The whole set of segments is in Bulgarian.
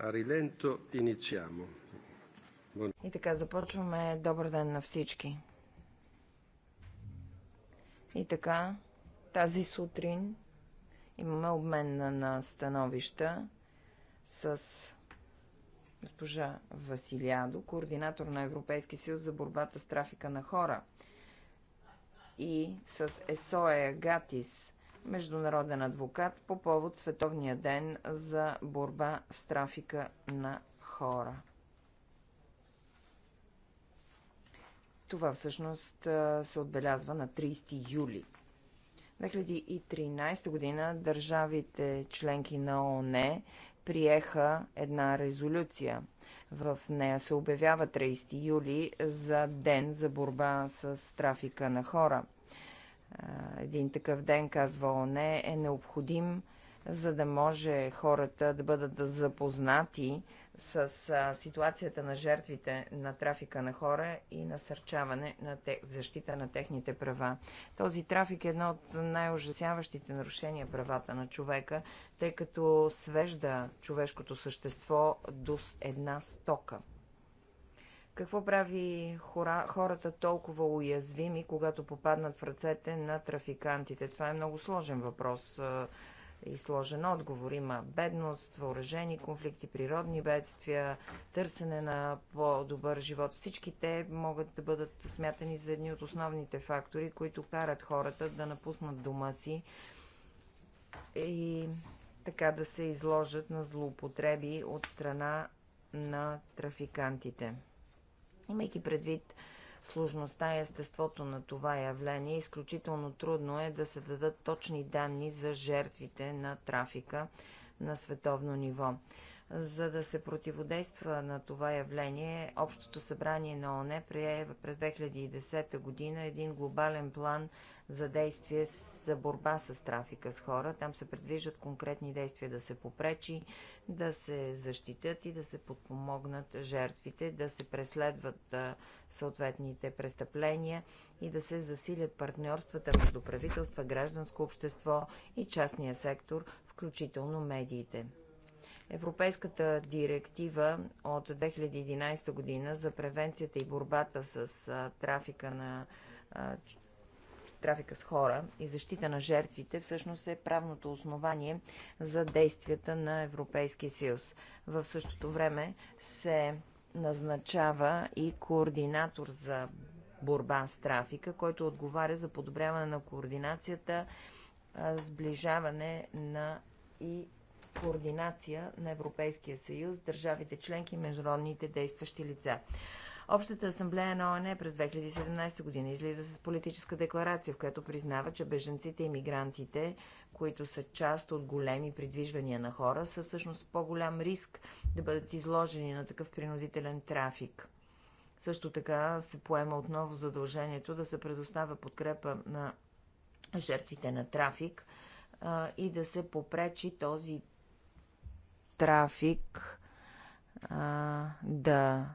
Арилento, инициамо. И така започваме. Добър ден на всички. И така, тази сутрин имаме обмен на, становища с госпожа Василиадо, координатор на Европейски съюз за борбата с трафика на хора и с Есоя Гатис – международен адвокат по повод Световния ден за борба с трафика на хора. Това всъщност се отбелязва на 30 юли. 2013 година държавите членки на ООН приеха една резолюция. В нея се обявява 30 юли за ден за борба с трафика на хора – един такъв ден, казва ОНЕ, е необходим, за да може хората да бъдат запознати с ситуацията на жертвите на трафика на хора и насърчаване на те, защита на техните права. Този трафик е едно от най-ужасяващите нарушения правата на човека, тъй като свежда човешкото същество до една стока. Какво прави хора, хората толкова уязвими, когато попаднат в ръцете на трафикантите? Това е много сложен въпрос и сложен отговор. Има бедност, въоръжени конфликти, природни бедствия, търсене на по-добър живот. Всички те могат да бъдат смятани за едни от основните фактори, които карат хората да напуснат дома си и така да се изложат на злоупотреби от страна на трафикантите. Имайки предвид сложността и естеството на това явление, изключително трудно е да се дадат точни данни за жертвите на трафика на световно ниво. За да се противодейства на това явление, Общото събрание на ОНЕ прие през 2010 година един глобален план за действие за борба с трафика с хора. Там се предвиждат конкретни действия да се попречи, да се защитят и да се подпомогнат жертвите, да се преследват съответните престъпления и да се засилят партньорствата между правителства, гражданско общество и частния сектор, включително медиите. Европейската директива от 2011 година за превенцията и борбата с трафика на трафика с хора и защита на жертвите всъщност е правното основание за действията на Европейския съюз. В същото време се назначава и координатор за борба с трафика, който отговаря за подобряване на координацията, сближаване на и координация на Европейския съюз, държавите членки и международните действащи лица. Общата асамблея на ОНЕ през 2017 година излиза с политическа декларация, в която признава, че беженците и мигрантите, които са част от големи придвижвания на хора, са всъщност по-голям риск да бъдат изложени на такъв принудителен трафик. Също така се поема отново задължението да се предоставя подкрепа на жертвите на трафик и да се попречи този трафик, а, да,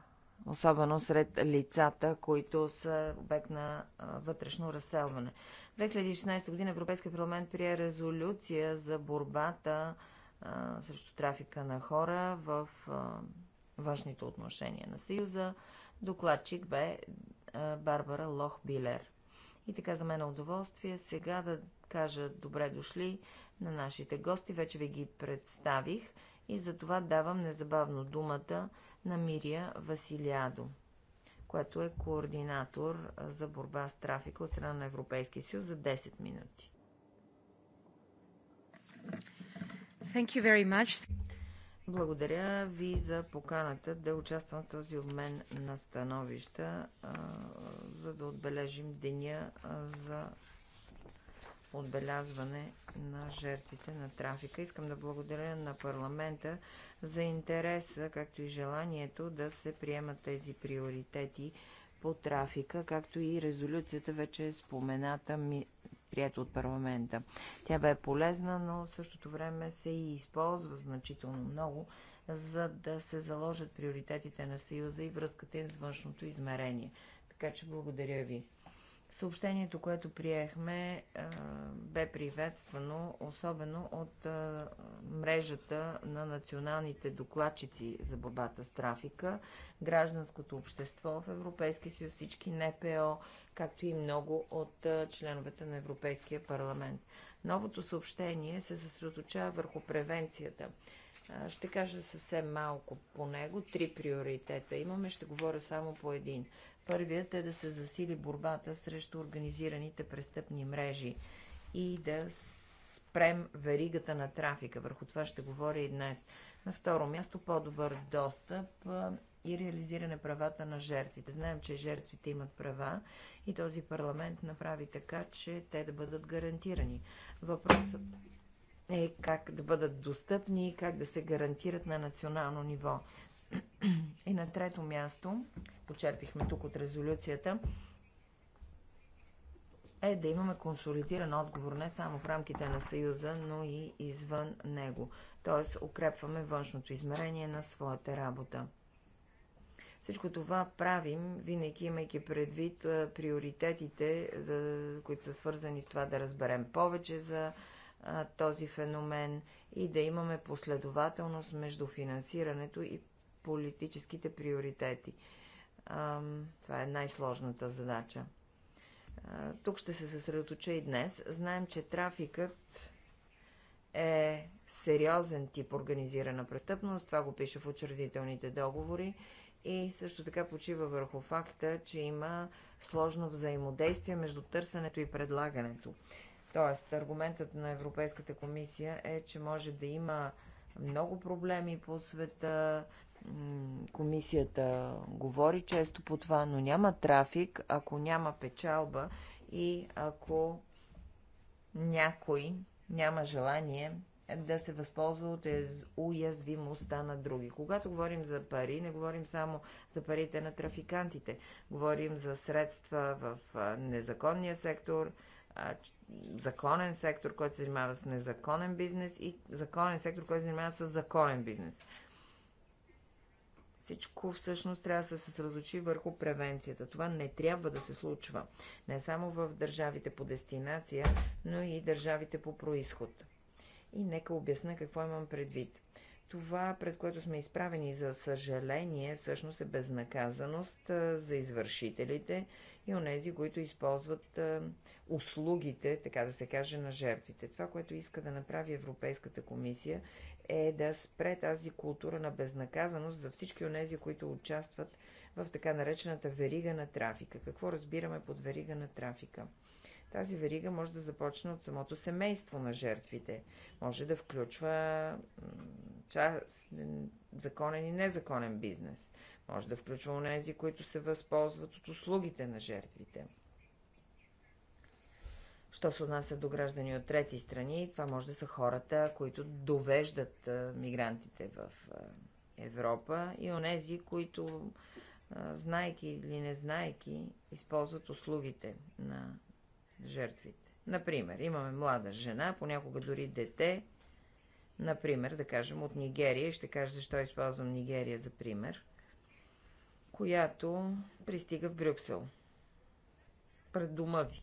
особено сред лицата, които са обект на а, вътрешно разселване. 2016 година Европейския парламент прие резолюция за борбата а, срещу трафика на хора в а, външните отношения на Съюза. Докладчик бе а, Барбара Лохбилер. И така за мен е удоволствие сега да кажа добре дошли на нашите гости. Вече ви ги представих и за това давам незабавно думата на Мирия Василиадо, която е координатор за борба с трафика от страна на Европейския съюз за 10 минути. Thank you very much. Благодаря ви за поканата да участвам в този обмен на становища, за да отбележим деня за отбелязване на жертвите на трафика. Искам да благодаря на парламента за интереса, както и желанието да се приемат тези приоритети по трафика, както и резолюцията вече е спомената, ми, прията от парламента. Тя бе полезна, но в същото време се и използва значително много, за да се заложат приоритетите на Съюза и връзката им с външното измерение. Така че благодаря ви. Съобщението, което приехме, бе приветствано, особено от мрежата на националните докладчици за борбата с трафика, гражданското общество в Европейския съюз, всички НПО, както и много от членовете на Европейския парламент. Новото съобщение се съсредоточава върху превенцията. Ще кажа съвсем малко по него. Три приоритета имаме, ще говоря само по един. Първият е да се засили борбата срещу организираните престъпни мрежи и да спрем веригата на трафика. Върху това ще говоря и днес. На второ място по-добър достъп и реализиране правата на жертвите. Знаем, че жертвите имат права и този парламент направи така, че те да бъдат гарантирани. Въпросът е как да бъдат достъпни и как да се гарантират на национално ниво. И на трето място, почерпихме тук от резолюцията, е да имаме консолидиран отговор не само в рамките на Съюза, но и извън него. Тоест, укрепваме външното измерение на своята работа. Всичко това правим, винаги имайки предвид приоритетите, които са свързани с това да разберем повече за този феномен и да имаме последователност между финансирането и политическите приоритети. Това е най-сложната задача. Тук ще се съсредоточа и днес. Знаем, че трафикът е сериозен тип организирана престъпност. Това го пише в учредителните договори. И също така почива върху факта, че има сложно взаимодействие между търсенето и предлагането. Тоест, аргументът на Европейската комисия е, че може да има много проблеми по света, комисията говори често по това, но няма трафик, ако няма печалба и ако някой няма желание да се възползва от уязвимостта на други. Когато говорим за пари, не говорим само за парите на трафикантите. Говорим за средства в незаконния сектор, законен сектор, който се занимава с незаконен бизнес и законен сектор, който се занимава с законен бизнес. Всичко всъщност трябва да се съсредочи върху превенцията. Това не трябва да се случва. Не само в държавите по дестинация, но и държавите по происход. И нека обясна какво имам предвид. Това, пред което сме изправени за съжаление, всъщност е безнаказаност за извършителите и онези, които използват услугите, така да се каже, на жертвите. Това, което иска да направи Европейската комисия е да спре тази култура на безнаказаност за всички тези, които участват в така наречената верига на трафика. Какво разбираме под верига на трафика? Тази верига може да започне от самото семейство на жертвите. Може да включва законен и незаконен бизнес. Може да включва онези, които се възползват от услугите на жертвите. Що се отнася до граждани от трети страни, това може да са хората, които довеждат мигрантите в Европа и онези, които, знайки или не знайки, използват услугите на жертвите. Например, имаме млада жена, понякога дори дете, например, да кажем от Нигерия, ще кажа защо използвам Нигерия за пример, която пристига в Брюксел. Пред дома ви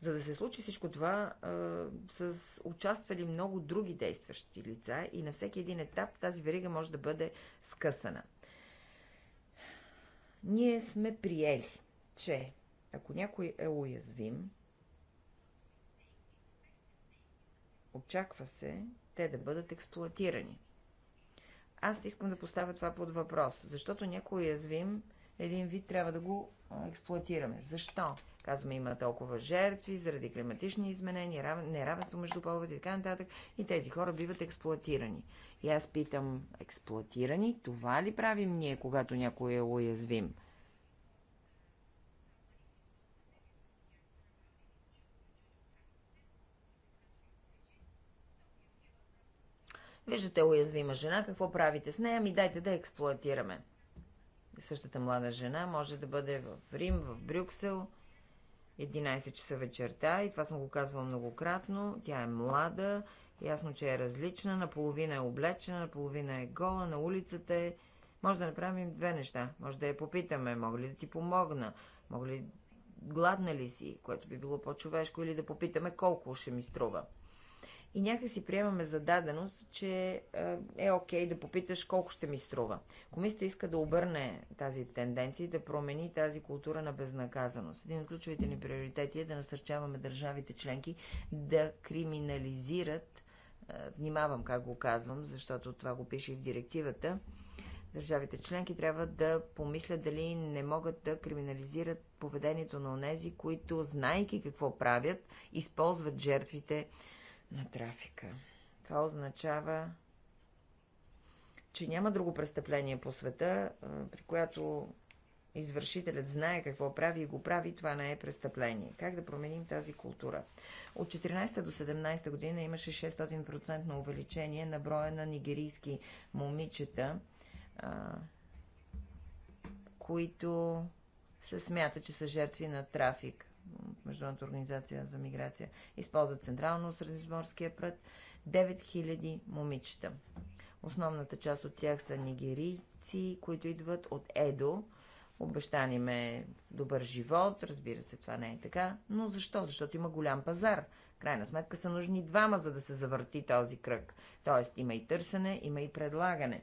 за да се случи всичко това, а, с участвали много други действащи лица и на всеки един етап тази верига може да бъде скъсана. Ние сме приели, че ако някой е уязвим, очаква се те да бъдат експлуатирани. Аз искам да поставя това под въпрос, защото някой уязвим един вид трябва да го експлуатираме. Защо? Казваме, има толкова жертви заради климатични изменения, неравенство между половете и така нататък. И тези хора биват експлуатирани. И аз питам, експлуатирани, това ли правим ние, когато някой е уязвим? Виждате уязвима жена, какво правите с нея? Ми дайте да експлуатираме. Същата млада жена може да бъде в Рим, в Брюксел 11 часа вечерта и това съм го казвала многократно. Тя е млада, ясно, че е различна, наполовина е облечена, наполовина е гола, на улицата е. Може да направим две неща. Може да я попитаме, мога ли да ти помогна, мога ли гладна ли си, което би било по-човешко, или да попитаме колко ще ми струва и някак си приемаме за даденост, че е окей okay да попиташ колко ще ми струва. Комисията иска да обърне тази тенденция и да промени тази култура на безнаказаност. Един от ключовите ни приоритети е да насърчаваме държавите членки да криминализират, внимавам как го казвам, защото това го пише и в директивата, държавите членки трябва да помислят дали не могат да криминализират поведението на онези, които, знайки какво правят, използват жертвите на трафика. Това означава, че няма друго престъпление по света, при което извършителят знае какво прави и го прави, това не е престъпление. Как да променим тази култура? От 14 до 17 година имаше 600% на увеличение на броя на нигерийски момичета, които се смята, че са жертви на трафик от Международната организация за миграция, използват централно средиземорския прът 9000 момичета. Основната част от тях са нигерийци, които идват от Едо. Обещани ме добър живот, разбира се, това не е така. Но защо? Защото има голям пазар. Крайна сметка са нужни двама, за да се завърти този кръг. Тоест има и търсене, има и предлагане.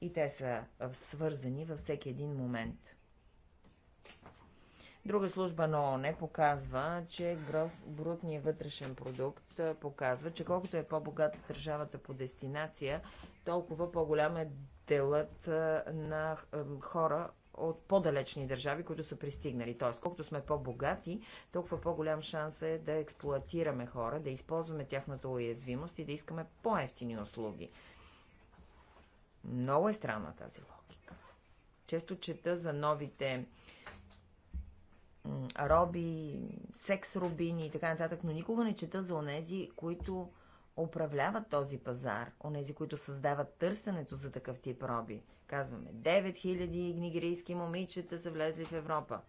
И те са свързани във всеки един момент. Друга служба на ООН показва, че грос, вътрешен продукт показва, че колкото е по-богата държавата по дестинация, толкова по-голям е делът на хора от по-далечни държави, които са пристигнали. Тоест, колкото сме по-богати, толкова по-голям шанс е да експлуатираме хора, да използваме тяхната уязвимост и да искаме по-ефтини услуги. Много е странна тази логика. Често чета за новите роби, секс рубини и така нататък, но никога не чета за онези, които управляват този пазар, онези, които създават търсенето за такъв тип роби. Казваме, 9000 нигерийски момичета са влезли в Европа.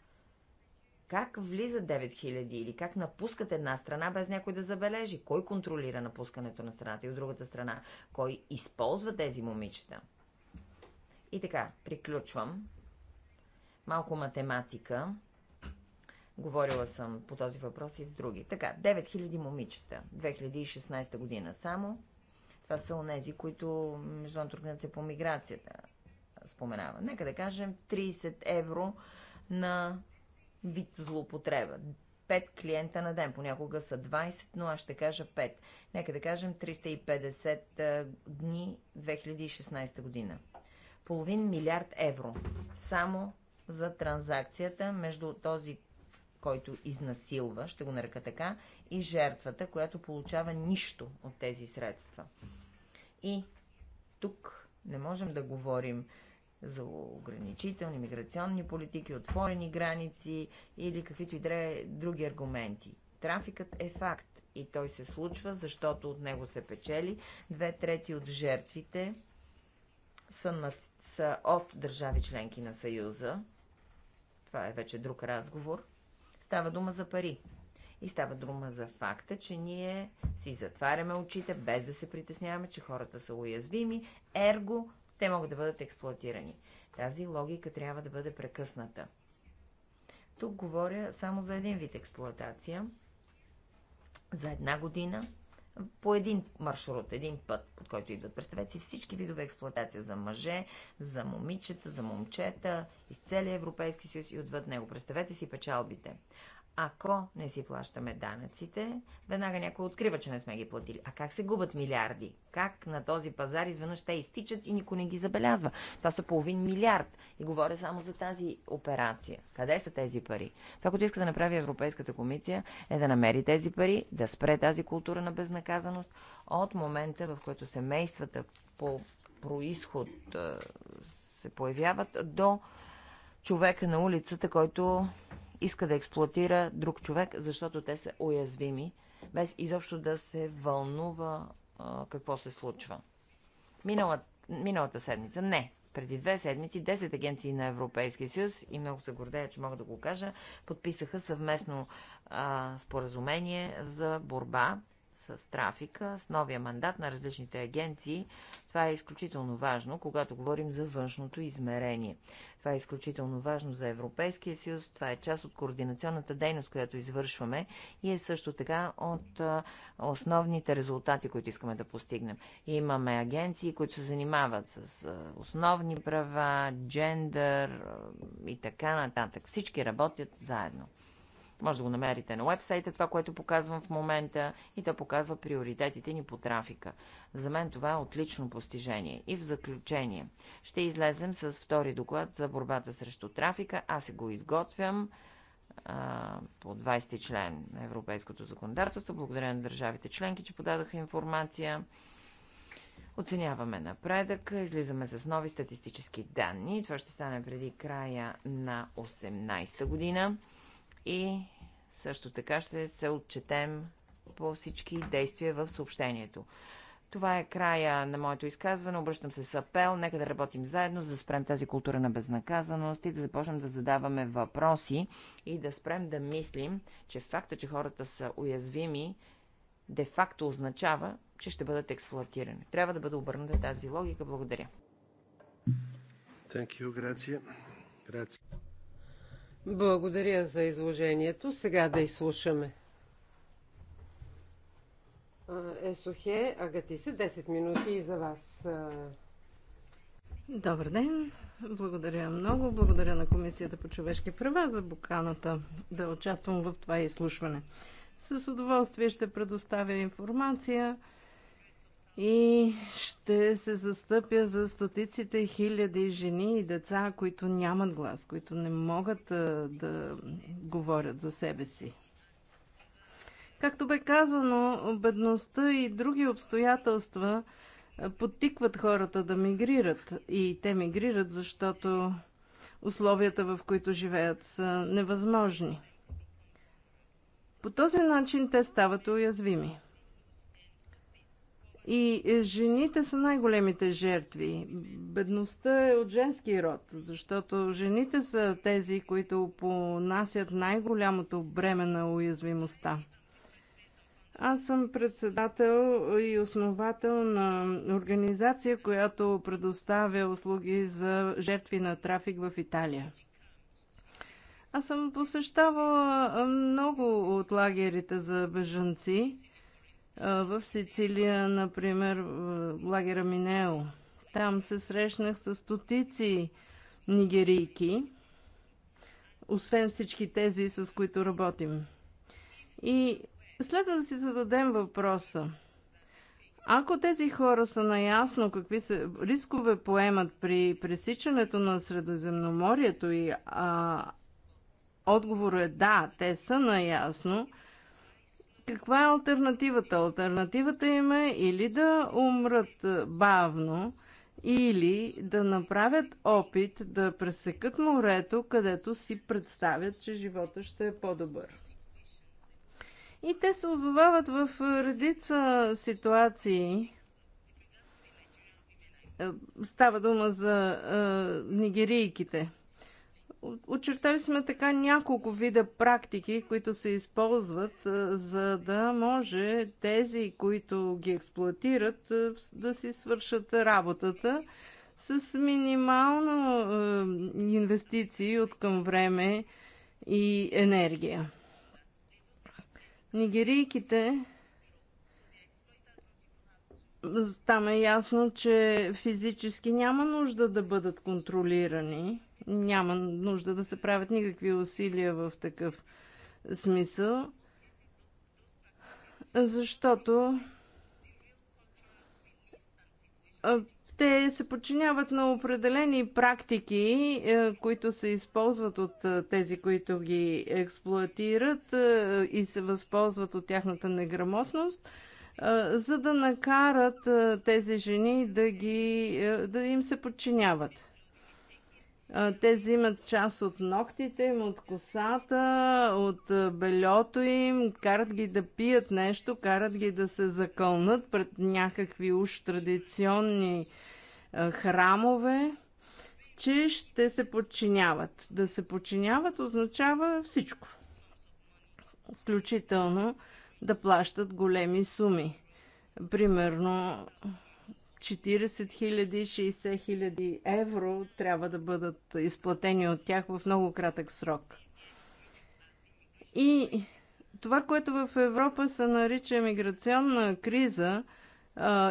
Как влизат 9000 или как напускат една страна без някой да забележи? Кой контролира напускането на страната и от другата страна? Кой използва тези момичета? И така, приключвам. Малко математика. Говорила съм по този въпрос и в други. Така, 9000 момичета, 2016 година само. Това са онези, които Международната организация по миграцията споменава. Нека да кажем 30 евро на вид злоупотреба. 5 клиента на ден. Понякога са 20, но аз ще кажа 5. Нека да кажем 350 дни 2016 година. Половин милиард евро. Само за транзакцията между този който изнасилва, ще го нарека така, и жертвата, която получава нищо от тези средства. И тук не можем да говорим за ограничителни миграционни политики, отворени граници или каквито и други аргументи. Трафикът е факт и той се случва, защото от него се печели. Две трети от жертвите са, над, са от държави членки на Съюза. Това е вече друг разговор. Става дума за пари. И става дума за факта, че ние си затваряме очите, без да се притесняваме, че хората са уязвими, ерго те могат да бъдат експлуатирани. Тази логика трябва да бъде прекъсната. Тук говоря само за един вид експлуатация, за една година по един маршрут, един път, под който идват. Представете си всички видове експлуатация за мъже, за момичета, за момчета, из целия Европейски съюз и отвъд него. Представете си печалбите. Ако не си плащаме данъците, веднага някой открива, че не сме ги платили. А как се губят милиарди? Как на този пазар изведнъж те изтичат и никой не ги забелязва? Това са половин милиард. И говоря само за тази операция. Къде са тези пари? Това, което иска да направи Европейската комисия, е да намери тези пари, да спре тази култура на безнаказаност от момента, в който семействата по происход се появяват до човека на улицата, който иска да експлуатира друг човек, защото те са уязвими, без изобщо да се вълнува а, какво се случва. Минала, миналата седмица, не, преди две седмици, 10 агенции на Европейския съюз, и много се гордея, че мога да го кажа, подписаха съвместно а, споразумение за борба с трафика, с новия мандат на различните агенции. Това е изключително важно, когато говорим за външното измерение. Това е изключително важно за Европейския съюз, това е част от координационната дейност, която извършваме и е също така от основните резултати, които искаме да постигнем. Имаме агенции, които се занимават с основни права, джендър и така нататък. Всички работят заедно. Може да го намерите на вебсайта, това, което показвам в момента, и то показва приоритетите ни по трафика. За мен това е отлично постижение. И в заключение, ще излезем с втори доклад за борбата срещу трафика. Аз се го изготвям а, по 20 член на Европейското законодателство. Благодаря на държавите членки, че подадаха информация. Оценяваме напредък, излизаме с нови статистически данни. Това ще стане преди края на 18-та година. И също така ще се отчетем по всички действия в съобщението. Това е края на моето изказване. Обръщам се с апел. Нека да работим заедно, за да спрем тази култура на безнаказаност и да започнем да задаваме въпроси и да спрем да мислим, че факта, че хората са уязвими, де-факто означава, че ще бъдат експлуатирани. Трябва да бъде обърната тази логика. Благодаря. Thank you, grazie. Grazie. Благодаря за изложението. Сега да изслушаме. Есохе, агати се, 10 минути и за вас. Добър ден. Благодаря много. Благодаря на Комисията по човешки права за буканата да участвам в това изслушване. С удоволствие ще предоставя информация и ще се застъпя за стотиците хиляди жени и деца, които нямат глас, които не могат да говорят за себе си. Както бе казано, бедността и други обстоятелства подтикват хората да мигрират. И те мигрират, защото условията, в които живеят, са невъзможни. По този начин те стават уязвими. И е, жените са най-големите жертви. Бедността е от женски род, защото жените са тези, които понасят най-голямото бреме на уязвимостта. Аз съм председател и основател на организация, която предоставя услуги за жертви на трафик в Италия. Аз съм посещавала много от лагерите за бежанци – в Сицилия, например, в лагера Минео. Там се срещнах с стотици нигерийки, освен всички тези, с които работим. И следва да си зададем въпроса. Ако тези хора са наясно какви са рискове поемат при пресичането на Средоземноморието и а, отговорът е да, те са наясно, каква е альтернативата? Альтернативата им е или да умрат бавно, или да направят опит да пресекат морето, където си представят, че живота ще е по-добър. И те се озовават в редица ситуации. Е, става дума за е, нигерийките – Очертали сме така няколко вида практики, които се използват, за да може тези, които ги експлуатират, да си свършат работата с минимално инвестиции от към време и енергия. Нигерийките там е ясно, че физически няма нужда да бъдат контролирани няма нужда да се правят никакви усилия в такъв смисъл, защото те се подчиняват на определени практики, е, които се използват от е, тези, които ги експлуатират е, и се възползват от тяхната неграмотност, за да накарат тези жени да, ги, да им се подчиняват. Те взимат част от ногтите им, от косата, от белето им, карат ги да пият нещо, карат ги да се закълнат пред някакви уж традиционни храмове, че ще се подчиняват. Да се подчиняват означава всичко. Включително да плащат големи суми. Примерно 40 000, 60 000 евро трябва да бъдат изплатени от тях в много кратък срок. И това, което в Европа се нарича миграционна криза,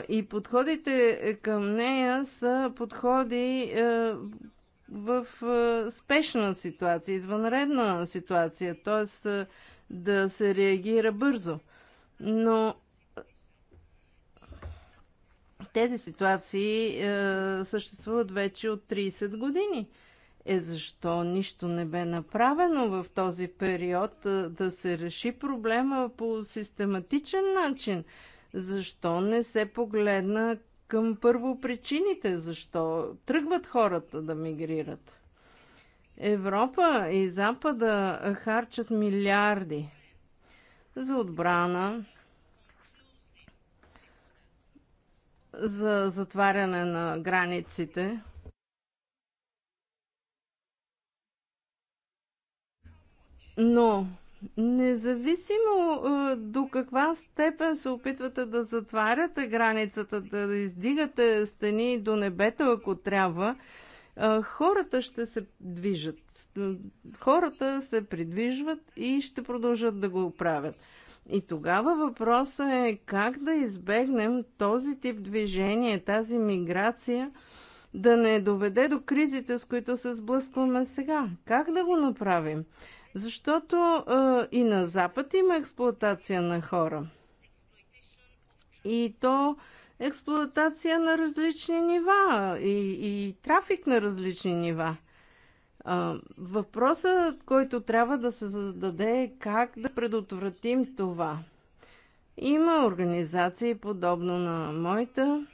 и подходите към нея са подходи е, в е, спешна ситуация, извънредна ситуация, т.е. Е, да се реагира бързо. Но тези ситуации е, съществуват вече от 30 години. Е защо нищо не бе направено в този период е, да се реши проблема по систематичен начин? Защо не се погледна към първо причините? Защо тръгват хората да мигрират? Европа и Запада харчат милиарди за отбрана, за затваряне на границите. Но Независимо е, до каква степен се опитвате да затваряте границата, да издигате стени до небето, ако трябва, е, хората ще се движат. Хората се придвижват и ще продължат да го правят. И тогава въпросът е как да избегнем този тип движение, тази миграция, да не доведе до кризите, с които се сблъскваме сега. Как да го направим? Защото е, и на Запад има експлоатация на хора. И то експлоатация на различни нива и, и трафик на различни нива. Въпросът, който трябва да се зададе е как да предотвратим това. Има организации, подобно на моята.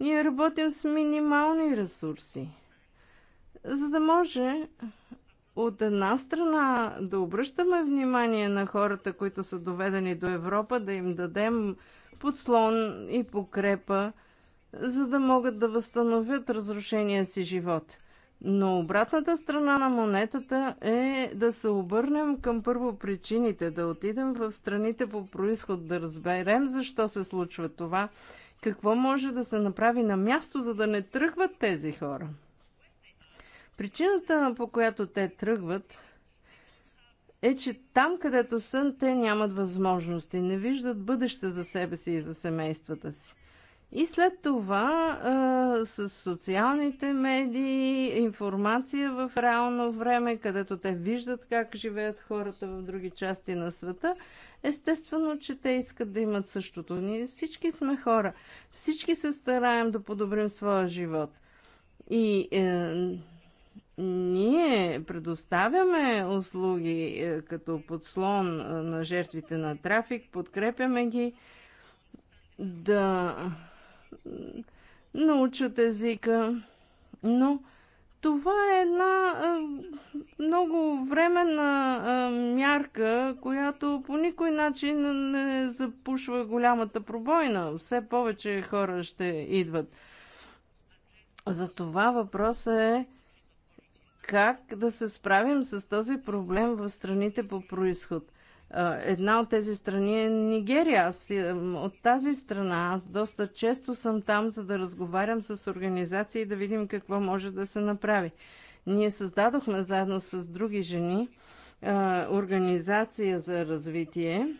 Ние работим с минимални ресурси, за да може от една страна да обръщаме внимание на хората, които са доведени до Европа, да им дадем подслон и покрепа, за да могат да възстановят разрушения си живот – но обратната страна на монетата е да се обърнем към първо причините, да отидем в страните по происход, да разберем защо се случва това, какво може да се направи на място, за да не тръгват тези хора. Причината, по която те тръгват, е, че там, където са, те нямат възможности, не виждат бъдеще за себе си и за семействата си. И след това а, с социалните медии, информация в реално време, където те виждат как живеят хората в други части на света, естествено, че те искат да имат същото. Ние всички сме хора. Всички се стараем да подобрим своя живот. И е, ние предоставяме услуги е, като подслон е, на жертвите на трафик, подкрепяме ги да научат езика. Но това е една а, много временна а, мярка, която по никой начин не запушва голямата пробойна. Все повече хора ще идват. Затова въпросът е как да се справим с този проблем в страните по происход. Една от тези страни е Нигерия. Аз е, от тази страна аз доста често съм там, за да разговарям с организации и да видим какво може да се направи. Ние създадохме заедно с други жени организация за развитие.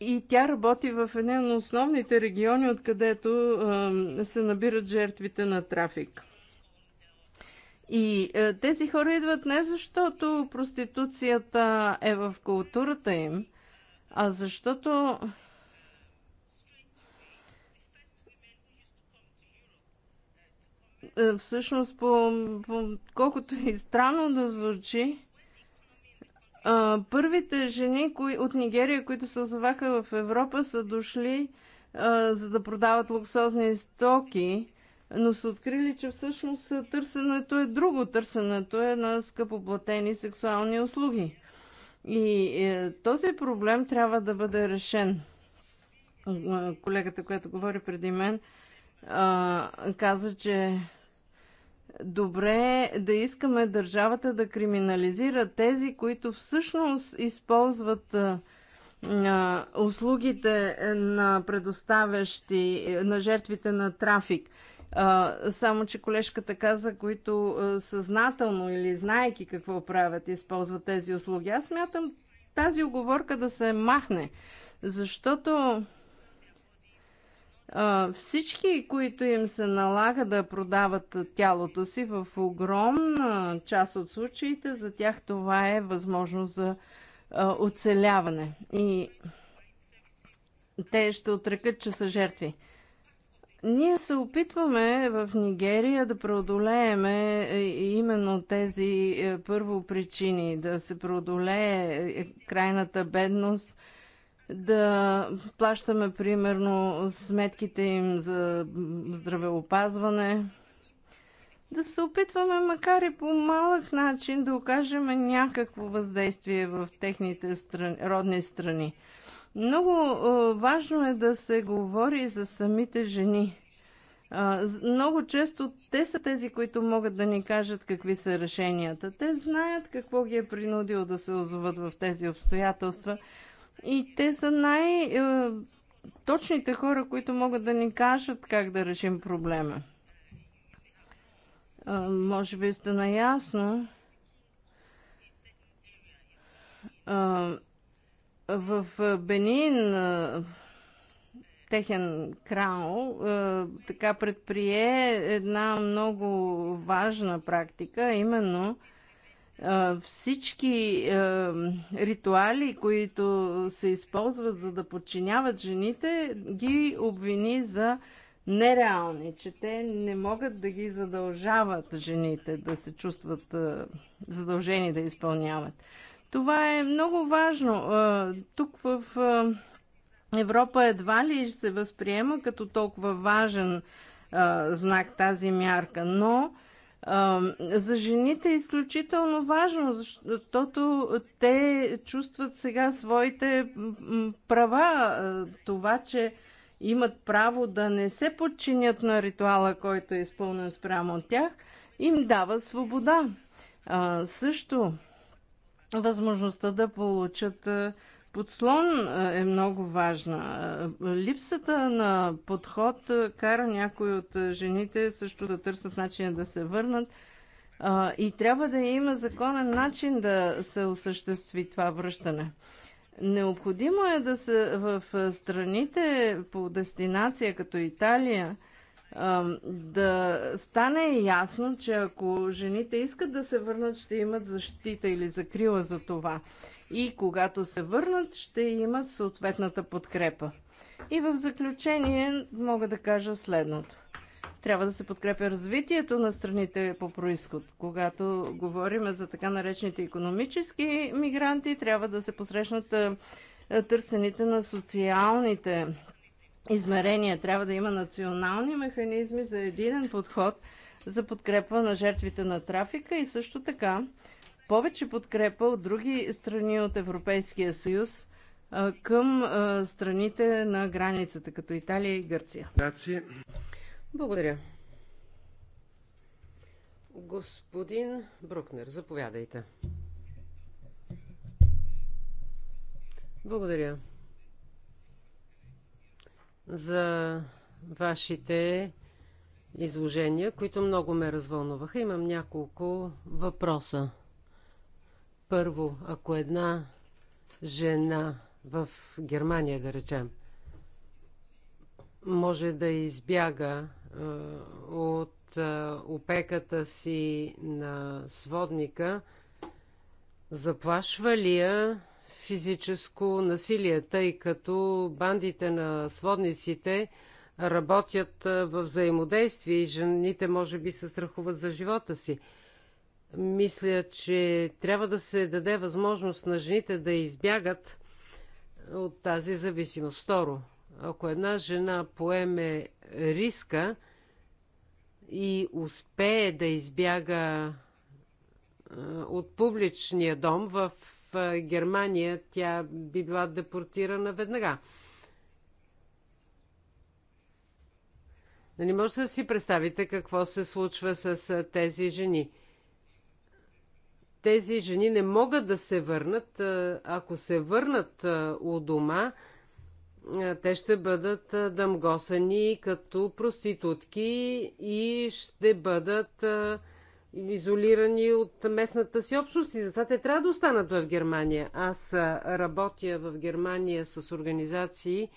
И тя работи в един от основните региони, откъдето се набират жертвите на трафик. И е, тези хора идват не защото проституцията е в културата им, а защото е, всъщност по, по колкото и странно да звучи, а, е, първите жени кои, от Нигерия, които се озоваха в Европа, са дошли а, е, за да продават луксозни стоки но са открили, че всъщност търсенето е друго. Търсенето е на скъпоплатени сексуални услуги. И е, този проблем трябва да бъде решен. Колегата, която говори преди мен, е, каза, че добре е да искаме държавата да криминализира тези, които всъщност използват услугите на предоставящи на жертвите на трафик. А, само, че колежката каза, които а, съзнателно или знаеки какво правят, използват тези услуги. Аз мятам тази оговорка да се махне, защото а, всички, които им се налага да продават тялото си, в огромна част от случаите, за тях това е възможно за оцеляване. И те ще отрекат, че са жертви. Ние се опитваме в Нигерия да преодолееме е, именно тези е, първо причини, да се преодолее е, крайната бедност, да плащаме примерно сметките им за здравеопазване, да се опитваме, макар и по малък начин, да окажем някакво въздействие в техните страни, родни страни. Много важно е да се говори за самите жени. Много често те са тези, които могат да ни кажат какви са решенията. Те знаят какво ги е принудило да се озоват в тези обстоятелства. И те са най- точните хора, които могат да ни кажат как да решим проблема. Може би сте наясно. В Бенин техен крал така предприе една много важна практика, именно всички ритуали, които се използват за да подчиняват жените, ги обвини за нереални, че те не могат да ги задължават жените да се чувстват задължени да изпълняват. Това е много важно. Тук в Европа едва ли се възприема като толкова важен знак тази мярка, но за жените е изключително важно, защото те чувстват сега своите права, това, че имат право да не се подчинят на ритуала, който е изпълнен спрямо от тях, им дава свобода. А, също възможността да получат е, подслон е, е много важна. Е, липсата на подход кара някои от жените също да търсят начин да се върнат. И трябва да има законен начин да се осъществи това връщане. Необходимо е да се в страните по дестинация като Италия – да стане ясно, че ако жените искат да се върнат, ще имат защита или закрила за това. И когато се върнат, ще имат съответната подкрепа. И в заключение мога да кажа следното. Трябва да се подкрепя развитието на страните по происход. Когато говорим за така наречените економически мигранти, трябва да се посрещнат търсените на социалните измерения. Трябва да има национални механизми за единен подход за подкрепа на жертвите на трафика и също така повече подкрепа от други страни от Европейския съюз към страните на границата, като Италия и Гърция. Благодаря. Господин Брукнер, заповядайте. Благодаря за вашите изложения, които много ме развълнуваха. Имам няколко въпроса. Първо, ако една жена в Германия, да речем, може да избяга е, от е, опеката си на сводника, заплашва ли я физическо насилие, тъй като бандите на сводниците работят в взаимодействие и жените може би се страхуват за живота си. Мисля, че трябва да се даде възможност на жените да избягат от тази зависимост. Второ, ако една жена поеме риска и успее да избяга от публичния дом в Германия, тя би била депортирана веднага. Нали можете да си представите какво се случва с тези жени? Тези жени не могат да се върнат. Ако се върнат у дома, те ще бъдат дъмгосани като проститутки и ще бъдат изолирани от местната си общност и затова те трябва да останат в Германия. Аз работя в Германия с организации,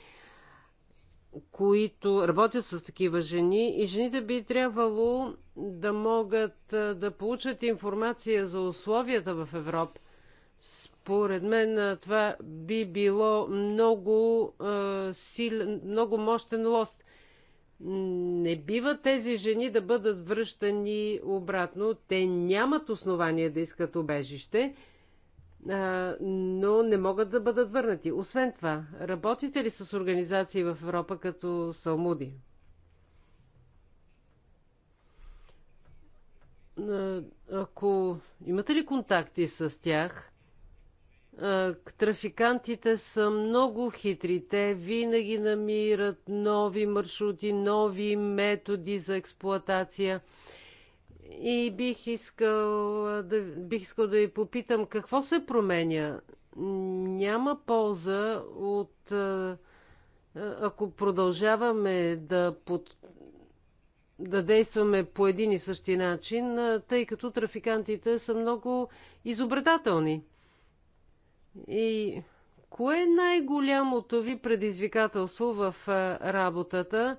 които работят с такива жени и жените би трябвало да могат да получат информация за условията в Европа. Според мен това би било много, силен, много мощен лост. Не бива тези жени да бъдат връщани обратно. Те нямат основание да искат обежище, но не могат да бъдат върнати. Освен това, работите ли с организации в Европа като Салмуди? Ако имате ли контакти с тях, Трафикантите са много хитри. Те винаги намират нови маршрути, нови методи за експлоатация. И бих искал да, бих искал да ви попитам какво се променя. Няма полза от. Ако продължаваме да, под, да действаме по един и същи начин, тъй като трафикантите са много изобретателни. И кое е най-голямото ви предизвикателство в работата,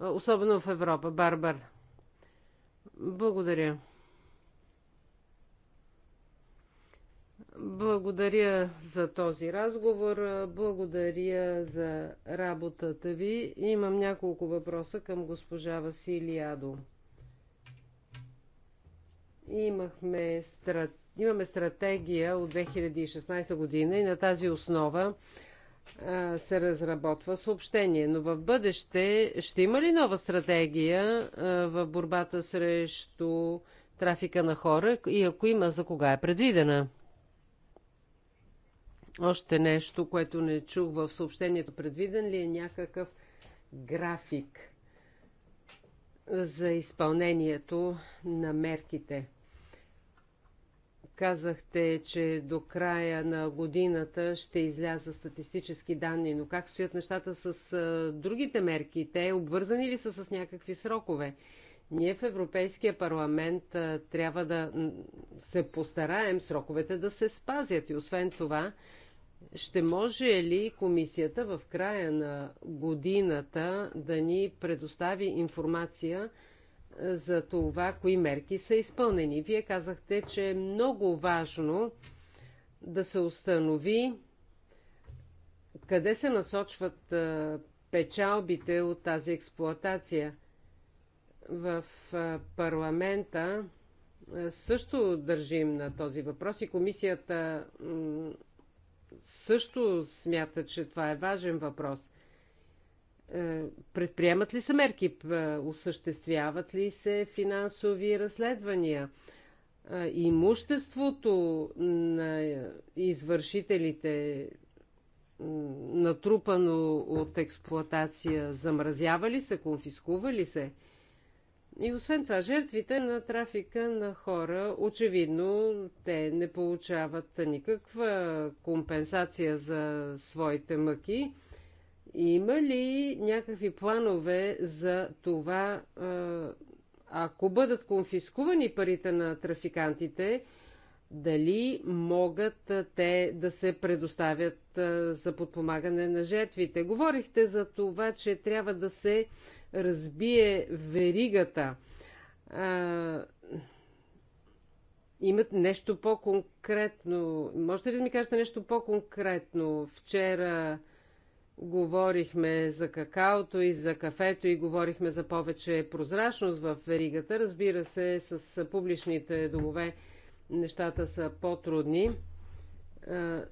особено в Европа, Барбар? Благодаря. Благодаря за този разговор. Благодаря за работата ви. Имам няколко въпроса към госпожа Василиадо. Имахме стратегия Имаме стратегия от 2016 година и на тази основа се разработва съобщение. Но в бъдеще ще има ли нова стратегия в борбата срещу трафика на хора и ако има, за кога е предвидена? Още нещо, което не чух в съобщението. Предвиден ли е някакъв график за изпълнението на мерките? Казахте, че до края на годината ще изляза статистически данни, но как стоят нещата с а, другите мерки? Те обвързани ли са с някакви срокове? Ние в Европейския парламент а, трябва да се постараем сроковете да се спазят и освен това ще може ли комисията в края на годината да ни предостави информация – за това, кои мерки са изпълнени. Вие казахте, че е много важно да се установи къде се насочват печалбите от тази експлоатация. В парламента също държим на този въпрос и комисията също смята, че това е важен въпрос. Е, предприемат ли се мерки? Е, осъществяват ли се финансови разследвания? Е, имуществото на извършителите натрупано от експлоатация, замразява ли се, конфискува ли се? И освен това, жертвите на трафика на хора, очевидно, те не получават никаква компенсация за своите мъки. Има ли някакви планове за това, ако бъдат конфискувани парите на трафикантите, дали могат те да се предоставят за подпомагане на жертвите? Говорихте за това, че трябва да се разбие веригата. Имат нещо по-конкретно. Можете ли да ми кажете нещо по-конкретно? Вчера Говорихме за какаото и за кафето и говорихме за повече прозрачност в веригата. Разбира се, с публичните домове нещата са по-трудни,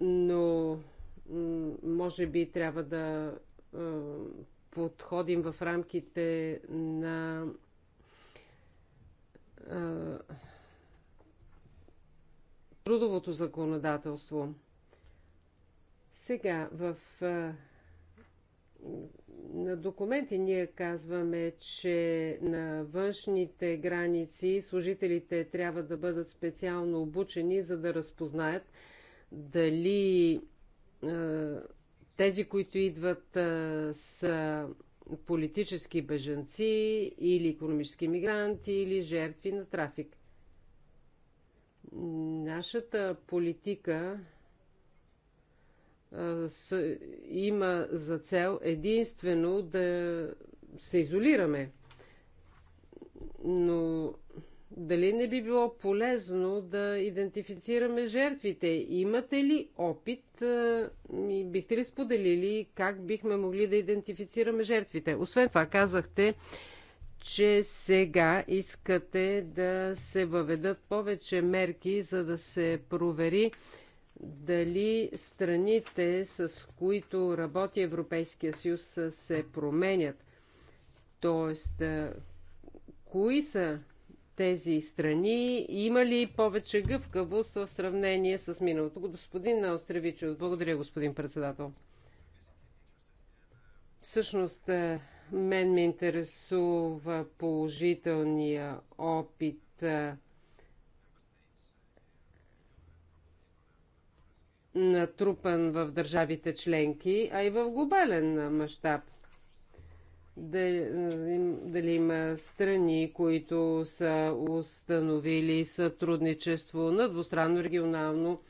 но може би трябва да подходим в рамките на трудовото законодателство. Сега в на документи ние казваме, че на външните граници служителите трябва да бъдат специално обучени, за да разпознаят дали тези, които идват са политически бежанци или економически мигранти или жертви на трафик. Нашата политика с, има за цел единствено да се изолираме. Но дали не би било полезно да идентифицираме жертвите? Имате ли опит и бихте ли споделили как бихме могли да идентифицираме жертвите? Освен това, казахте, че сега искате да се въведат повече мерки, за да се провери дали страните, с които работи Европейския съюз, се променят. Тоест, кои са тези страни? Има ли повече гъвкавост в сравнение с миналото? Господин Остревичус, благодаря, господин председател. Всъщност, мен ме интересува положителния опит натрупан в държавите членки, а и в глобален мащаб. Е, дали има страни, които са установили сътрудничество на двустранно, регионално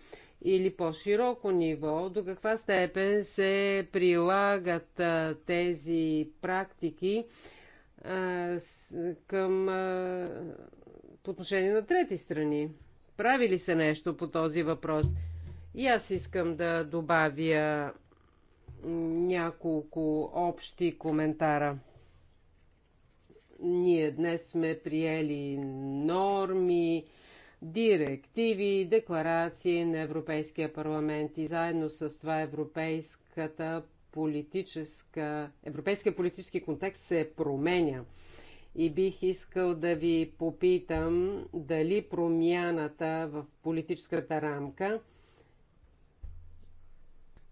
или по-широко ниво, до каква степен се прилагат тези практики а, с, към а, по отношение на трети страни? Прави ли се нещо по този въпрос? И аз искам да добавя няколко общи коментара. Ние днес сме приели норми, директиви, декларации на Европейския парламент и заедно с това европейската политическа, европейския политически контекст се променя. И бих искал да ви попитам дали промяната в политическата рамка –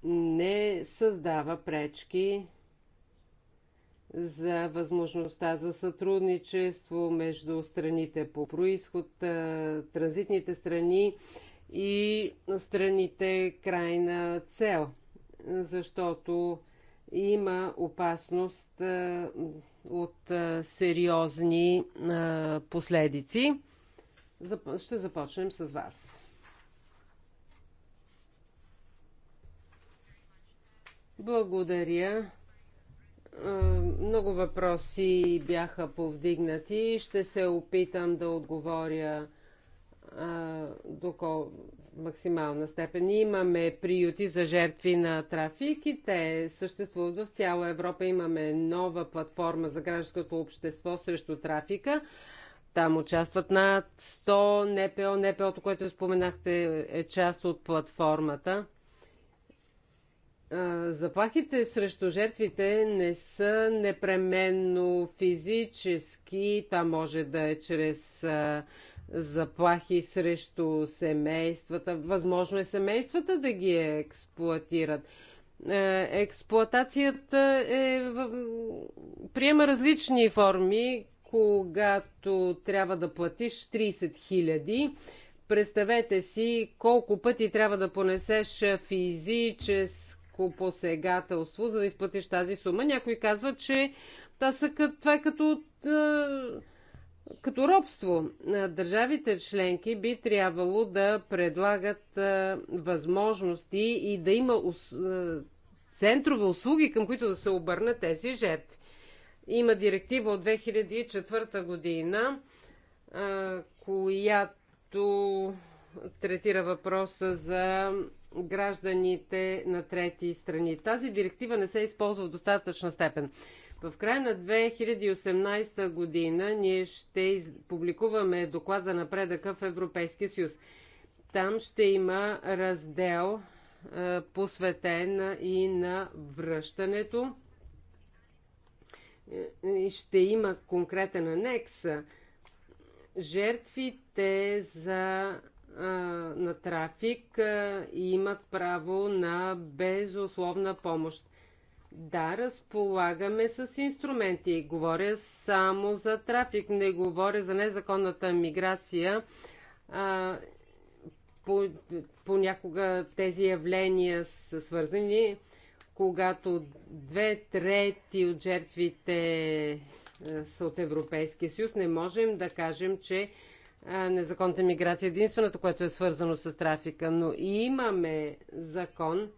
не създава пречки за възможността за сътрудничество между страните по происход, транзитните страни и страните крайна цел, защото има опасност от сериозни последици. Ще започнем с вас. Благодаря. Много въпроси бяха повдигнати. Ще се опитам да отговоря до максимална степен. Имаме приюти за жертви на трафик и те съществуват в цяла Европа. Имаме нова платформа за гражданското общество срещу трафика. Там участват над 100 НПО. НПО, което споменахте, е част от платформата заплахите срещу жертвите не са непременно физически, това може да е чрез заплахи срещу семействата. Възможно е семействата да ги експлуатират. Експлуатацията е, приема различни форми, когато трябва да платиш 30 000. Представете си колко пъти трябва да понесеш физически тежко посегателство, за да изплатиш тази сума. Някой казва, че това е като е, като робство. Е, държавите членки би трябвало да предлагат е, възможности и да има центрове услуги, към които да се обърнат тези жертви. Има директива от 2004 година, която третира въпроса за гражданите на трети страни. Тази директива не се използва в достатъчна степен. В края на 2018 година ние ще публикуваме доклад за напредъка в Европейския съюз. Там ще има раздел посветен и на връщането. Ще има конкретен анекс. Жертвите за на трафик и имат право на безусловна помощ. Да, разполагаме с инструменти. Говоря само за трафик, не говоря за незаконната миграция. А, по, понякога тези явления са свързани, когато две трети от жертвите са от Европейския съюз. Не можем да кажем, че незаконната миграция е единственото, което е свързано с трафика, но и имаме закон,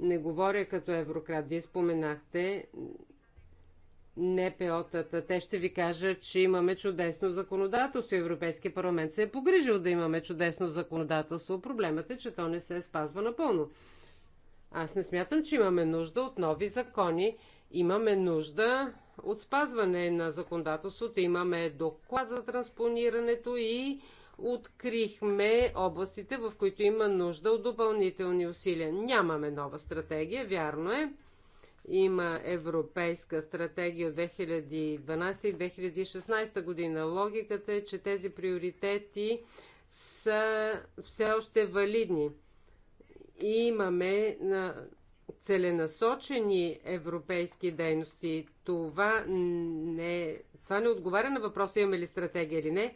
не говоря като еврократ, вие споменахте НПО-тата. Те ще ви кажат, че имаме чудесно законодателство. Европейския парламент се е погрижил да имаме чудесно законодателство. Проблемът е, че то не се е спазва напълно. Аз не смятам, че имаме нужда от нови закони. Имаме нужда от спазване на законодателството. Имаме доклад за транспонирането и открихме областите, в които има нужда от допълнителни усилия. Нямаме нова стратегия, вярно е. Има европейска стратегия от 2012 и 2016 година. Логиката е, че тези приоритети са все още валидни. И имаме целенасочени европейски дейности. Това не, това не отговаря на въпроса имаме ли стратегия или не,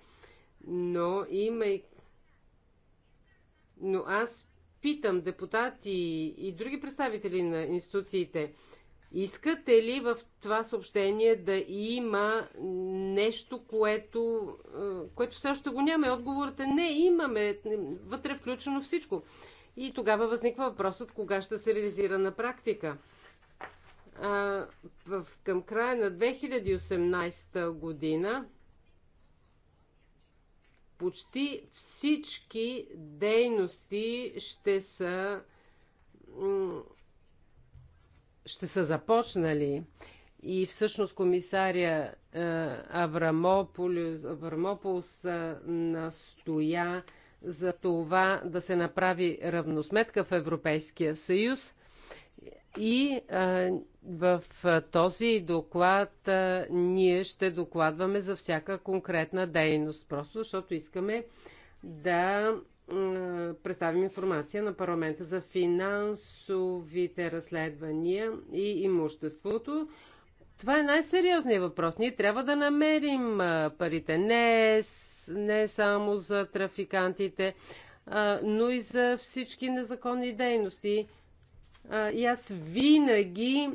но има и... Но аз питам депутати и други представители на институциите, искате ли в това съобщение да има нещо, което, е, което все още го няма? Отговорът е не, имаме. Вътре е включено всичко. И тогава възниква въпросът кога ще се реализира на практика. А, в, към края на 2018 година почти всички дейности ще са ще са започнали и всъщност комисаря Аврамополис настоя за това да се направи равносметка в Европейския съюз. И а, в този доклад а, ние ще докладваме за всяка конкретна дейност, просто защото искаме да представим информация на парламента за финансовите разследвания и имуществото. Това е най-сериозният въпрос. Ние трябва да намерим парите. Не е не само за трафикантите, но и за всички незаконни дейности. И аз винаги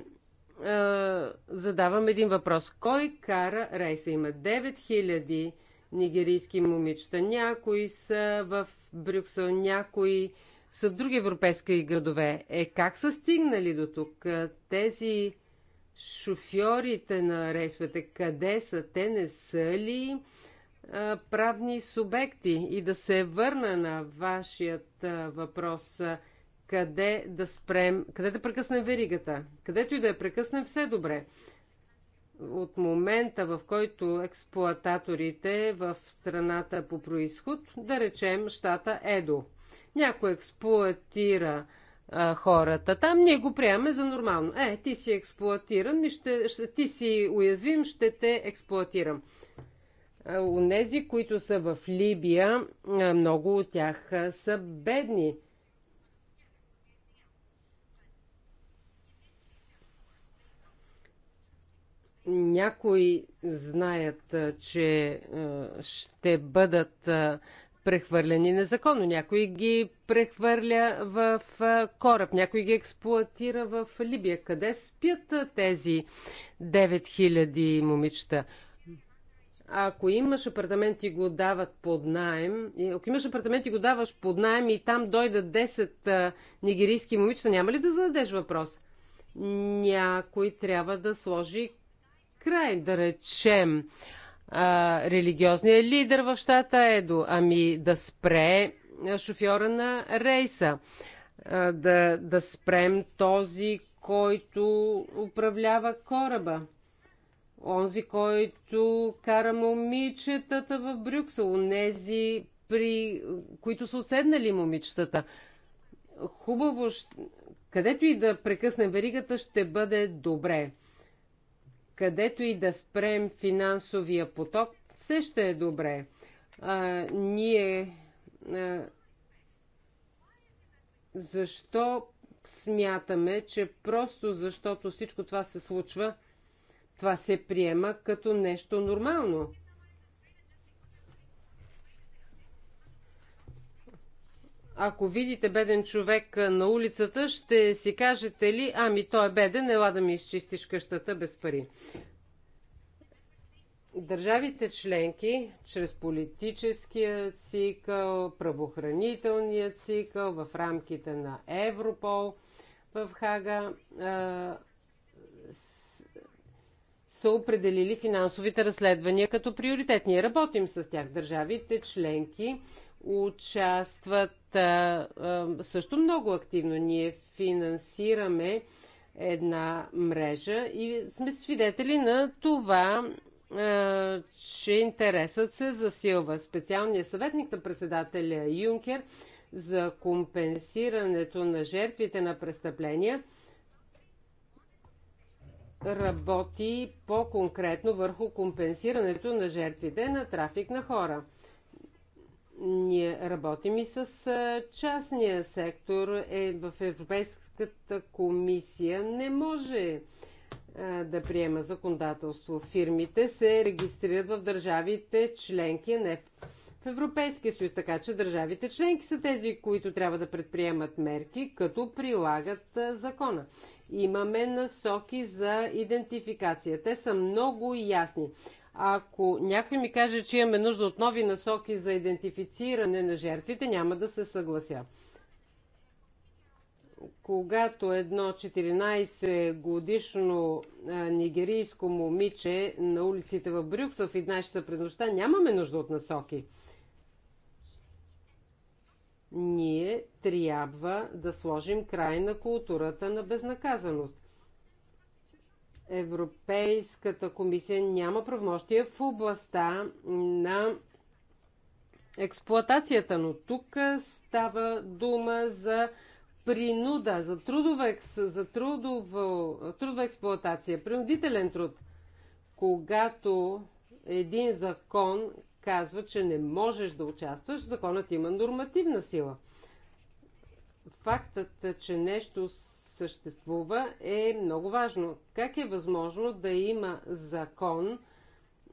задавам един въпрос. Кой кара рейса? Има 9000 нигерийски момичета. Някои са в Брюксел, някои са в други европейски градове. Е, как са стигнали до тук? Тези шофьорите на рейсовете, къде са? Те не са ли правни субекти. И да се върна на вашият въпрос къде да спрем, къде да прекъснем веригата. Където и да я прекъснем, все добре. От момента, в който експлоататорите в страната по происход, да речем щата Едо, някой експлоатира а, хората там, ние го приемаме за нормално. Е, ти си експлоатиран, ще, ще, ти си уязвим, ще те експлоатирам. Онези, които са в Либия, много от тях са бедни. Някои знаят, че ще бъдат прехвърлени незаконно. Някой ги прехвърля в кораб, някой ги експлуатира в Либия. Къде спят тези 9000 момичета? ако имаш апартамент и го дават под найем, ако имаш апартамент и го даваш под найем и там дойдат 10 нигерийски момичета, няма ли да зададеш въпрос? Някой трябва да сложи край, да речем. А, религиозният лидер в щата Едо, ами да спре шофьора на рейса, а, да, да спрем този, който управлява кораба онзи, който кара момичетата в Брюксел, онези, при които са отседнали момичетата. Хубаво, където и да прекъснем веригата, ще бъде добре. Където и да спрем финансовия поток, все ще е добре. А, ние. А, защо смятаме, че просто защото всичко това се случва, това се приема като нещо нормално. Ако видите беден човек на улицата, ще си кажете ли, ами той е беден, ела да ми изчистиш къщата без пари. Държавите членки, чрез политическия цикъл, правоохранителния цикъл, в рамките на Европол, в Хага, са определили финансовите разследвания като приоритетни. Ние работим с тях. Държавите членки участват а, а, също много активно. Ние финансираме една мрежа и сме свидетели на това, а, че интересът се засилва. Специалният съветник на председателя Юнкер за компенсирането на жертвите на престъпления – работи по-конкретно върху компенсирането на жертвите на трафик на хора. Ние работим и с частния сектор. Е, в Европейската комисия не може да приема законодателство. Фирмите се регистрират в държавите членки, на в Европейския съюз, така че държавите членки са тези, които трябва да предприемат мерки, като прилагат закона. Имаме насоки за идентификация. Те са много ясни. Ако някой ми каже, че имаме нужда от нови насоки за идентифициране на жертвите, няма да се съглася. Когато едно 14 годишно нигерийско момиче на улиците в Брюксел в 11 часа през нощта, нямаме нужда от насоки. Ние трябва да сложим край на културата на безнаказаност. Европейската комисия няма правомощия в областта на експлоатацията, но тук става дума за принуда, за трудова, за трудово, трудова експлоатация, принудителен труд. Когато един закон казва, че не можеш да участваш, законът има нормативна сила. Фактът, че нещо съществува е много важно. Как е възможно да има закон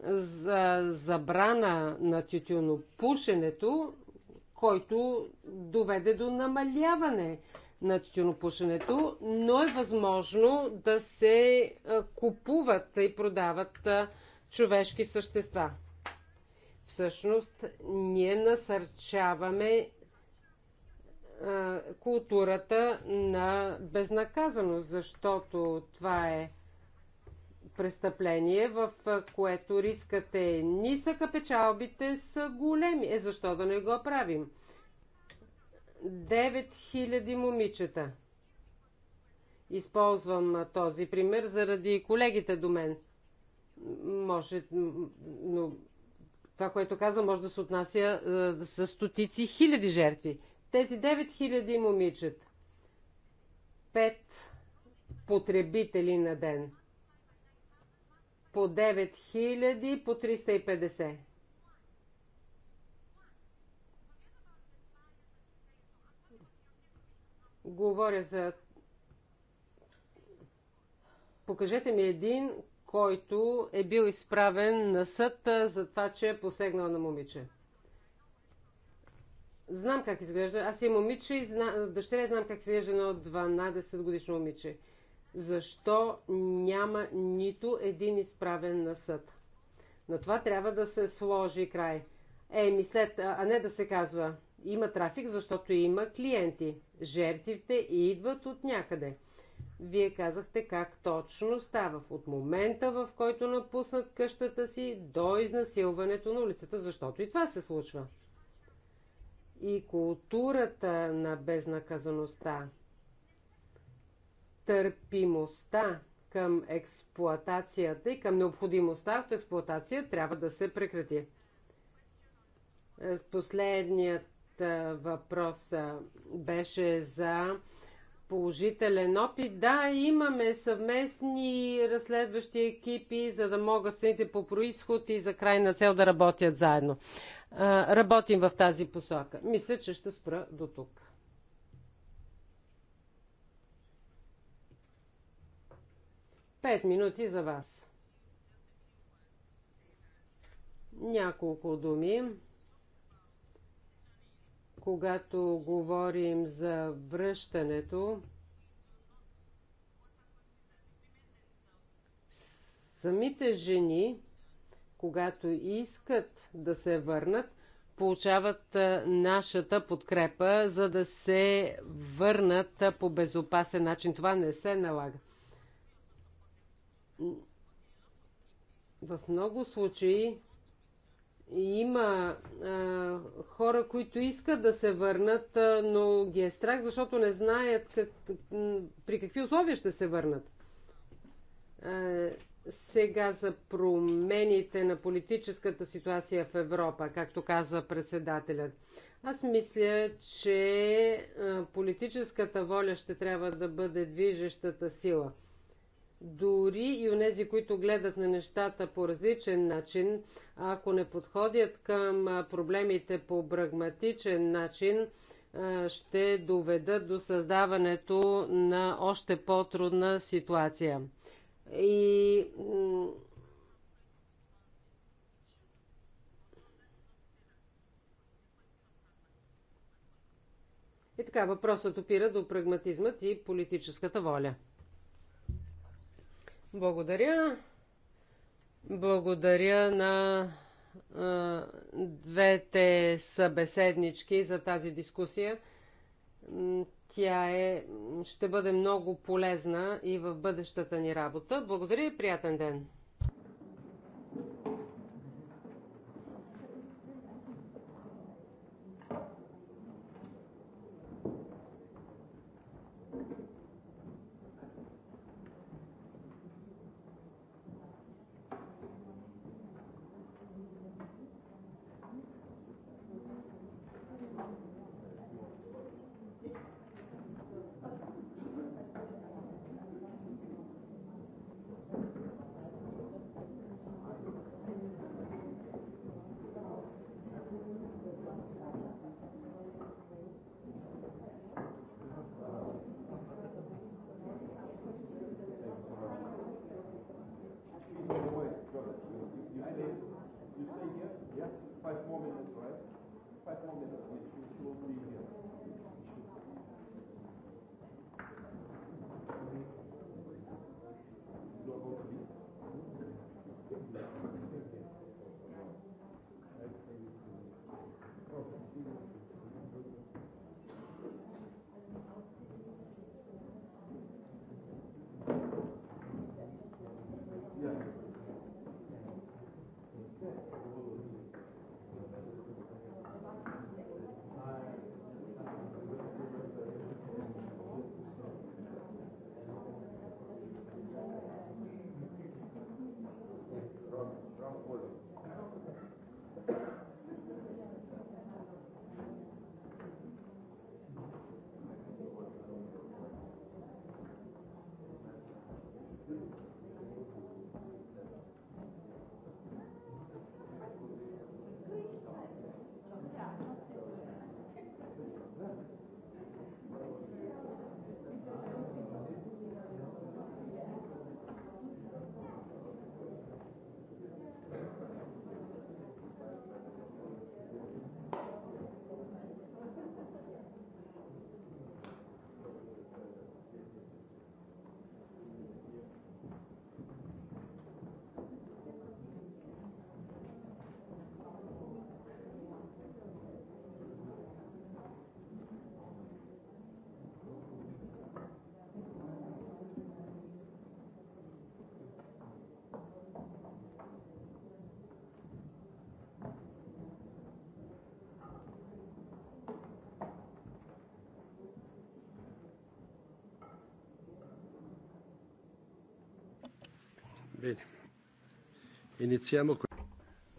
за забрана на тютюнопушенето, който доведе до намаляване на тютюнопушенето, но е възможно да се купуват и продават човешки същества. Всъщност, ние насърчаваме а, културата на безнаказаност, защото това е престъпление, в което рискът е нисък, а печалбите са големи. Е, защо да не го правим? 9000 момичета. Използвам този пример заради колегите до мен. Може, но това, което каза, може да се отнася е, с стотици хиляди жертви. Тези 9 хиляди момичета. Пет потребители на ден. По 9 хиляди, по 350. Говоря за... Покажете ми един, който е бил изправен на съд за това, че е посегнал на момиче. Знам как изглежда. Аз е момиче и зна... дъщеря знам как изглежда едно 12 годишно момиче. Защо няма нито един изправен на съд? На това трябва да се сложи край. Е, след, а не да се казва, има трафик, защото има клиенти. Жертвите идват от някъде. Вие казахте как точно става от момента, в който напуснат къщата си до изнасилването на улицата, защото и това се случва. И културата на безнаказаността, търпимостта към експлоатацията и към необходимостта от експлоатация трябва да се прекрати. Е, последният е, въпрос е, беше за положителен опит. Да, имаме съвместни разследващи екипи, за да могат страните по происход и за крайна цел да работят заедно. А, работим в тази посока. Мисля, че ще спра до тук. Пет минути за вас. Няколко думи когато говорим за връщането, самите жени, когато искат да се върнат, получават нашата подкрепа, за да се върнат по безопасен начин. Това не се налага. В много случаи има а, хора, които искат да се върнат, а, но ги е страх, защото не знаят как, при какви условия ще се върнат. А, сега за промените на политическата ситуация в Европа, както казва председателят. Аз мисля, че политическата воля ще трябва да бъде движещата сила – дори и онези, които гледат на нещата по различен начин, ако не подходят към проблемите по прагматичен начин, ще доведат до създаването на още по-трудна ситуация. И И така, въпросът опира до прагматизмът и политическата воля. Благодаря. Благодаря на а, двете събеседнички за тази дискусия. Тя е, ще бъде много полезна и в бъдещата ни работа. Благодаря и приятен ден! помните,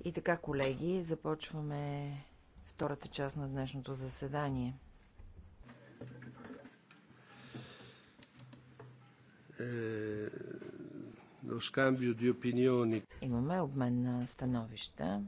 И така, колеги, започваме втората част на днешното заседание. Е, Имаме обмен на становища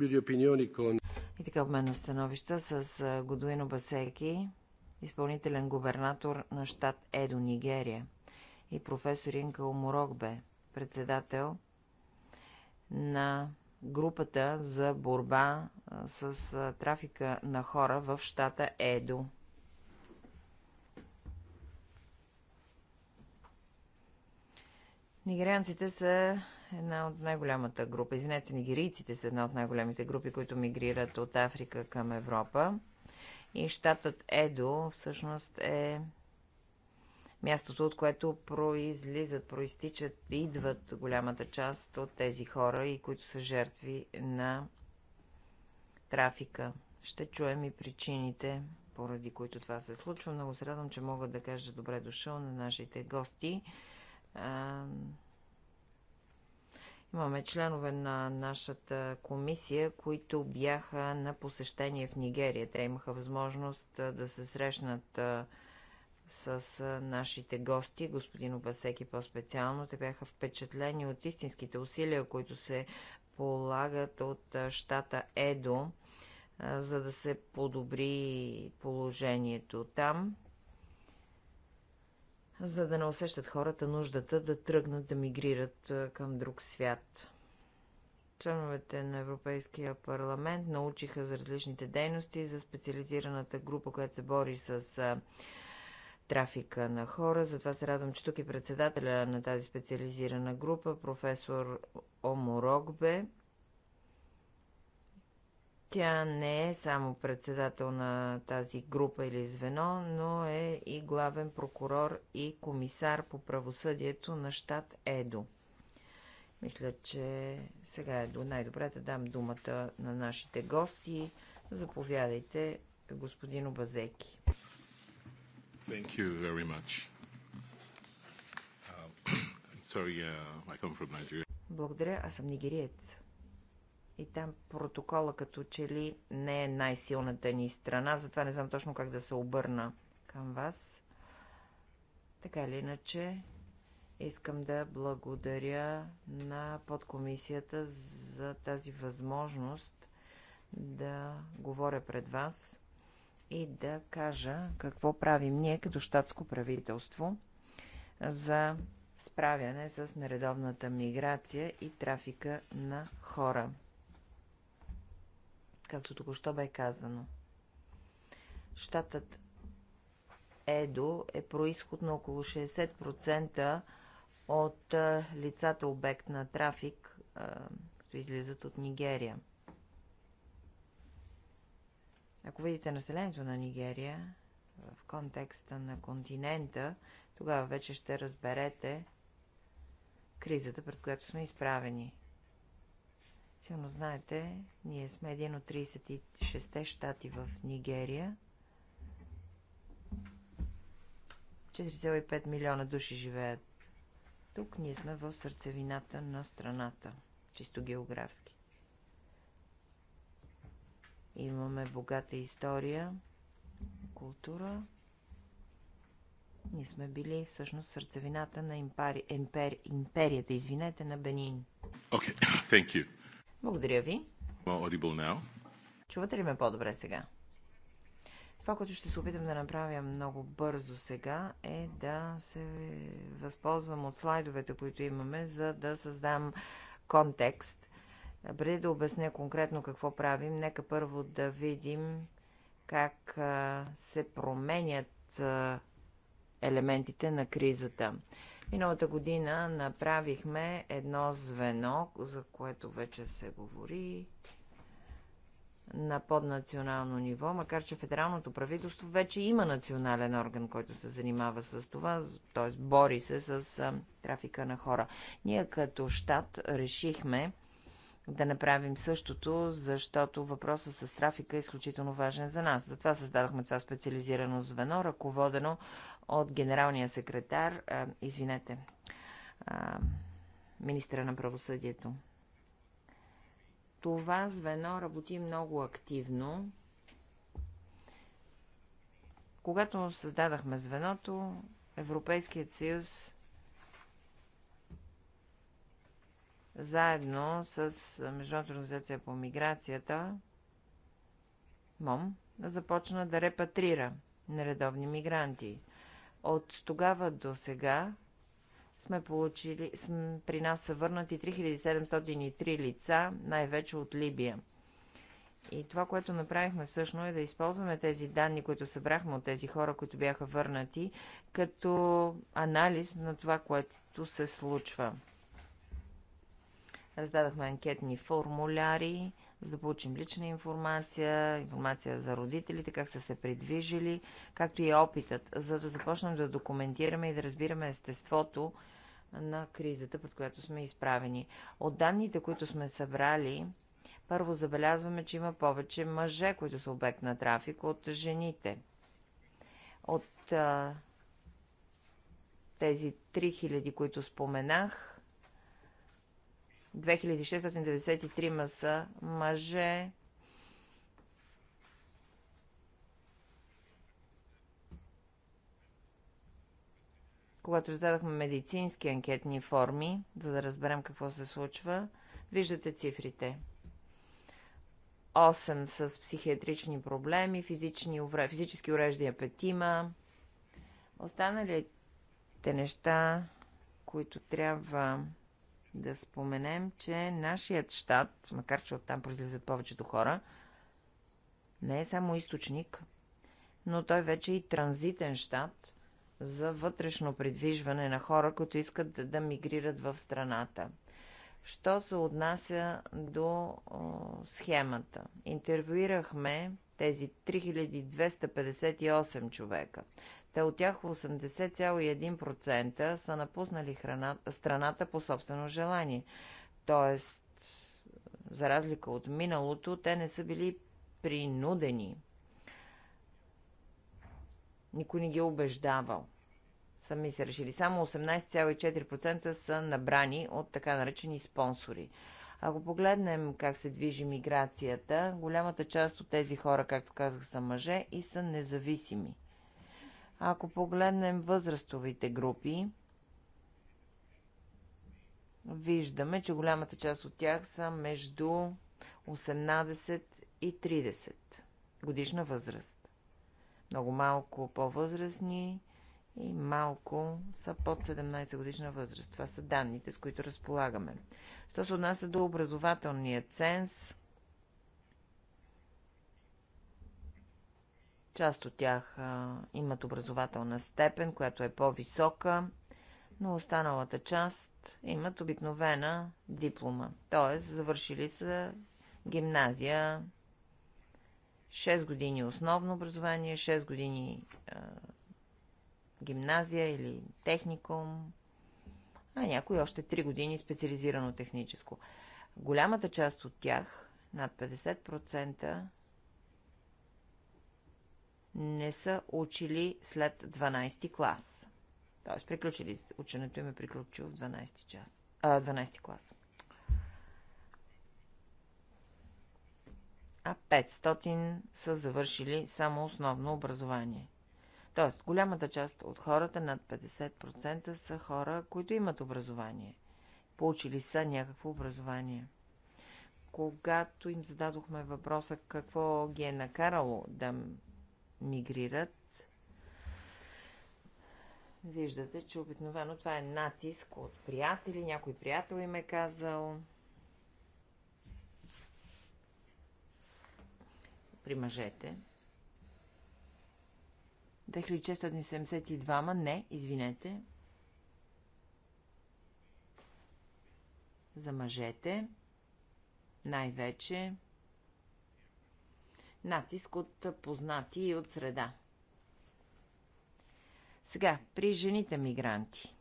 И така обмен на становища с Годуино Басеки, изпълнителен губернатор на щат Едо, Нигерия, и професор Инка Уморокбе, председател на групата за борба с трафика на хора в щата Едо. Нигерианците са една от най-голямата група. Извинете, нигерийците са една от най-големите групи, които мигрират от Африка към Европа. И щатът Едо всъщност е мястото, от което произлизат, проистичат, идват голямата част от тези хора и които са жертви на трафика. Ще чуем и причините, поради които това се случва. Много се радвам, че мога да кажа добре дошъл на нашите гости. Имаме членове на нашата комисия, които бяха на посещение в Нигерия. Те имаха възможност да се срещнат с нашите гости, господин Обасеки по-специално. Те бяха впечатлени от истинските усилия, които се полагат от щата Едо, за да се подобри положението там за да не усещат хората нуждата да тръгнат да мигрират към друг свят. Членовете на Европейския парламент научиха за различните дейности, за специализираната група, която се бори с трафика на хора. Затова се радвам, че тук е председателя на тази специализирана група, професор Оморогбе. Тя не е само председател на тази група или звено, но е и главен прокурор и комисар по правосъдието на щат Едо. Мисля, че сега е до най-добре да дам думата на нашите гости. Заповядайте, господин Обазеки. Thank you very much. Uh, sorry, uh, I come from Nigeria. Благодаря, аз съм нигериец. И там протокола като че ли не е най-силната ни страна, затова не знам точно как да се обърна към вас. Така или иначе, искам да благодаря на подкомисията за тази възможност да говоря пред вас и да кажа какво правим ние като щатско правителство за справяне с нередовната миграция и трафика на хора както току-що бе казано. Штатът Едо е происход на около 60% от лицата обект на трафик, които излизат от Нигерия. Ако видите населението на Нигерия в контекста на континента, тогава вече ще разберете кризата, пред която сме изправени. Силно знаете, ние сме един от 36-те щати в Нигерия. 4,5 милиона души живеят тук. Ние сме в сърцевината на страната, чисто географски. Имаме богата история, култура. Ние сме били всъщност сърцевината на импари, импери, империята, извинете, на Бенин. Okay, thank you. Благодаря ви. Чувате ли ме по-добре сега? Това, което ще се опитам да направя много бързо сега, е да се възползвам от слайдовете, които имаме, за да създам контекст. Преди да обясня конкретно какво правим, нека първо да видим как се променят елементите на кризата. Миналата година направихме едно звено, за което вече се говори на поднационално ниво, макар че федералното правителство вече има национален орган, който се занимава с това, т.е. бори се с трафика на хора. Ние като щат решихме да направим същото, защото въпросът с трафика е изключително важен за нас. Затова създадохме това специализирано звено, ръководено от генералния секретар, а, извинете, а, министра на правосъдието. Това звено работи много активно. Когато създадахме звеното, Европейският съюз заедно с Международната организация по миграцията, МОМ, започна да репатрира нередовни мигранти. От тогава до сега сме получили, при нас са върнати 3703 лица, най-вече от Либия. И това, което направихме всъщност е да използваме тези данни, които събрахме от тези хора, които бяха върнати, като анализ на това, което се случва. Раздадахме анкетни формуляри за да получим лична информация, информация за родителите, как са се придвижили, както и опитът, за да започнем да документираме и да разбираме естеството на кризата, пред която сме изправени. От данните, които сме събрали, първо забелязваме, че има повече мъже, които са обект на трафик от жените. От а, тези 3000, които споменах, 2693 са мъже. Когато зададахме медицински анкетни форми, за да разберем какво се случва, виждате цифрите. 8 с психиатрични проблеми, физични, физически уреждания петима. Останалите неща, които трябва да споменем, че нашият щат, макар че оттам произлизат повечето хора, не е само източник, но той вече е и транзитен щат за вътрешно придвижване на хора, които искат да, да мигрират в страната. Що се отнася до о, схемата? Интервюирахме тези 3258 човека. Те от тях 80,1% са напуснали храна, страната по собствено желание. Тоест, за разлика от миналото, те не са били принудени. Никой не ги е убеждавал. Сами са решили. Само 18,4% са набрани от така наречени спонсори. Ако погледнем как се движи миграцията, голямата част от тези хора, както казах, са мъже и са независими. Ако погледнем възрастовите групи, виждаме, че голямата част от тях са между 18 и 30 годишна възраст. Много малко по-възрастни и малко са под 17 годишна възраст. Това са данните, с които разполагаме. Що се отнася до образователния ценз, Част от тях а, имат образователна степен, която е по-висока, но останалата част имат обикновена диплома. Т.е. завършили са гимназия, 6 години основно образование, 6 години а, гимназия или техникум, а някои още 3 години специализирано техническо. Голямата част от тях, над 50%, не са учили след 12 клас. Тоест, приключили, ученето им е приключило в 12, час, а, 12 клас. А 500 са завършили само основно образование. Тоест, голямата част от хората, над 50%, са хора, които имат образование. Получили са някакво образование. Когато им зададохме въпроса какво ги е накарало да мигрират. Виждате, че обикновено това е натиск от приятели, някой приятел им е казал. При мъжете. 2672, не, извинете. За мъжете най-вече натиск от познати и от среда. Сега, при жените мигранти.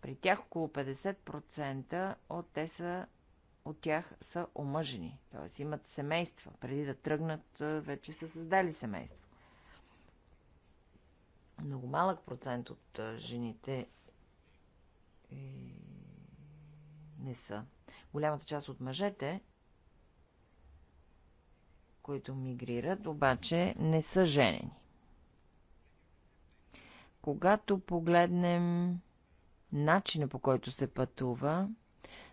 При тях около 50% от, те са, от тях са омъжени, т.е. имат семейства. Преди да тръгнат, вече са създали семейство. Много малък процент от жените е, не са. Голямата част от мъжете които мигрират, обаче не са женени. Когато погледнем начина по който се пътува,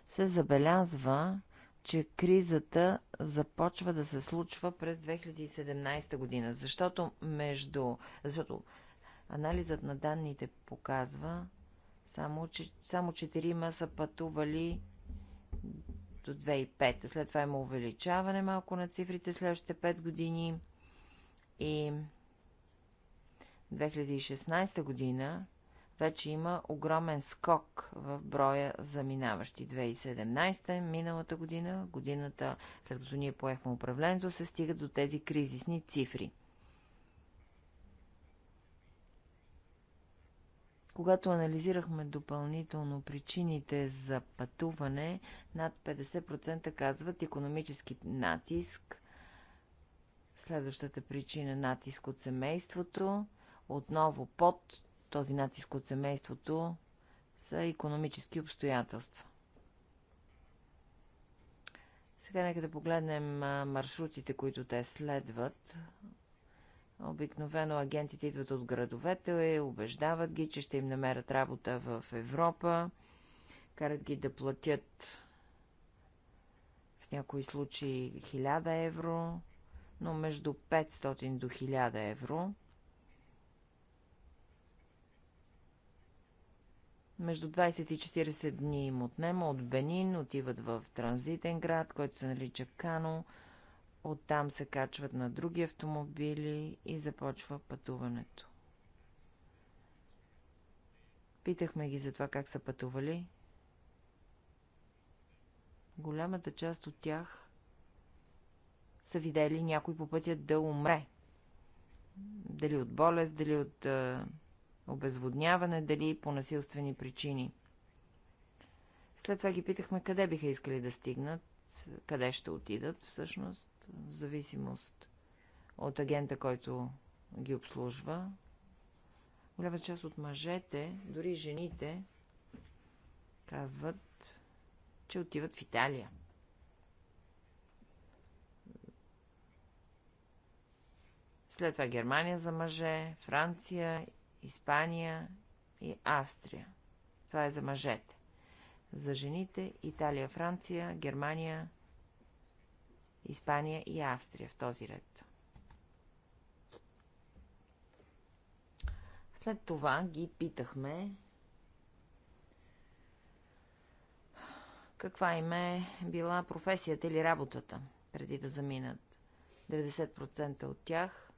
се забелязва, че кризата започва да се случва през 2017 година, защото между... Защото анализът на данните показва, само, че само четирима са пътували до 2005. След това има увеличаване малко на цифрите следващите 5 години. И 2016 година вече има огромен скок в броя заминаващи. 2017, миналата година, годината след като ние поехме управлението, се стига до тези кризисни цифри. Когато анализирахме допълнително причините за пътуване, над 50% казват економически натиск, следващата причина натиск от семейството, отново под този натиск от семейството са економически обстоятелства. Сега нека да погледнем маршрутите, които те следват Обикновено агентите идват от градовете, убеждават ги, че ще им намерят работа в Европа, карат ги да платят в някои случаи 1000 евро, но между 500 до 1000 евро. Между 20 и 40 дни им отнема от Бенин, отиват в транзитен град, който се нарича Кано – Оттам се качват на други автомобили и започва пътуването. Питахме ги за това как са пътували. Голямата част от тях са видели някой по пътя да умре. Дали от болест, дали от е, обезводняване, дали по насилствени причини. След това ги питахме къде биха искали да стигнат, къде ще отидат всъщност в зависимост от агента, който ги обслужва. Голяма част от мъжете, дори жените, казват, че отиват в Италия. След това Германия за мъже, Франция, Испания и Австрия. Това е за мъжете. За жените Италия, Франция, Германия, Испания и Австрия в този ред. След това ги питахме каква им е била професията или работата, преди да заминат. 90% от тях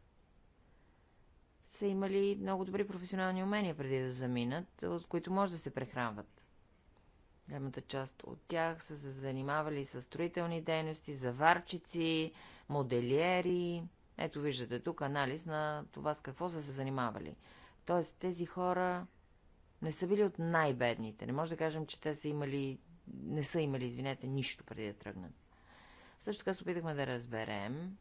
са имали много добри професионални умения преди да заминат, от които може да се прехранват. Голямата част от тях са се занимавали с строителни дейности, заварчици, моделиери. Ето виждате тук анализ на това с какво са се занимавали. Тоест тези хора не са били от най-бедните. Не може да кажем, че те са имали, не са имали, извинете, нищо преди да тръгнат. Също така се опитахме да разберем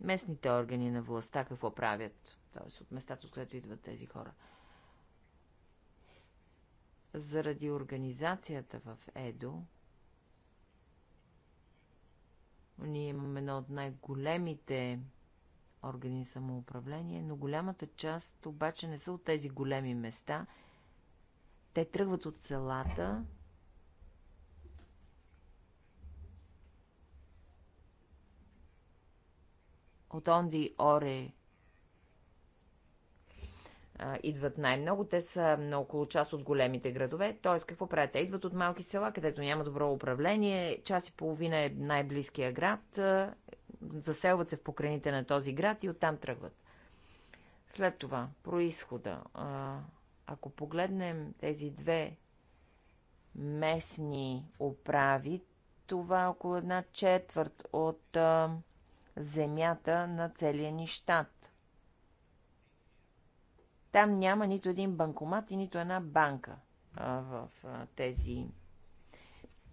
местните органи на властта какво правят т.е. от местата, от където идват тези хора. Заради организацията в ЕДО, ние имаме едно от най-големите органи самоуправление, но голямата част обаче не са от тези големи места. Те тръгват от селата, от онди оре идват най-много. Те са на около част от големите градове. Т.е. какво правят? Те идват от малки села, където няма добро управление. Час и половина е най-близкия град. Заселват се в покрените на този град и оттам тръгват. След това, происхода. Ако погледнем тези две местни управи, това е около една четвърт от земята на целия ни щат. Там няма нито един банкомат и нито една банка а, в а, тези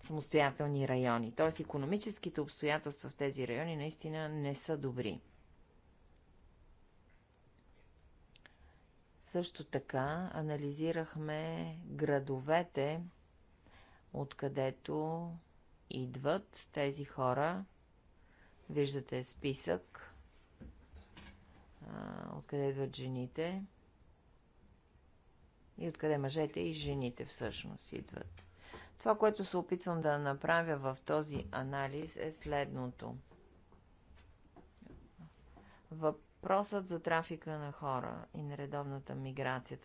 самостоятелни райони. Т.е. економическите обстоятелства в тези райони наистина не са добри. Също така анализирахме градовете, откъдето идват тези хора. Виждате списък, откъде идват жените. И откъде мъжете и жените всъщност идват. Това, което се опитвам да направя в този анализ е следното. Въпросът за трафика на хора и нередовната миграция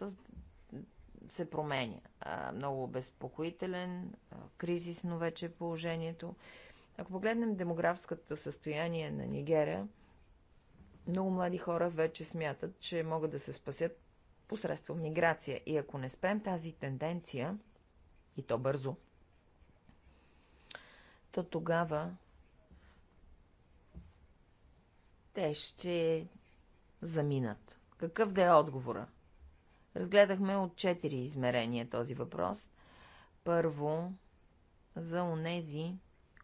се променя. Много обезпокоителен, кризисно вече е положението. Ако погледнем демографското състояние на Нигерия, много млади хора вече смятат, че могат да се спасят посредством миграция. И ако не спрем тази тенденция, и то бързо, то тогава те ще заминат. Какъв да е отговора? Разгледахме от четири измерения този въпрос. Първо, за онези,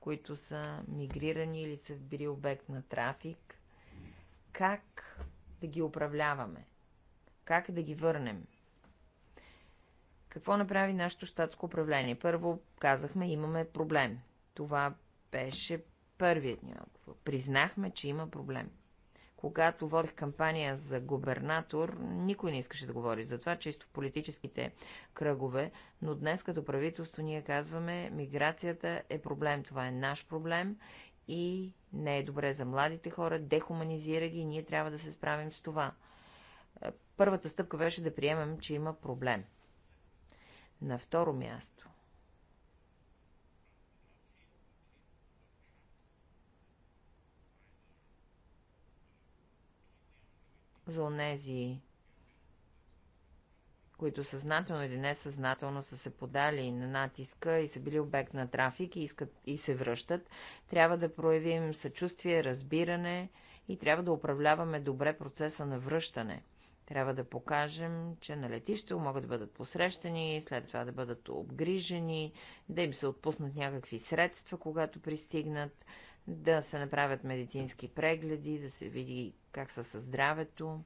които са мигрирани или са били обект на трафик, как да ги управляваме? Как да ги върнем? Какво направи нашето щатско управление? Първо казахме, имаме проблем. Това беше първият ни отговор. Признахме, че има проблем. Когато водих кампания за губернатор, никой не искаше да говори за това, чисто в политическите кръгове, но днес като правителство ние казваме, миграцията е проблем, това е наш проблем и не е добре за младите хора, дехуманизира ги и ние трябва да се справим с това. Първата стъпка беше да приемем, че има проблем. На второ място. За онези, които съзнателно или несъзнателно са се подали на натиска и са били обект на трафик и, искат, и се връщат, трябва да проявим съчувствие, разбиране и трябва да управляваме добре процеса на връщане – трябва да покажем, че на летище могат да бъдат посрещани, след това да бъдат обгрижени, да им се отпуснат някакви средства, когато пристигнат, да се направят медицински прегледи, да се види как са със здравето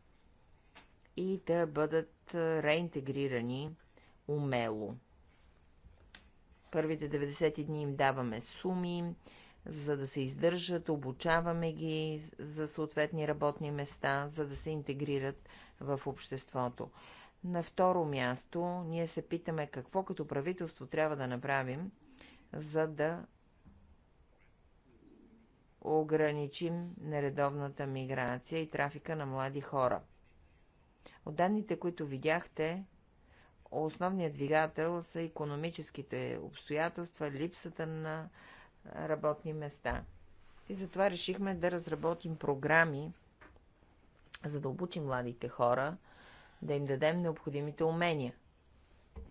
и да бъдат реинтегрирани умело. Първите 90 дни им даваме суми, за да се издържат, обучаваме ги за съответни работни места, за да се интегрират в обществото. На второ място, ние се питаме какво като правителство трябва да направим, за да ограничим нередовната миграция и трафика на млади хора. От данните, които видяхте, основният двигател са економическите обстоятелства, липсата на работни места. И затова решихме да разработим програми, за да обучим младите хора, да им дадем необходимите умения.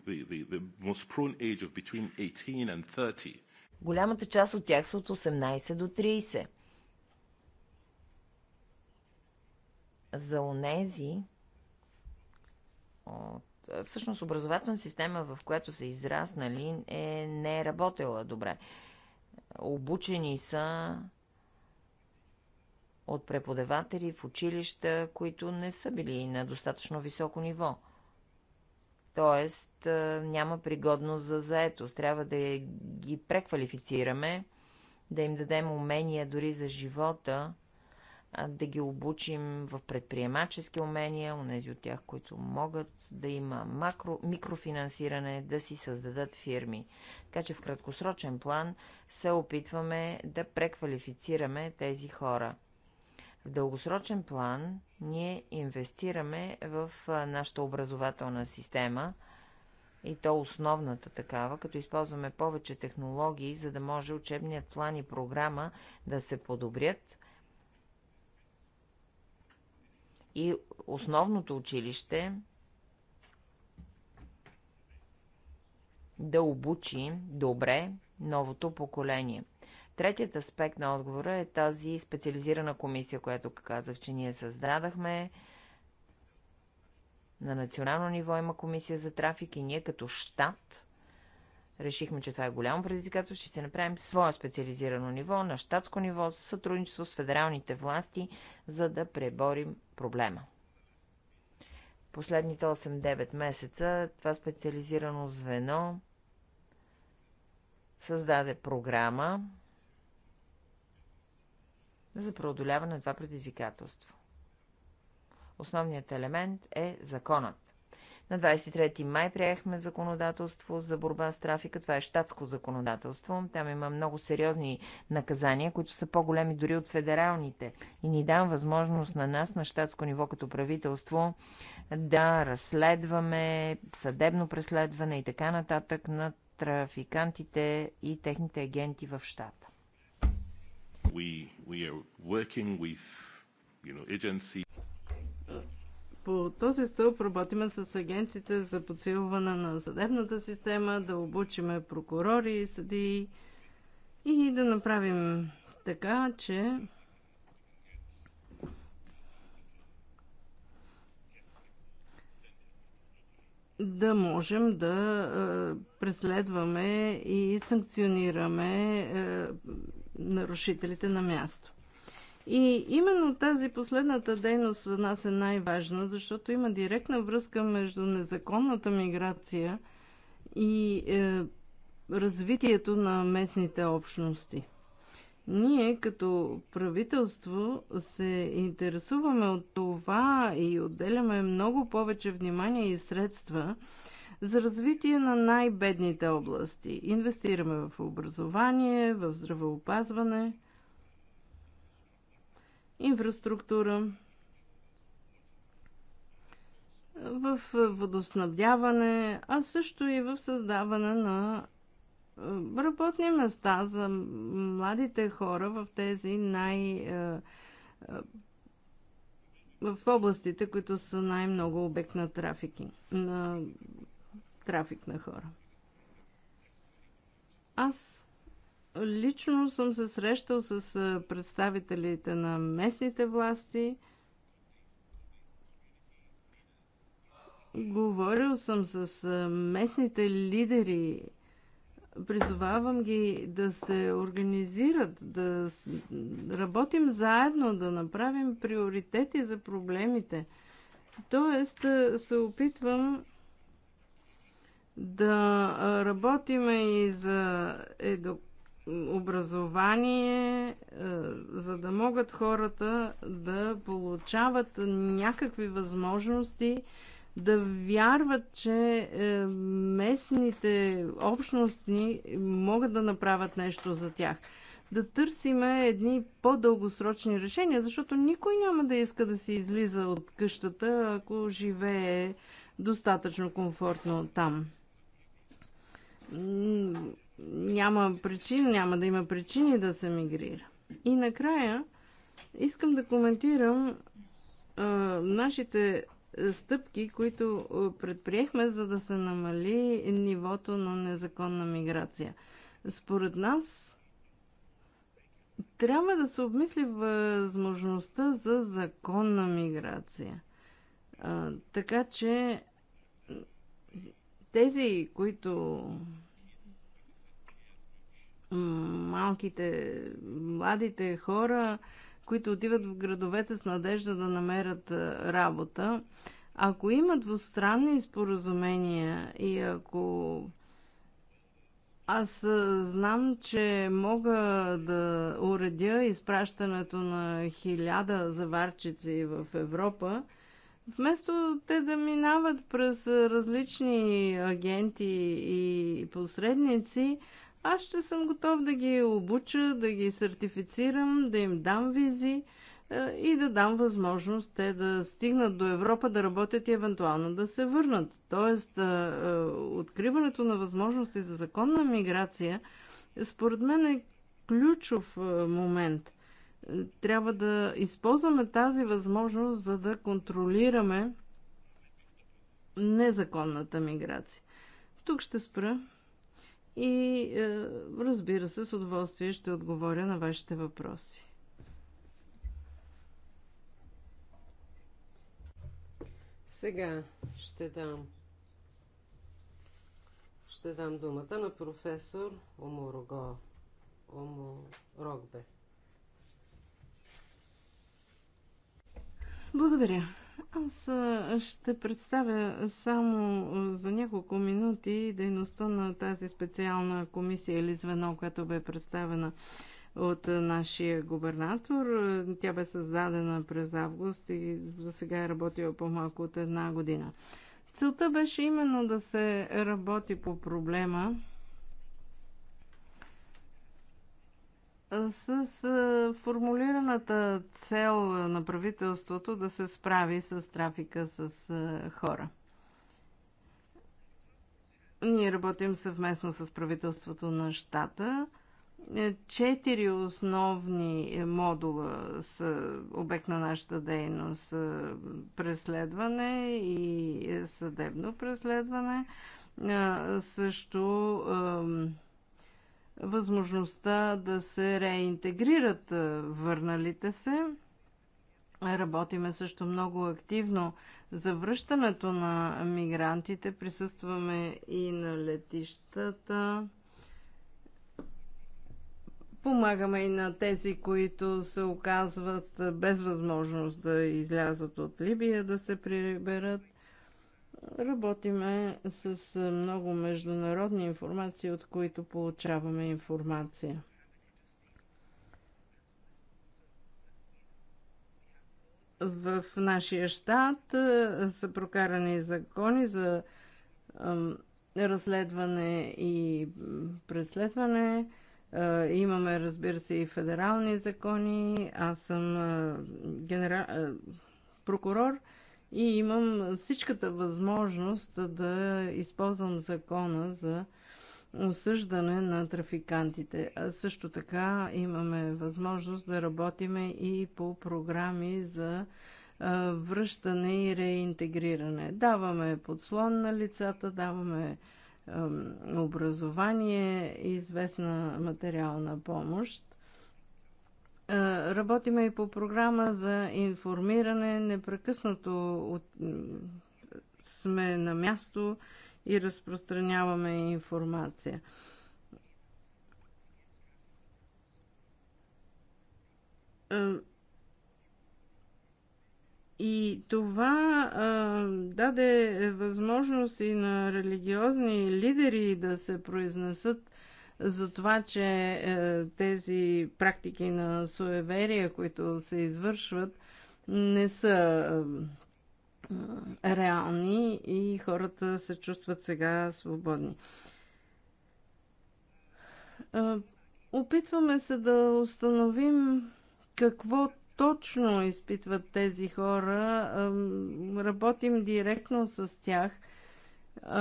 The, the, the Голямата част от тях са от 18 до 30. За онези, от, всъщност образователна система, в която са израснали, е, не е работила добре. Обучени са от преподаватели в училища, които не са били на достатъчно високо ниво. Тоест няма пригодност за заетост. Трябва да ги преквалифицираме, да им дадем умения дори за живота, да ги обучим в предприемачески умения, унези от тях, които могат да има макро, микрофинансиране, да си създадат фирми. Така че в краткосрочен план се опитваме да преквалифицираме тези хора – в дългосрочен план ние инвестираме в нашата образователна система и то основната такава, като използваме повече технологии, за да може учебният план и програма да се подобрят и основното училище да обучи добре новото поколение. Третият аспект на отговора е тази специализирана комисия, която казах, че ние създадахме. На национално ниво има комисия за трафик и ние като щат решихме, че това е голямо предизвикателство, ще се направим свое специализирано ниво, на щатско ниво, с сътрудничество с федералните власти, за да преборим проблема. Последните 8-9 месеца това специализирано звено създаде програма, за преодоляване на това предизвикателство. Основният елемент е законът. На 23 май приехме законодателство за борба с трафика. Това е щатско законодателство. Там има много сериозни наказания, които са по-големи дори от федералните. И ни дам възможност на нас, на щатско ниво като правителство, да разследваме съдебно преследване и така нататък на трафикантите и техните агенти в щата. We are working with, you know, agency. По този стълб работиме с агенците за подсилване на съдебната система, да обучиме прокурори и съдии и да направим така, че да можем да преследваме и санкционираме нарушителите на място. И именно тази последната дейност за нас е най-важна, защото има директна връзка между незаконната миграция и е, развитието на местните общности. Ние като правителство се интересуваме от това и отделяме много повече внимание и средства за развитие на най-бедните области. Инвестираме в образование, в здравеопазване, инфраструктура, в водоснабдяване, а също и в създаване на работни места за младите хора в тези най... Е, е, в областите, които са най-много обект на трафикинг, на трафик на хора. Аз лично съм се срещал с представителите на местните власти. Говорил съм с местните лидери. Призовавам ги да се организират, да работим заедно, да направим приоритети за проблемите. Тоест, се опитвам да работиме и за едо... образование, за да могат хората да получават някакви възможности, да вярват, че е, местните общности могат да направят нещо за тях. Да търсиме едни по-дългосрочни решения, защото никой няма да иска да се излиза от къщата, ако живее достатъчно комфортно там няма причина, няма да има причини да се мигрира. И накрая искам да коментирам а, нашите стъпки, които предприехме, за да се намали нивото на незаконна миграция. Според нас трябва да се обмисли възможността за законна миграция. А, така че тези, които малките, младите хора, които отиват в градовете с надежда да намерят работа, ако има двустранни споразумения и ако аз знам, че мога да уредя изпращането на хиляда заварчици в Европа, Вместо те да минават през различни агенти и посредници, аз ще съм готов да ги обуча, да ги сертифицирам, да им дам визи е, и да дам възможност те да стигнат до Европа, да работят и евентуално да се върнат. Тоест, е, е, откриването на възможности за законна миграция, според мен е ключов момент трябва да използваме тази възможност, за да контролираме незаконната миграция. Тук ще спра и е, разбира се, с удоволствие ще отговоря на вашите въпроси. Сега ще дам ще дам думата на професор Оморого Оморогбе. Благодаря. Аз ще представя само за няколко минути дейността на тази специална комисия или звено, която бе представена от нашия губернатор. Тя бе създадена през август и за сега е работила по-малко от една година. Целта беше именно да се работи по проблема с формулираната цел на правителството да се справи с трафика с хора. Ние работим съвместно с правителството на щата. Е, четири основни модула са обект на нашата дейност е, преследване и съдебно преследване. Е, също възможността да се реинтегрират върналите се. Работиме също много активно за връщането на мигрантите. Присъстваме и на летищата. Помагаме и на тези, които се оказват без възможност да излязат от Либия, да се приберат. Работиме с е, много международни информации, от които получаваме информация. В нашия щат е, са прокарани закони за разследване и преследване. Е, имаме, разбира се, и федерални закони. Аз съм генера... прокурор и имам всичката възможност да използвам закона за осъждане на трафикантите. А също така имаме възможност да работиме и по програми за връщане и реинтегриране. Даваме подслон на лицата, даваме образование и известна материална помощ. Е, работиме и по програма за информиране. Непрекъснато сме на място и разпространяваме информация. Е, и това а, е, даде възможност и на религиозни лидери да се произнесат за това, че е, тези практики на суеверия, които се извършват, не са е, реални и хората се чувстват сега свободни. Е, опитваме се да установим какво точно изпитват тези хора. Работим директно с тях –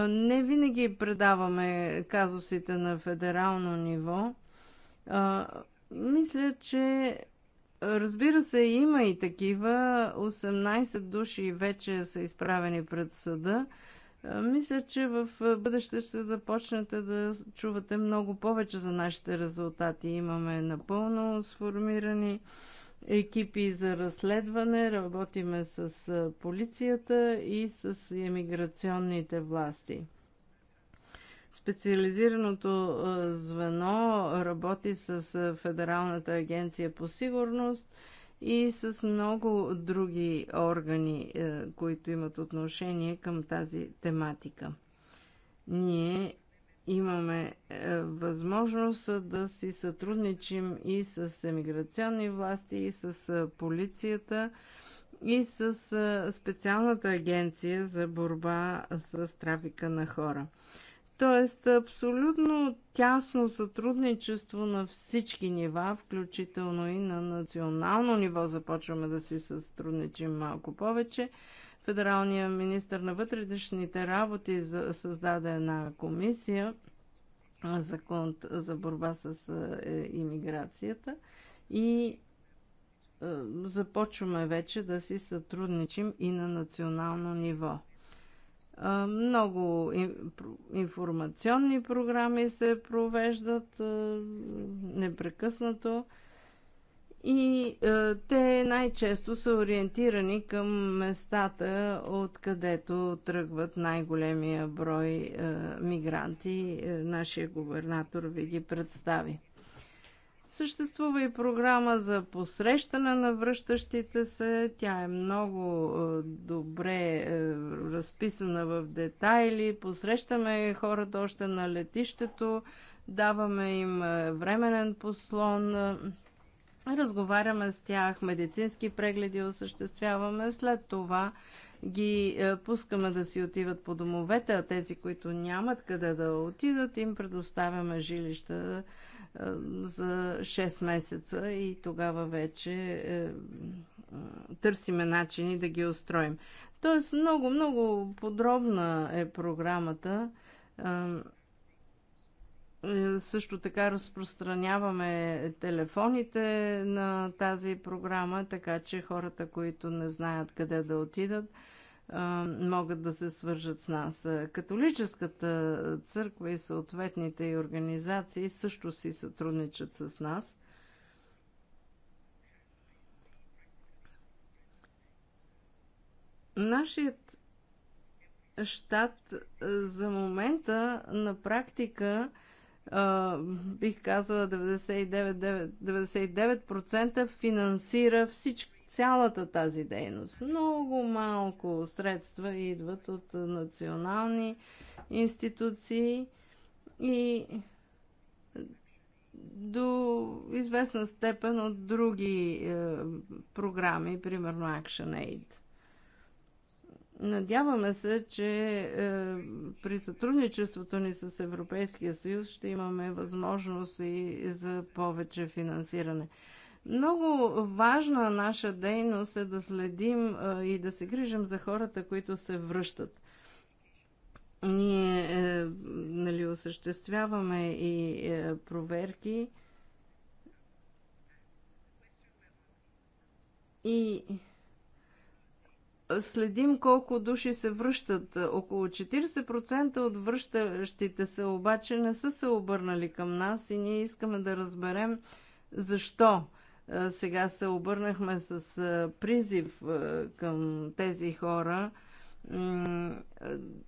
не винаги предаваме казусите на федерално ниво. Мисля, че разбира се, има и такива. 18 души вече са изправени пред съда. Мисля, че в бъдеще ще започнете да чувате много повече за нашите резултати. Имаме напълно сформирани екипи за разследване, работиме с полицията и с емиграционните власти. Специализираното звено работи с Федералната агенция по сигурност и с много други органи, които имат отношение към тази тематика. Ние имаме е, възможност е, да си сътрудничим и с емиграционни власти, и с е, полицията, и с специалната агенция за борба с трафика на хора. Тоест, абсолютно тясно сътрудничество на всички нива, включително и на национално ниво започваме да си сътрудничим малко повече федералния министр на вътрешните работи създаде една комисия за, конт, за борба с е, иммиграцията и започваме вече да си сътрудничим и на национално ниво. Много информационни програми се провеждат непрекъснато и е, те най-често са ориентирани към местата, откъдето тръгват най-големия брой е, мигранти. Е, нашия губернатор ви ги представи. Съществува и програма за посрещане на връщащите се. Тя е много е, добре е, разписана в детайли. Посрещаме хората още на летището, даваме им е, временен послон. Е, Разговаряме с тях, медицински прегледи осъществяваме, след това ги е, пускаме да си отиват по домовете, а тези, които нямат къде да отидат, им предоставяме жилища е, за 6 месеца и тогава вече е, търсиме начини да ги устроим. Тоест много, много подробна е програмата. Е, също така разпространяваме телефоните на тази програма, така че хората, които не знаят къде да отидат, е, могат да се свържат с нас. Е, католическата църква и съответните и организации също си сътрудничат с нас. Нашият щат за момента на практика бих казала 99%, 99% финансира всички, цялата тази дейност. Много малко средства идват от национални институции и до известна степен от други е, програми, примерно Action Aid. Надяваме се, че е, при сътрудничеството ни с Европейския съюз ще имаме възможност и за повече финансиране. Много важна наша дейност е да следим е, и да се грижим за хората, които се връщат. Ние е, нали, осъществяваме и е, проверки и следим колко души се връщат. Около 40% от връщащите се обаче не са се обърнали към нас и ние искаме да разберем защо. Сега се обърнахме с призив към тези хора.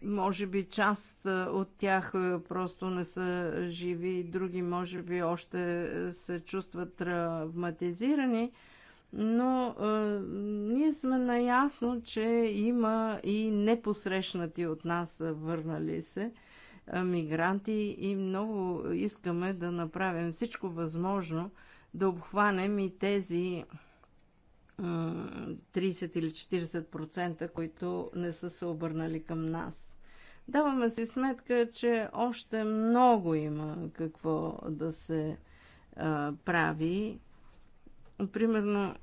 Може би част от тях просто не са живи, други може би още се чувстват травматизирани но а, ние сме наясно, че има и непосрещнати от нас върнали се а, мигранти и много искаме да направим всичко възможно да обхванем и тези а, 30 или 40%, които не са се обърнали към нас. Даваме си сметка, че още много има какво да се а, прави примерно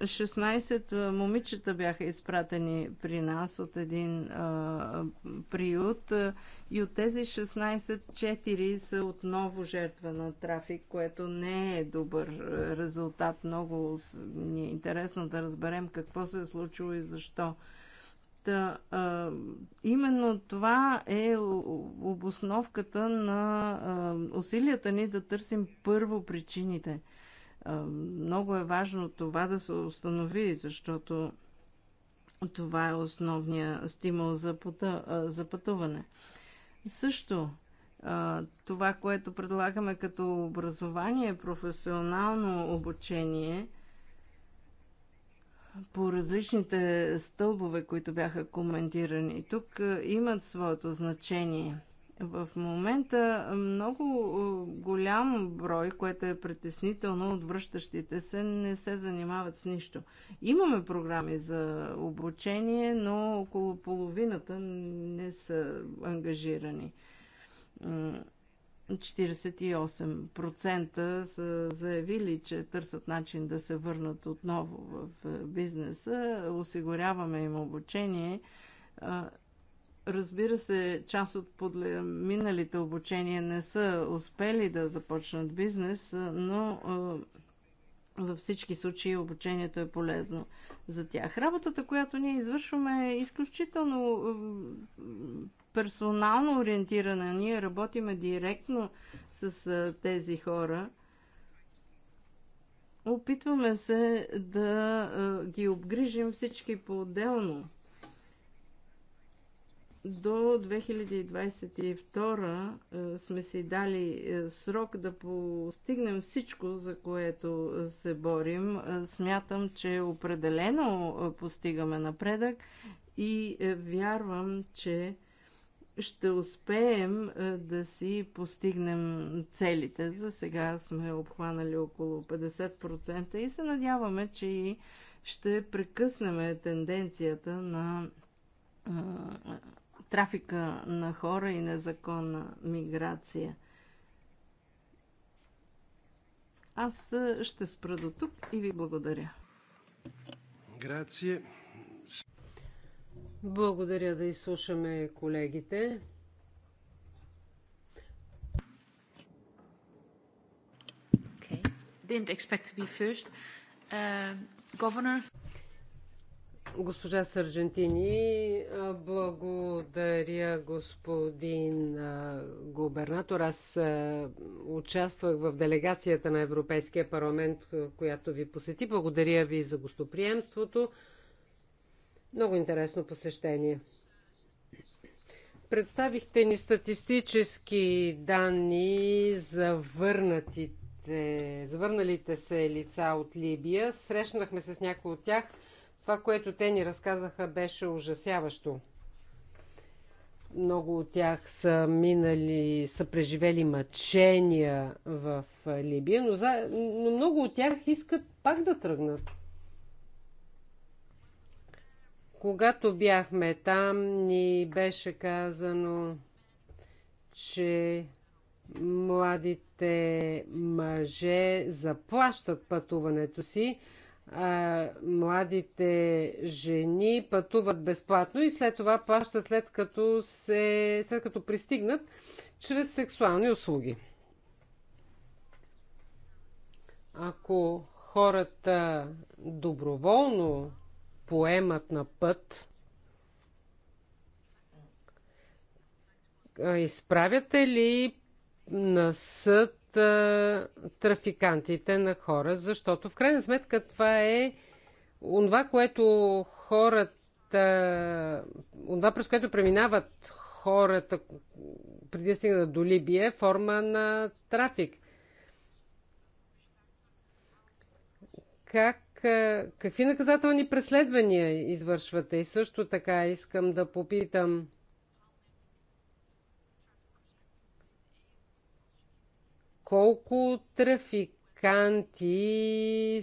16 момичета бяха изпратени при нас от един а, приют и от тези 16 4 са отново жертва на трафик, което не е добър резултат. Много ни е интересно да разберем какво се е случило и защо. Та, а, именно това е обосновката на а, усилията ни да търсим първо причините – много е важно това да се установи, защото това е основният стимул за, пъта, за пътуване. Също това, което предлагаме като образование, професионално обучение по различните стълбове, които бяха коментирани, тук имат своето значение – в момента много е, голям брой, което е притеснително от връщащите се, не се занимават с нищо. Имаме програми за обучение, но около половината не са ангажирани. 48% са заявили, че търсят начин да се върнат отново в е, бизнеса. Осигуряваме им обучение Разбира се, част от миналите обучения не са успели да започнат бизнес, но във всички случаи обучението е полезно за тях. Работата, която ние извършваме е изключително персонално ориентирана. Ние работиме директно с тези хора. Опитваме се да ги обгрижим всички по-отделно до 2022 е, сме си дали е, срок да постигнем всичко, за което е, се борим. Смятам, че определено постигаме напредък и вярвам, че ще успеем да си постигнем целите. За сега сме обхванали около 50% и се надяваме, че и ще прекъснем тенденцията на трафика на хора и незаконна миграция. Аз ще спра до тук и ви благодаря. Грация. Благодаря да изслушаме колегите. Okay. Didn't expect to be first. Uh, governor. Госпожа Сържентини, благодаря господин губернатор. Аз участвах в делегацията на Европейския парламент, която ви посети. Благодаря ви за гостоприемството. Много интересно посещение. Представихте ни статистически данни за върнатите, завърналите се лица от Либия. Срещнахме се с някои от тях – това, което те ни разказаха, беше ужасяващо. Много от тях са минали, са преживели мъчения в Либия, но, за... но много от тях искат пак да тръгнат. Когато бяхме там, ни беше казано, че младите мъже заплащат пътуването си а, младите жени пътуват безплатно и след това плащат след като, се, след като пристигнат чрез сексуални услуги. Ако хората доброволно поемат на път, изправяте ли на съд а, трафикантите на хора, защото в крайна сметка това е онова, което хората, онова през което преминават хората преди да стигнат до Либия, е форма на трафик. Как какви наказателни преследвания извършвате? И също така искам да попитам колко трафиканти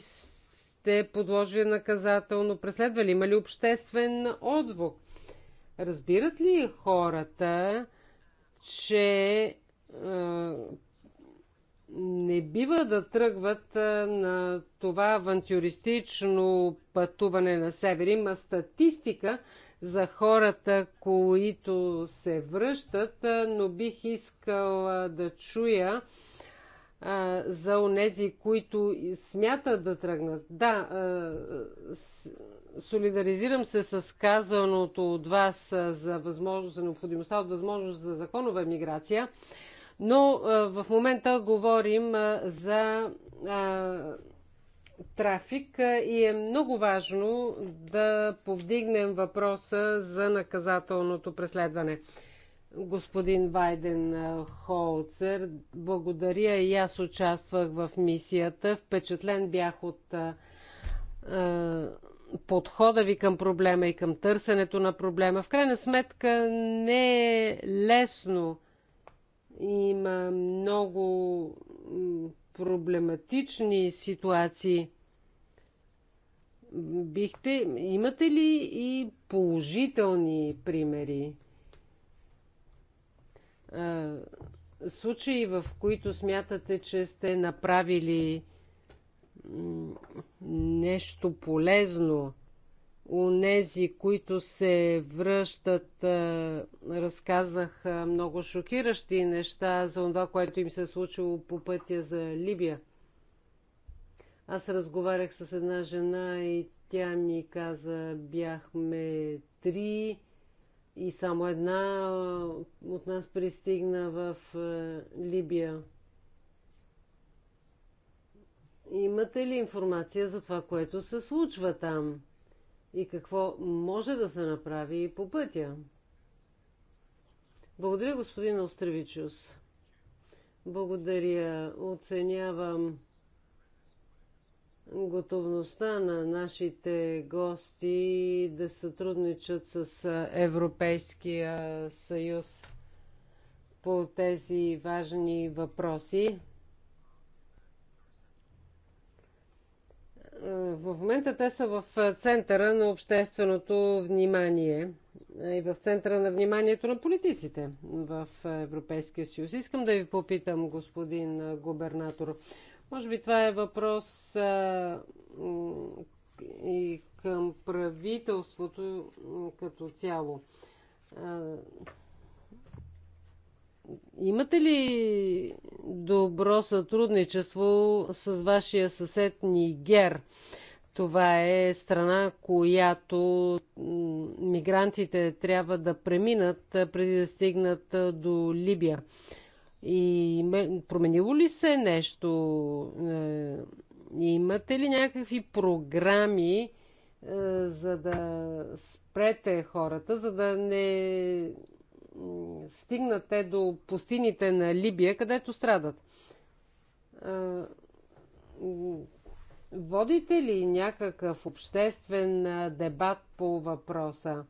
сте подложили наказателно преследвали? Има ли обществен отзвук? Разбират ли хората, че е, не бива да тръгват на това авантюристично пътуване на север? Има статистика за хората, които се връщат, но бих искала да чуя а, за онези, които смятат да тръгнат. Да, а, с, солидаризирам се с казаното от вас за, възможност, за необходимостта от възможност за законова миграция, но а, в момента говорим а, за а, трафик и е много важно да повдигнем въпроса за наказателното преследване господин Вайден Холцер. Благодаря и аз участвах в мисията. Впечатлен бях от подхода ви към проблема и към търсенето на проблема. В крайна сметка не е лесно. Има много проблематични ситуации. Бихте, имате ли и положителни примери? случаи, в които смятате, че сте направили нещо полезно, Унези, които се връщат, разказах много шокиращи неща за това, което им се е случило по пътя за Либия. Аз разговарях с една жена и тя ми каза, бяхме три и само една от нас пристигна в Либия. Имате ли информация за това, което се случва там? И какво може да се направи по пътя? Благодаря, господин Остревичус. Благодаря. Оценявам готовността на нашите гости да сътрудничат с Европейския съюз по тези важни въпроси. В момента те са в центъра на общественото внимание и в центъра на вниманието на политиците в Европейския съюз. Искам да ви попитам, господин губернатор, може би това е въпрос а, и към правителството като цяло. А, имате ли добро сътрудничество с вашия съсед Нигер? Това е страна, която мигрантите трябва да преминат преди да стигнат до Либия. И променило ли се нещо? Е, имате ли някакви програми, е, за да спрете хората, за да не стигнат те до пустините на Либия, където страдат? Е, водите ли някакъв обществен дебат по въпроса?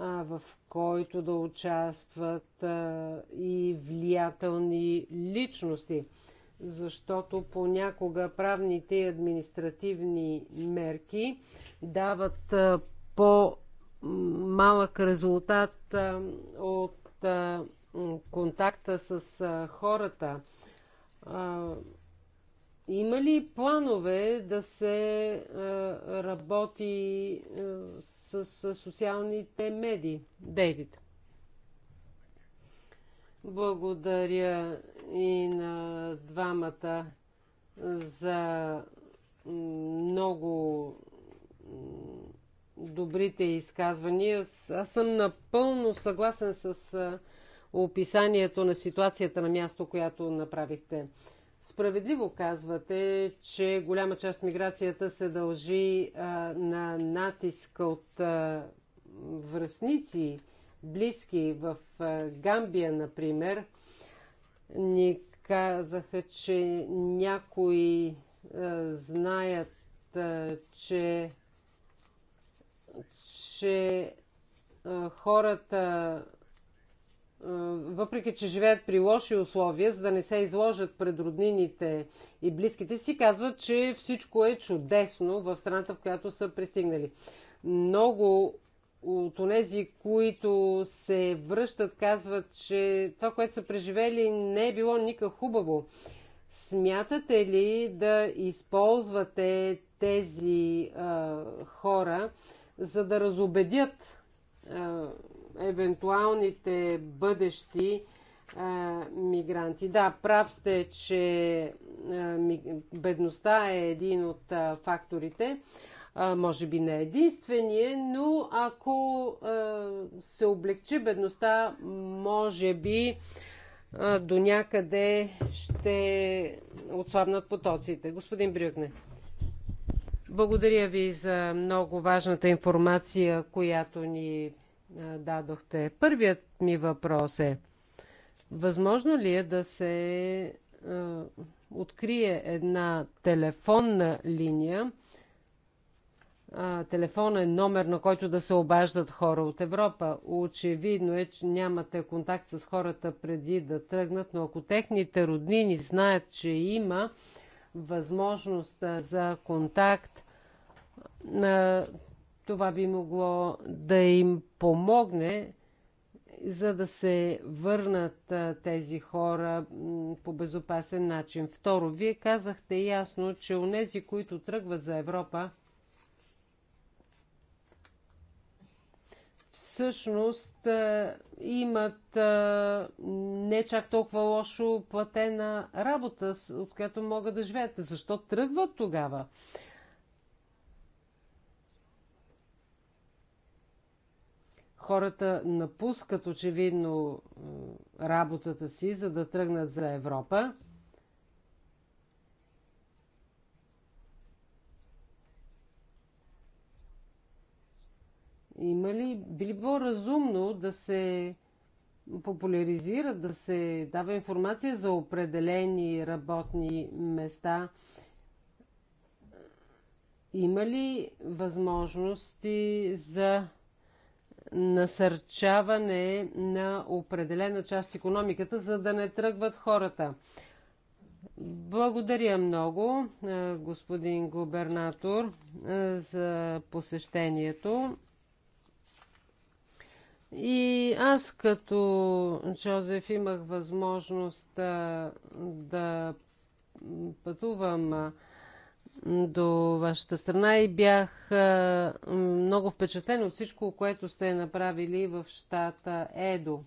в който да участват и влиятелни личности, защото понякога правните и административни мерки дават по-малък резултат от контакта с хората. Има ли планове да се работи с социалните медии. Дейвид. Благодаря и на двамата за много добрите изказвания. Аз съм напълно съгласен с описанието на ситуацията на място, която направихте. Справедливо казвате, че голяма част от миграцията се дължи а, на натиска от а, връзници, близки в а, Гамбия, например. Ни казаха, че някои а, знаят, а, че, че а, хората въпреки че живеят при лоши условия, за да не се изложат пред роднините и близките си, казват, че всичко е чудесно в страната, в която са пристигнали. Много от тези, които се връщат, казват, че това, което са преживели, не е било никак хубаво. Смятате ли да използвате тези а, хора, за да разобедят а, евентуалните бъдещи а, е, мигранти. Да, прав сте, че а, е, бедността е един от а, е, факторите. А, може би не единствения, но ако а, се облегчи бедността, може би а, до някъде ще отслабнат потоците. Господин Брюкне. Благодаря ви за много важната информация, която ни дадохте. Първият ми въпрос е, възможно ли е да се открие една телефонна линия, телефонен номер, на който да се обаждат хора от Европа. Очевидно е, че нямате контакт с хората преди да тръгнат, но ако техните роднини знаят, че има възможност за контакт, това би могло да им помогне, за да се върнат тези хора по безопасен начин. Второ, вие казахте ясно, че онези, които тръгват за Европа, всъщност имат не чак толкова лошо платена работа, от която могат да живеят. Защо тръгват тогава? Хората напускат очевидно е, работата си, за да тръгнат за Европа. Има ли, би ли било разумно да се популяризира, да се дава информация за определени работни места? Има ли възможности за насърчаване на определена част от економиката, за да не тръгват хората. Благодаря много, е, господин губернатор, е, за посещението. И аз като Джозеф имах възможност е, да пътувам до вашата страна и бях много впечатлен от всичко, което сте направили в щата Едо.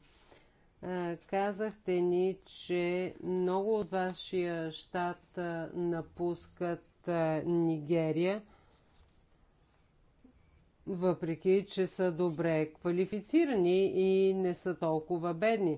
Казахте ни, че много от вашия щат напускат Нигерия, въпреки че са добре квалифицирани и не са толкова бедни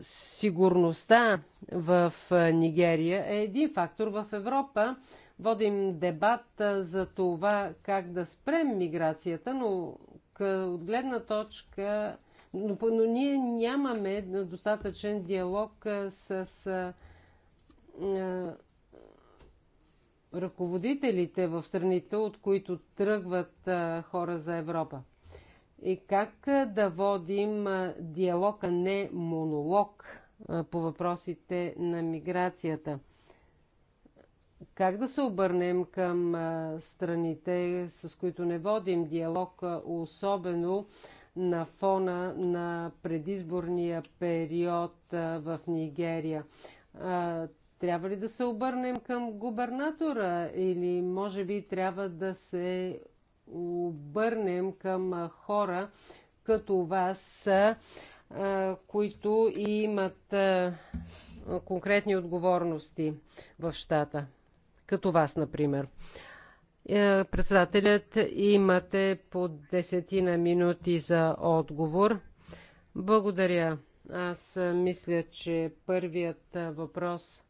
сигурността в Нигерия е един фактор. В Европа водим дебат за това как да спрем миграцията, но от гледна точка. Но, но ние нямаме достатъчен диалог с ръководителите в страните, от които тръгват а, хора за Европа и е как да водим диалог, а не монолог по въпросите на миграцията. Как да се обърнем към страните, с които не водим диалог, особено на фона на предизборния период в Нигерия? Трябва ли да се обърнем към губернатора или може би трябва да се обърнем към хора като вас, които имат конкретни отговорности в щата. Като вас, например. Е, председателят, имате по десетина минути за отговор. Благодаря. Аз мисля, че първият въпрос.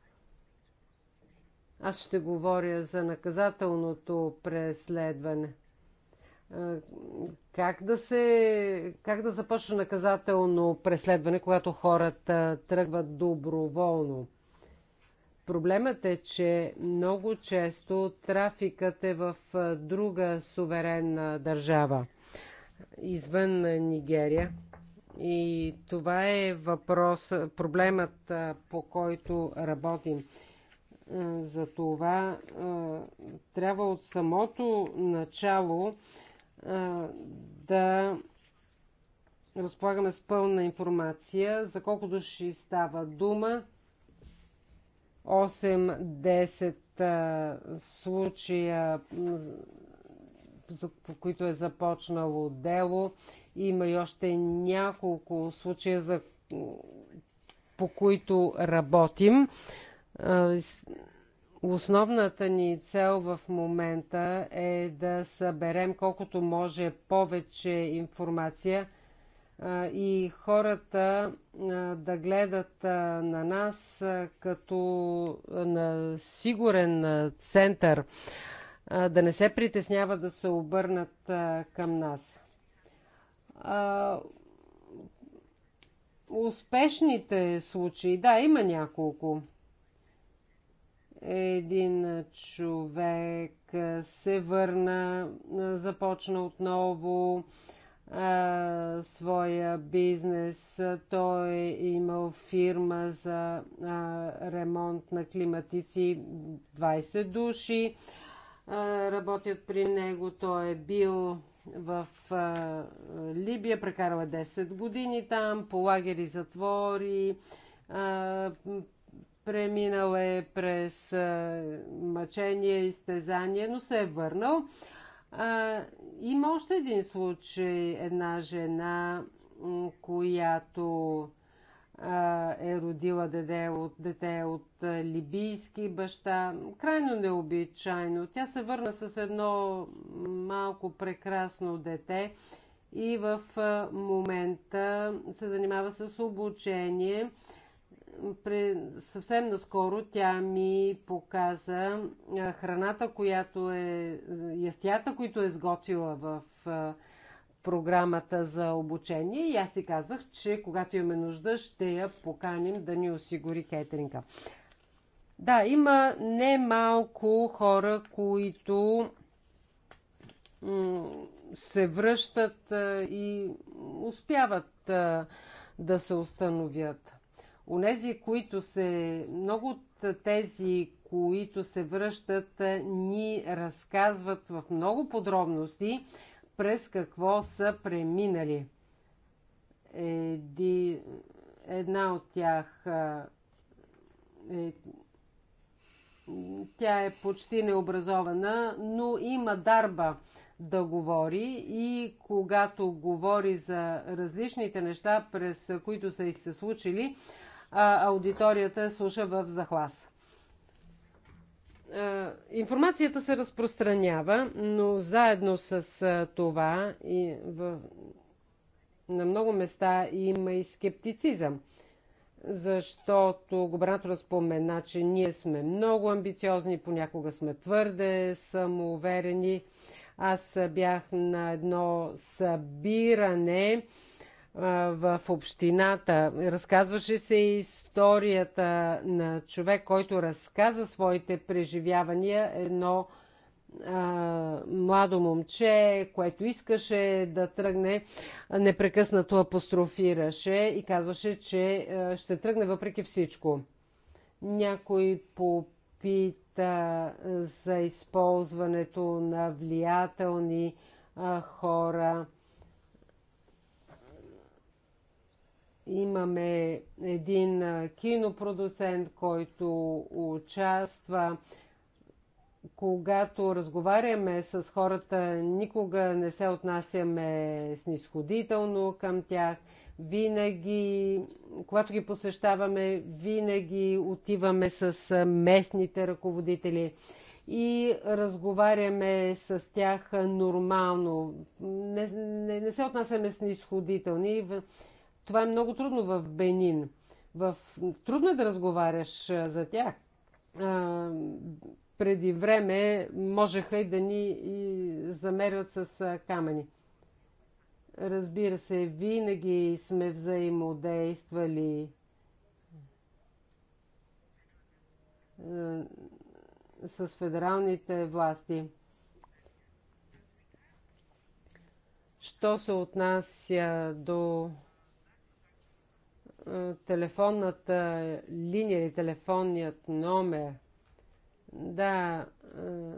Аз ще говоря за наказателното преследване. Как да, се, как да започне наказателно преследване, когато хората тръгват доброволно? Проблемът е, че много често трафикът е в друга суверенна държава, извън Нигерия. И това е въпрос, проблемът по който работим. За това трябва от самото начало да разполагаме с пълна информация за колко души става дума. 8-10 случая, по които е започнало дело. Има и още няколко случая, за, по които работим. Основната ни цел в момента е да съберем колкото може повече информация и хората да гледат на нас като на сигурен център, да не се притеснява да се обърнат към нас. Успешните случаи, да, има няколко един човек се върна, започна отново а, своя бизнес. Той е имал фирма за а, ремонт на климатици 20 души. А, работят при него. Той е бил в а, Либия, прекарала 10 години там, по лагери затвори, а, преминал е през мъчение и стезание, но се е върнал. А, има още един случай, една жена, която а, е родила дете от, дете от либийски баща. Крайно необичайно. Тя се върна с едно малко прекрасно дете и в момента се занимава с обучение съвсем наскоро тя ми показа храната, която е, ястията, които е сготвила в програмата за обучение и аз си казах, че когато имаме нужда, ще я поканим да ни осигури кетеринга. Да, има немалко хора, които се връщат и успяват да се установят. Онези, които се, много от тези, които се връщат, е, ни разказват в много подробности през какво са преминали. Еди, една от тях е, е, тя е почти необразована, но има дарба да говори и когато говори за различните неща, през които са и се случили, а аудиторията слуша в захлас. Информацията се разпространява, но заедно с това и в... на много места има и скептицизъм защото губернаторът спомена, че ние сме много амбициозни, понякога сме твърде самоуверени. Аз бях на едно събиране в общината. Разказваше се и историята на човек, който разказа своите преживявания. Едно а, младо момче, което искаше да тръгне, непрекъснато апострофираше и казваше, че ще тръгне въпреки всичко. Някой попита за използването на влиятелни а, хора – Имаме един кинопродуцент, който участва. Когато разговаряме с хората, никога не се отнасяме снисходително към тях. Винаги, когато ги посещаваме, винаги отиваме с местните ръководители и разговаряме с тях нормално. Не, не, не се отнасяме снисходителни. Това е много трудно в Бенин. В... Трудно е да разговаряш за тях. А, преди време можеха и да ни и замерят с камъни. Разбира се, винаги сме взаимодействали с федералните власти. Що се отнася до телефонната линия или телефонният номер. Да, е,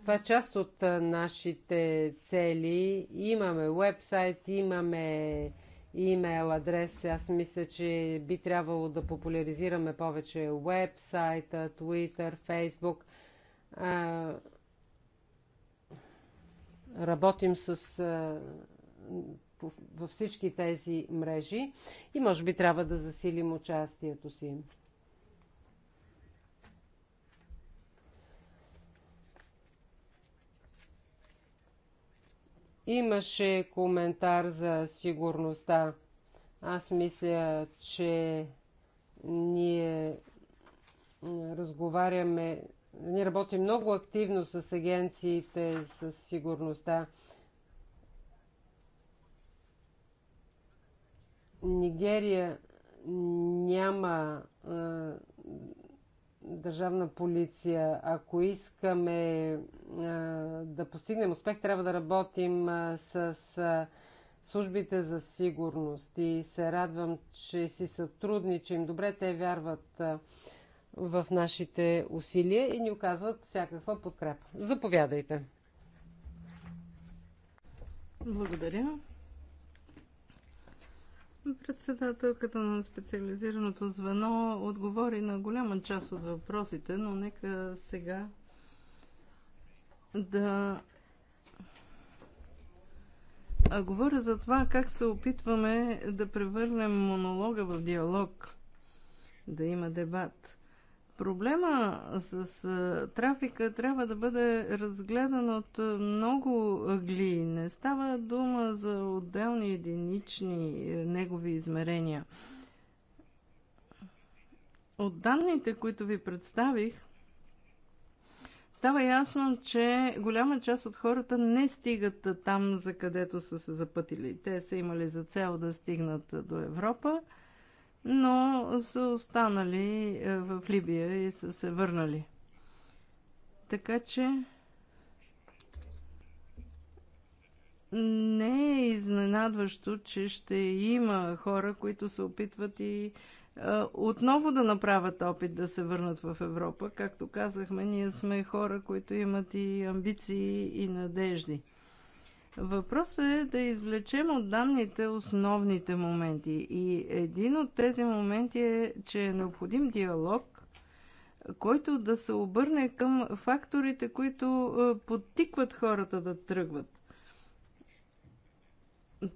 това е част от е, нашите цели. Имаме вебсайт, имаме имейл адрес. Аз мисля, че би трябвало да популяризираме повече вебсайта, Twitter, Facebook. Е, работим с във всички тези мрежи и може би трябва да засилим участието си. Имаше коментар за сигурността. Аз мисля, че ние разговаряме, ние работим много активно с агенциите, с сигурността. Нигерия няма е, държавна полиция. Ако искаме е, да постигнем успех, трябва да работим е, с е, службите за сигурност и се радвам, че си сътрудничим. Добре, те вярват е, в нашите усилия и ни оказват всякаква подкрепа. Заповядайте. Благодаря. Председателката на специализираното звено отговори на голяма част от въпросите, но нека сега да а говоря за това как се опитваме да превърнем монолога в диалог, да има дебат. Проблема с трафика трябва да бъде разгледан от много гли. Не става дума за отделни единични негови измерения. От данните, които ви представих, става ясно, че голяма част от хората не стигат там, за където са се запътили. Те са имали за цел да стигнат до Европа – но са останали е, в Либия и са се върнали. Така че не е изненадващо, че ще има хора, които се опитват и е, отново да направят опит да се върнат в Европа. Както казахме, ние сме хора, които имат и амбиции и надежди. Въпросът е да извлечем от данните основните моменти. И един от тези моменти е, че е необходим диалог, който да се обърне към факторите, които е, подтикват хората да тръгват.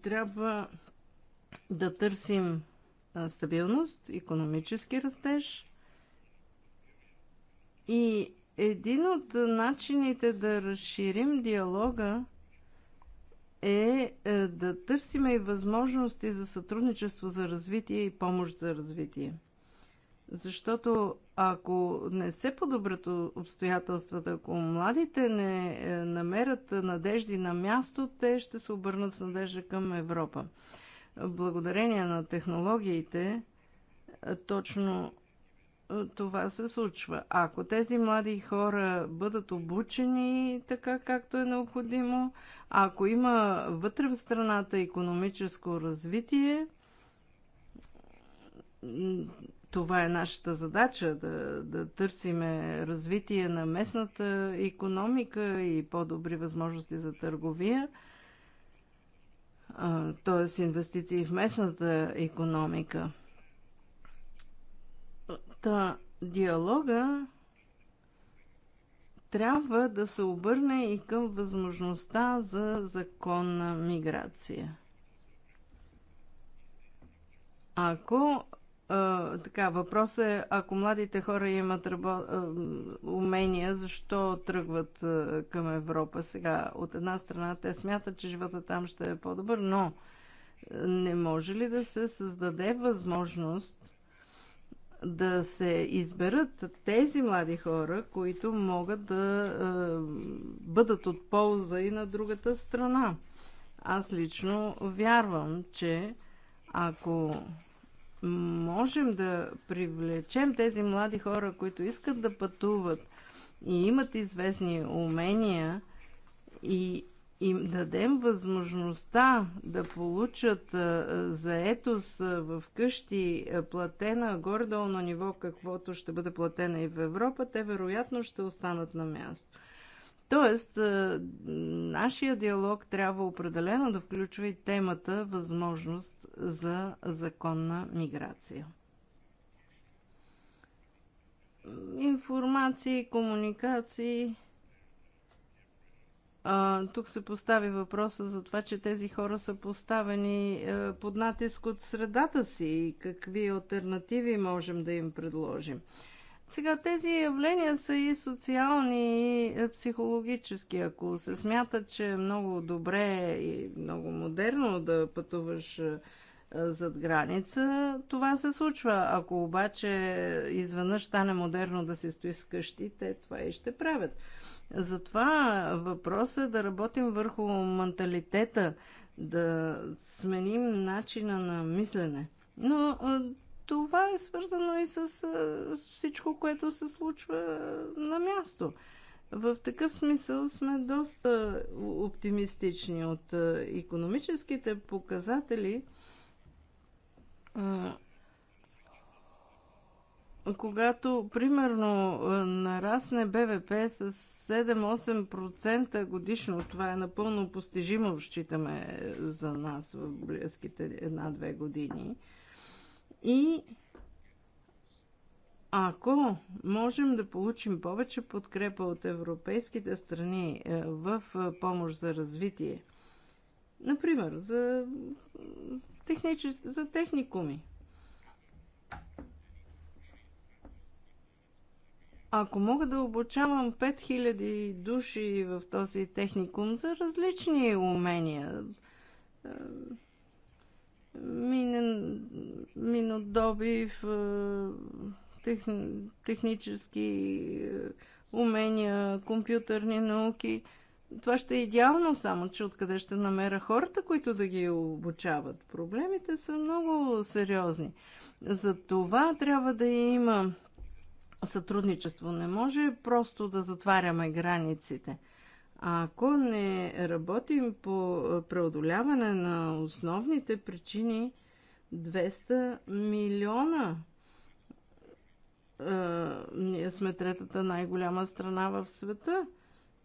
Трябва да търсим стабилност, економически растеж и един от начините да разширим диалога е, е да търсиме и възможности за сътрудничество за развитие и помощ за развитие. Защото ако не се подобрят обстоятелствата, ако младите не е, намерят надежди на място, те ще се обърнат с надежда към Европа. Благодарение на технологиите, е, точно това се случва. Ако тези млади хора бъдат обучени така както е необходимо, ако има вътре в страната економическо развитие, това е нашата задача да, да търсиме развитие на местната економика и по-добри възможности за търговия т.е. инвестиции в местната економика. Та диалога трябва да се обърне и към възможността за законна миграция. Ако а, така, въпросът е, ако младите хора имат рабо, а, умения, защо тръгват а, към Европа сега? От една страна те смятат, че живота там ще е по-добър, но не може ли да се създаде възможност да се изберат тези млади хора, които могат да е, бъдат от полза и на другата страна. Аз лично вярвам, че ако можем да привлечем тези млади хора, които искат да пътуват и имат известни умения и им дадем възможността да получат заетост в къщи платена гордо на ниво, каквото ще бъде платена и в Европа, те вероятно ще останат на място. Тоест, нашия диалог трябва определено да включва и темата възможност за законна миграция. Информации, комуникации, а, тук се постави въпроса за това, че тези хора са поставени е, под натиск от средата си и какви альтернативи можем да им предложим. Сега тези явления са и социални, и е, психологически. Ако се смята, че е много добре и много модерно да пътуваш е, зад граница, това се случва. Ако обаче изведнъж стане модерно да се стои с те това и ще правят. Затова въпросът е да работим върху менталитета, да сменим начина на мислене. Но това е свързано и с всичко, което се случва на място. В такъв смисъл сме доста оптимистични от економическите показатели когато примерно е, нарасне БВП с 7-8% годишно, това е напълно постижимо, считаме е, за нас в близките една-две години. И ако можем да получим повече подкрепа от европейските страни е, в помощ за развитие, например, за, техничес... за техникуми, ако мога да обучавам 5000 души в този техникум за различни умения, минен, минодобив, е, тех, технически е, умения, компютърни науки, това ще е идеално, само че откъде ще намеря хората, които да ги обучават. Проблемите са много сериозни. За това трябва да има сътрудничество. Не може просто да затваряме границите. А ако не работим по преодоляване на основните причини, 200 милиона а, ние сме третата най-голяма страна в света.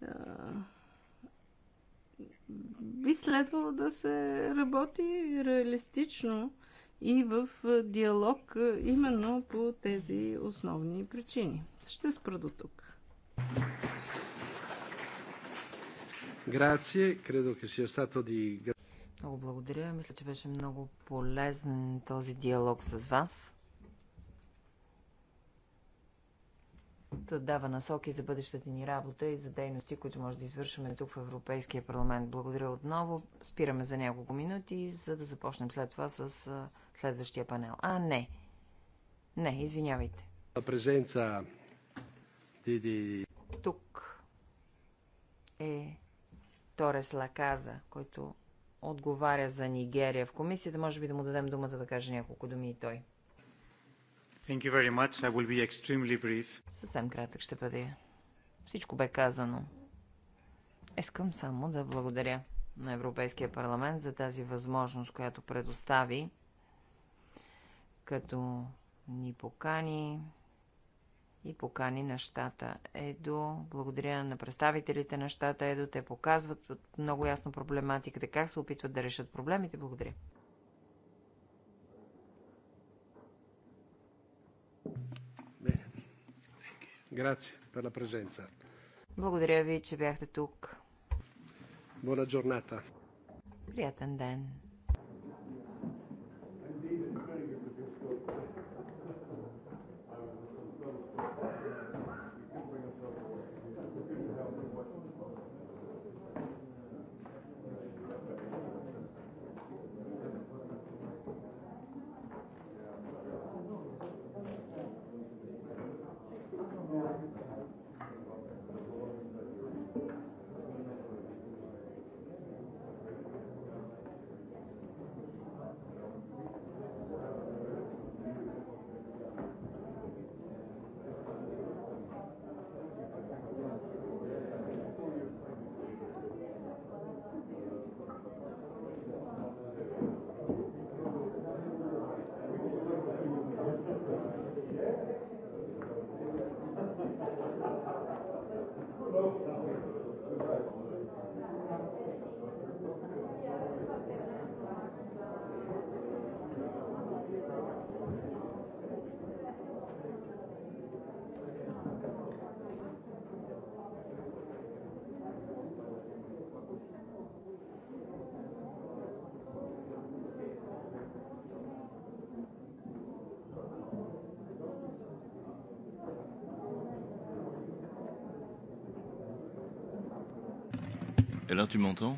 А, би следвало да се работи реалистично и в диалог именно по тези основни причини. Ще спра до тук. Грация, е Много благодаря. Мисля, че беше много полезен този диалог с вас. да дава насоки за бъдещата ни работа и за дейности, които може да извършваме тук в Европейския парламент. Благодаря отново. Спираме за няколко минути, за да започнем след това с следващия панел. А, не. Не, извинявайте. Презенца. Тук е Торес Лаказа, който отговаря за Нигерия в комисията. Може би да му дадем думата да каже няколко думи и той. Thank you very much. I will be extremely brief. Съвсем кратък ще бъде. Всичко бе казано. Искам само да благодаря на Европейския парламент за тази възможност, която предостави, като ни покани и покани на щата ЕДО. Благодаря на представителите на щата ЕДО. Те показват много ясно проблематиката, как се опитват да решат проблемите. Благодаря. Grazie per la presenza. Благодаря ви, че бяхте тук. Buona giornата. Приятен ден. Alain, tu m'entends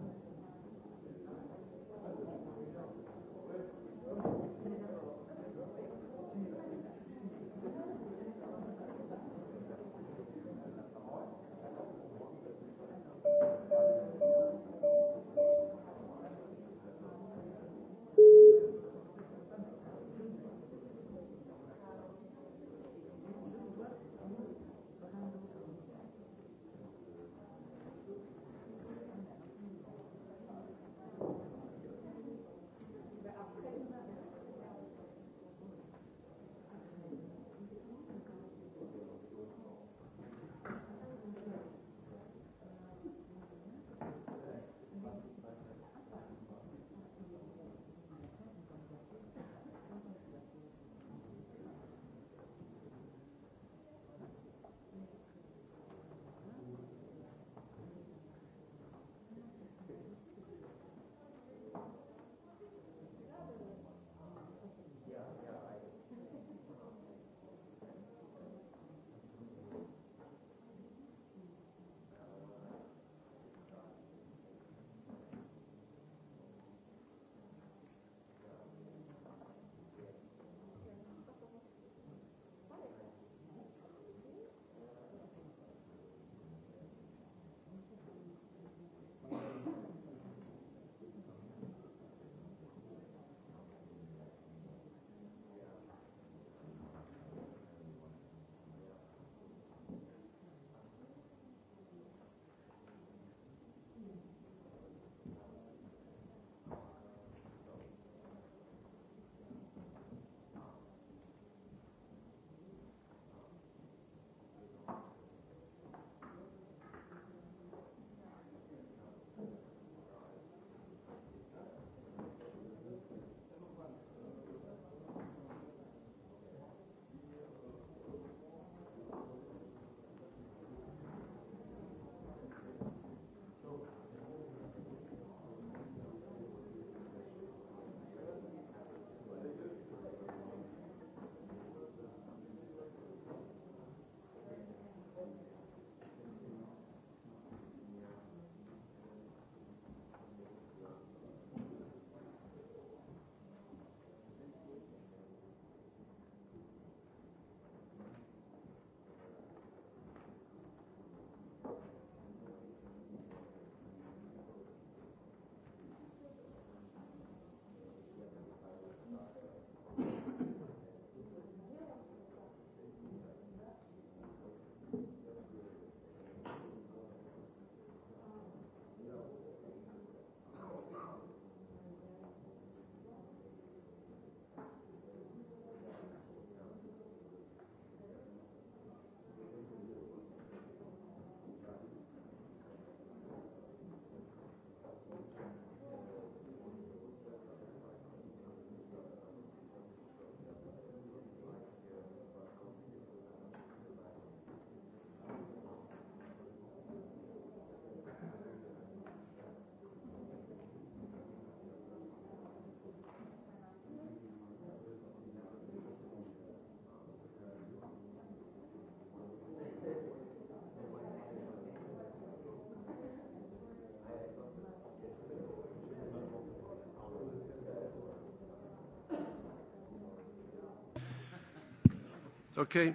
Okay.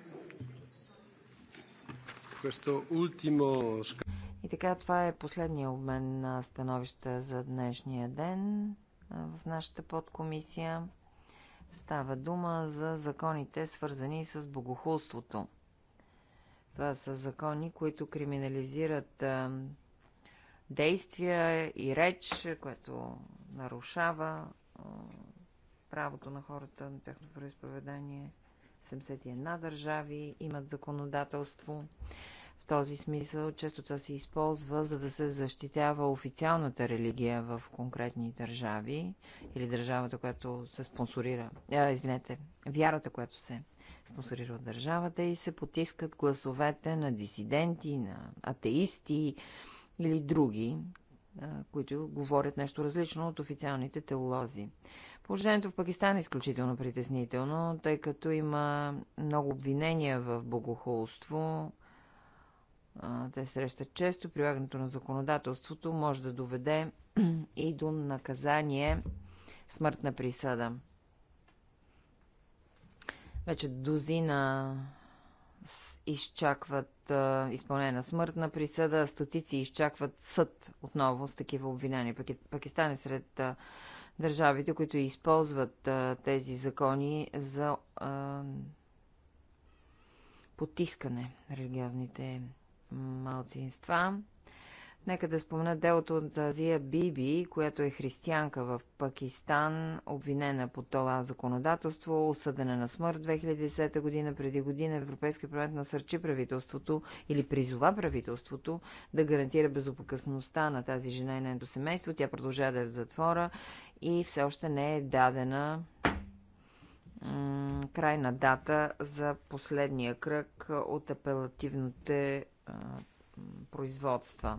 Ultimo... И така, това е последния обмен на становища за днешния ден в нашата подкомисия. Става дума за законите, свързани с богохулството. Това са закони, които криминализират действия и реч, което нарушава правото на хората на тяхното вероисповедание. 71 държави имат законодателство. В този смисъл често това се използва, за да се защитява официалната религия в конкретни държави или държавата, която се спонсорира, а, извинете, вярата, която се спонсорира от държавата и се потискат гласовете на дисиденти, на атеисти или други, които говорят нещо различно от официалните теолози. Положението в Пакистан е изключително притеснително, тъй като има много обвинения в богохулство. Те срещат често. Прилагането на законодателството може да доведе и до наказание смъртна присъда. Вече дозина изчакват изпълнена смъртна присъда, стотици изчакват съд отново с такива обвинения. Пакистан е сред държавите, които използват а, тези закони за а, потискане религиозните малцинства. Нека да спомена делото от Азия Биби, която е християнка в Пакистан, обвинена по това законодателство, осъдена на смърт 2010 година. Преди година Европейския парламент насърчи правителството или призова правителството да гарантира безопасността на тази жена и нейното семейство. Тя продължава да е в затвора и все още не е дадена крайна дата за последния кръг от апелативните а, производства.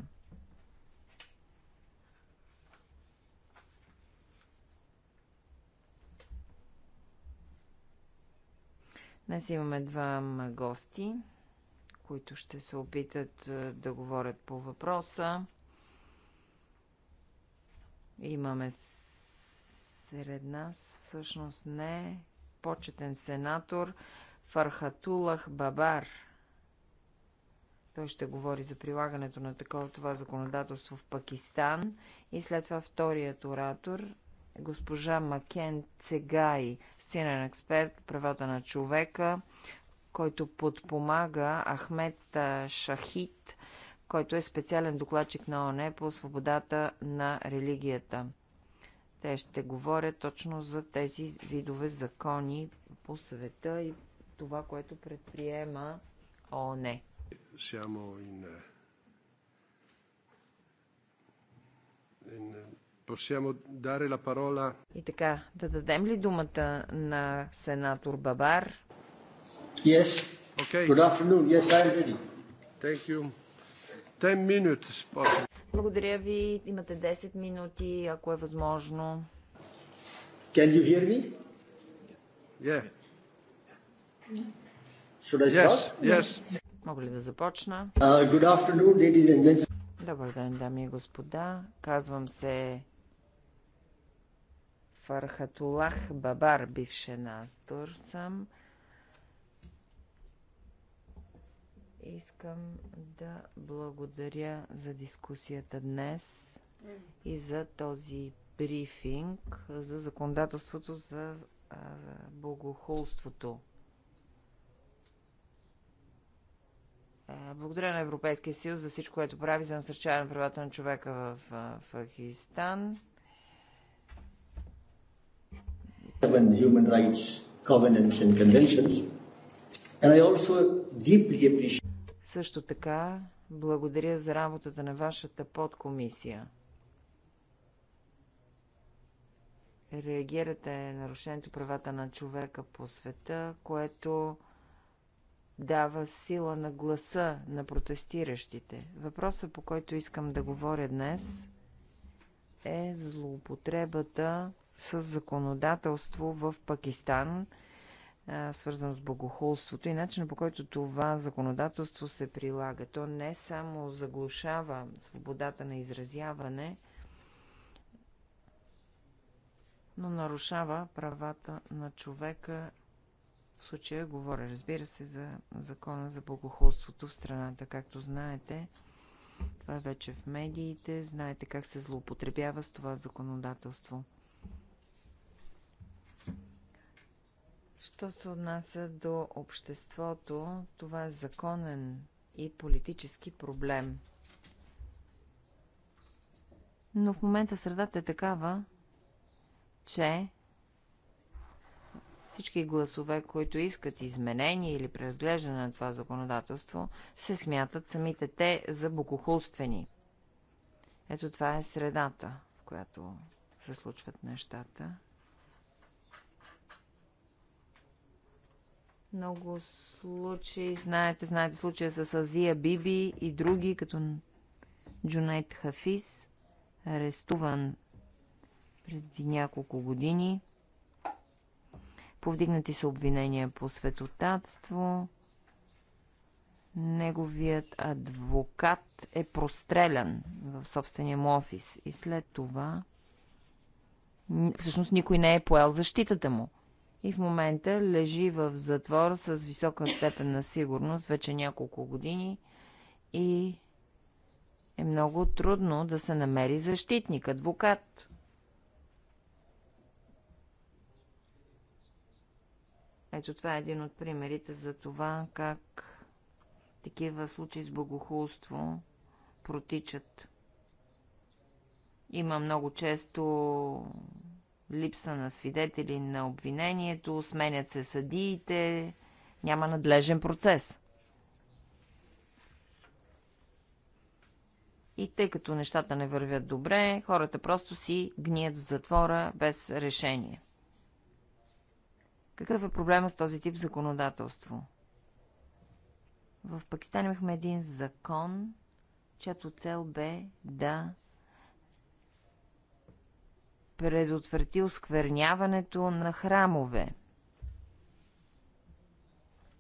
Днес имаме два гости, които ще се опитат да говорят по въпроса. Имаме сред нас всъщност не е почетен сенатор Фархатулах Бабар. Той ще говори за прилагането на такова това законодателство в Пакистан. И след това вторият оратор е госпожа Макен Цегай, синен експерт по правата на човека, който подпомага Ахмед Шахид, който е специален докладчик на ОНЕ по свободата на религията – те ще говорят точно за тези видове закони по света и това, което предприема ООН. Siamo in, in Possiamo dare la parola... И така, да дадем ли думата на сенатор Бабар? Yes. Okay. Good afternoon. Yes, I'm ready. Thank you. minutes, possible. Благодаря ви. Имате 10 минути, ако е възможно. Can you hear me? Yeah. Should I start? Yes, yes. Мога ли да започна? Uh, good afternoon, ladies and gentlemen. Добър ден, дами и господа. Казвам се Фархатулах Бабар, бивше наздор съм. Искам да благодаря за дискусията днес и за този брифинг за законодателството за богохулството. Благодаря на Европейския съюз за всичко, което прави за насърчаване на правата на човека в Пакистан. Human rights covenants and conventions. And I also deeply appreciate също така, благодаря за работата на вашата подкомисия. Реагирате нарушението правата на човека по света, което дава сила на гласа на протестиращите. Въпросът, по който искам да говоря днес, е злоупотребата с законодателство в Пакистан – свързано с богохулството и начина по който това законодателство се прилага. То не само заглушава свободата на изразяване, но нарушава правата на човека. В случая говоря, разбира се, за закона за богохулството в страната. Както знаете, това е вече в медиите. Знаете как се злоупотребява с това законодателство – Що се отнася до обществото, това е законен и политически проблем. Но в момента средата е такава, че всички гласове, които искат изменение или преразглеждане на това законодателство, се смятат самите те за богохулствени. Ето това е средата, в която се случват нещата. Много случаи, знаете, знаете случая с Азия Биби и други, като Джунайт Хафис, арестуван преди няколко години. Повдигнати са обвинения по светотатство. Неговият адвокат е прострелян в собствения му офис и след това всъщност никой не е поел защитата му и в момента лежи в затвор с висока степен на сигурност вече няколко години и е много трудно да се намери защитник, адвокат. Ето това е един от примерите за това как такива случаи с богохулство протичат. Има много често липса на свидетели на обвинението, сменят се съдиите, няма надлежен процес. И тъй като нещата не вървят добре, хората просто си гният в затвора без решение. Какъв е проблема с този тип законодателство? В Пакистан имахме един закон, чиято цел бе да предотврати оскверняването на храмове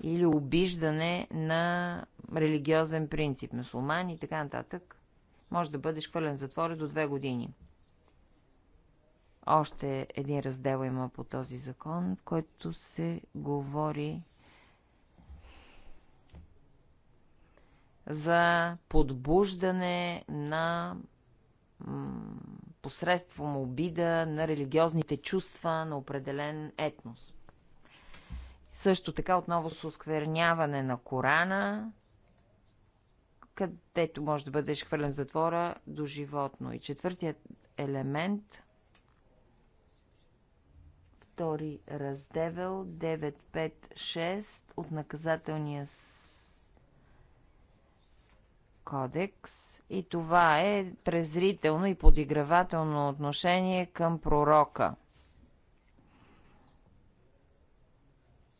или обиждане на религиозен принцип, мусулмани и така нататък, може да бъдеш хвърлен в затвора до две години. Още един раздел има по този закон, в който се говори за подбуждане на посредством обида на религиозните чувства на определен етнос. Също така отново с оскверняване на Корана, където може да бъдеш хвърлен в затвора до животно. И четвъртият елемент, втори раздевел 956 от наказателния кодекс и това е презрително и подигравателно отношение към пророка.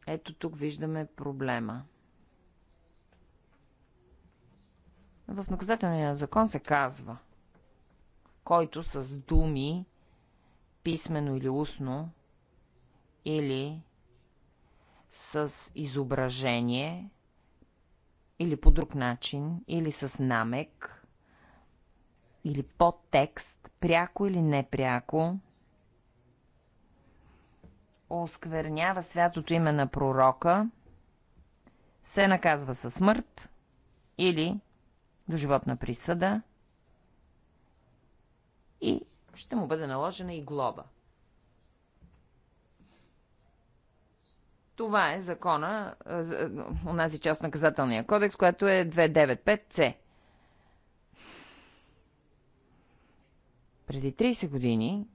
Ето тук виждаме проблема. В наказателния закон се казва, който с думи, писмено или устно, или с изображение, или по друг начин, или с намек, или подтекст, пряко или непряко, осквернява святото име на пророка, се наказва със смърт или до животна присъда и ще му бъде наложена и глоба. Това е закона, онази част на наказателния кодекс, която е 295C. Преди 30 години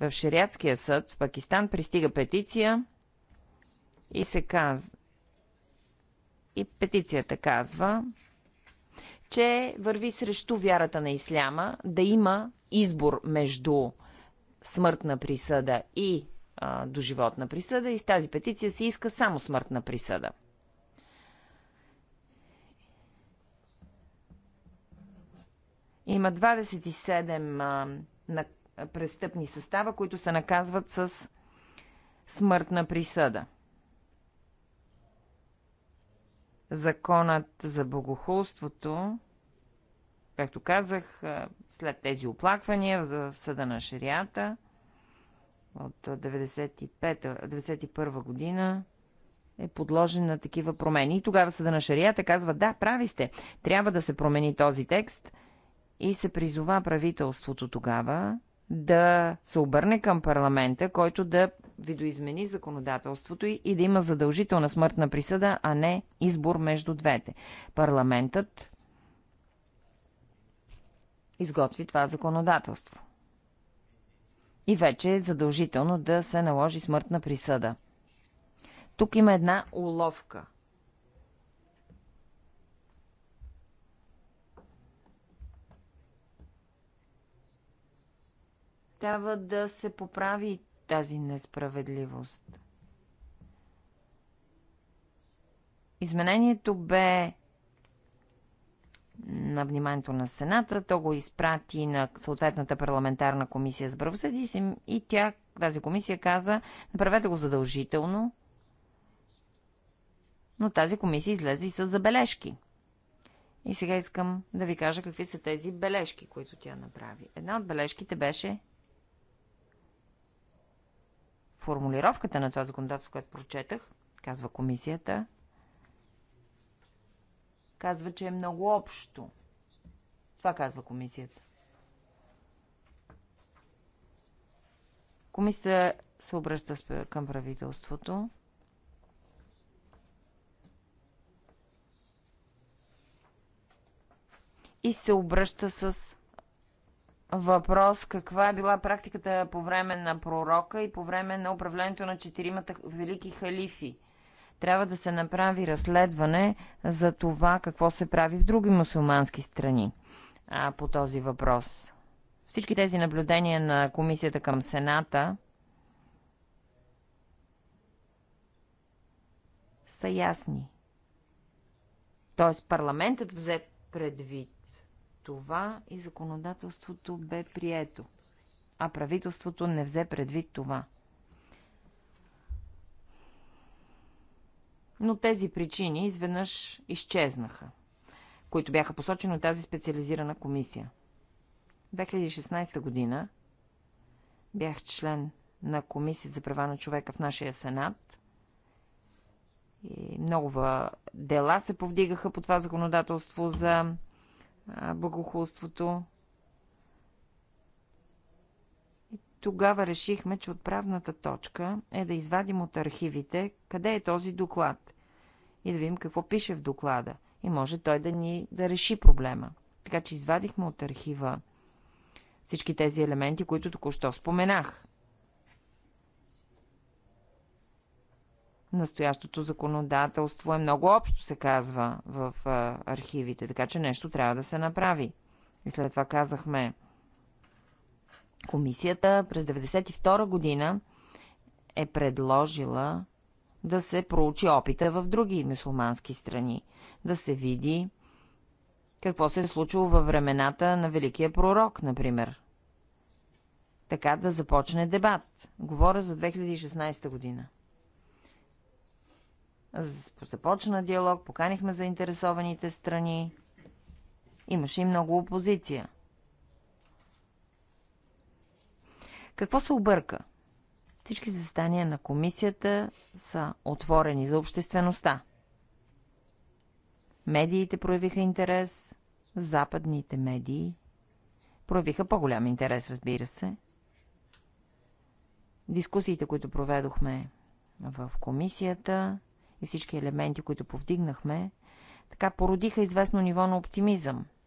в Шариатския съд в Пакистан пристига петиция и се казва. И петицията казва, че върви срещу вярата на исляма да има избор между смъртна присъда и а, до животна присъда и с тази петиция се иска само смъртна присъда. Има 27 а, на, престъпни състава, които се наказват с смъртна присъда. Законът за богохулството, както казах, след тези оплаквания в съда на шарията – от 1991 година е подложен на такива промени. И тогава съда на шарията казва, да, прави сте, трябва да се промени този текст и се призова правителството тогава да се обърне към парламента, който да видоизмени законодателството и, и да има задължителна смъртна присъда, а не избор между двете. Парламентът изготви това законодателство и вече е задължително да се наложи смъртна присъда. Тук има една уловка. Трябва да се поправи тази несправедливост. Изменението бе на вниманието на Сената. То го изпрати на съответната парламентарна комисия с правосъдие и тя, тази комисия каза, направете го задължително, но тази комисия излезе и с забележки. И сега искам да ви кажа какви са тези бележки, които тя направи. Една от бележките беше формулировката на това законодателство, което прочетах, казва комисията – казва, че е много общо. Това казва комисията. Комисията се обръща към правителството. И се обръща с въпрос каква е била практиката по време на пророка и по време на управлението на четиримата велики халифи – трябва да се направи разследване за това какво се прави в други мусулмански страни а, по този въпрос. Всички тези наблюдения на комисията към Сената са ясни. Тоест парламентът взе предвид това и законодателството бе прието, а правителството не взе предвид това. но тези причини изведнъж изчезнаха, които бяха посочени от тази специализирана комисия. В 2016 година бях член на Комисията за права на човека в нашия Сенат и много дела се повдигаха по това законодателство за благохулството. Тогава решихме, че отправната точка е да извадим от архивите къде е този доклад и да видим какво пише в доклада. И може той да ни да реши проблема. Така че извадихме от архива всички тези елементи, които току-що споменах. Настоящото законодателство е много общо, се казва в архивите, така че нещо трябва да се направи. И след това казахме, Комисията през 1992 година е предложила да се проучи опита в други мусулмански страни, да се види какво се е случило във времената на Великия пророк, например. Така да започне дебат. Говоря за 2016 година. Започна диалог, поканихме заинтересованите страни. Имаше и много опозиция. Какво се обърка? Всички застания на комисията са отворени за обществеността. Медиите проявиха интерес, западните медии проявиха по-голям интерес, разбира се. Дискусиите, които проведохме в комисията и всички елементи, които повдигнахме, така породиха известно ниво на оптимизъм –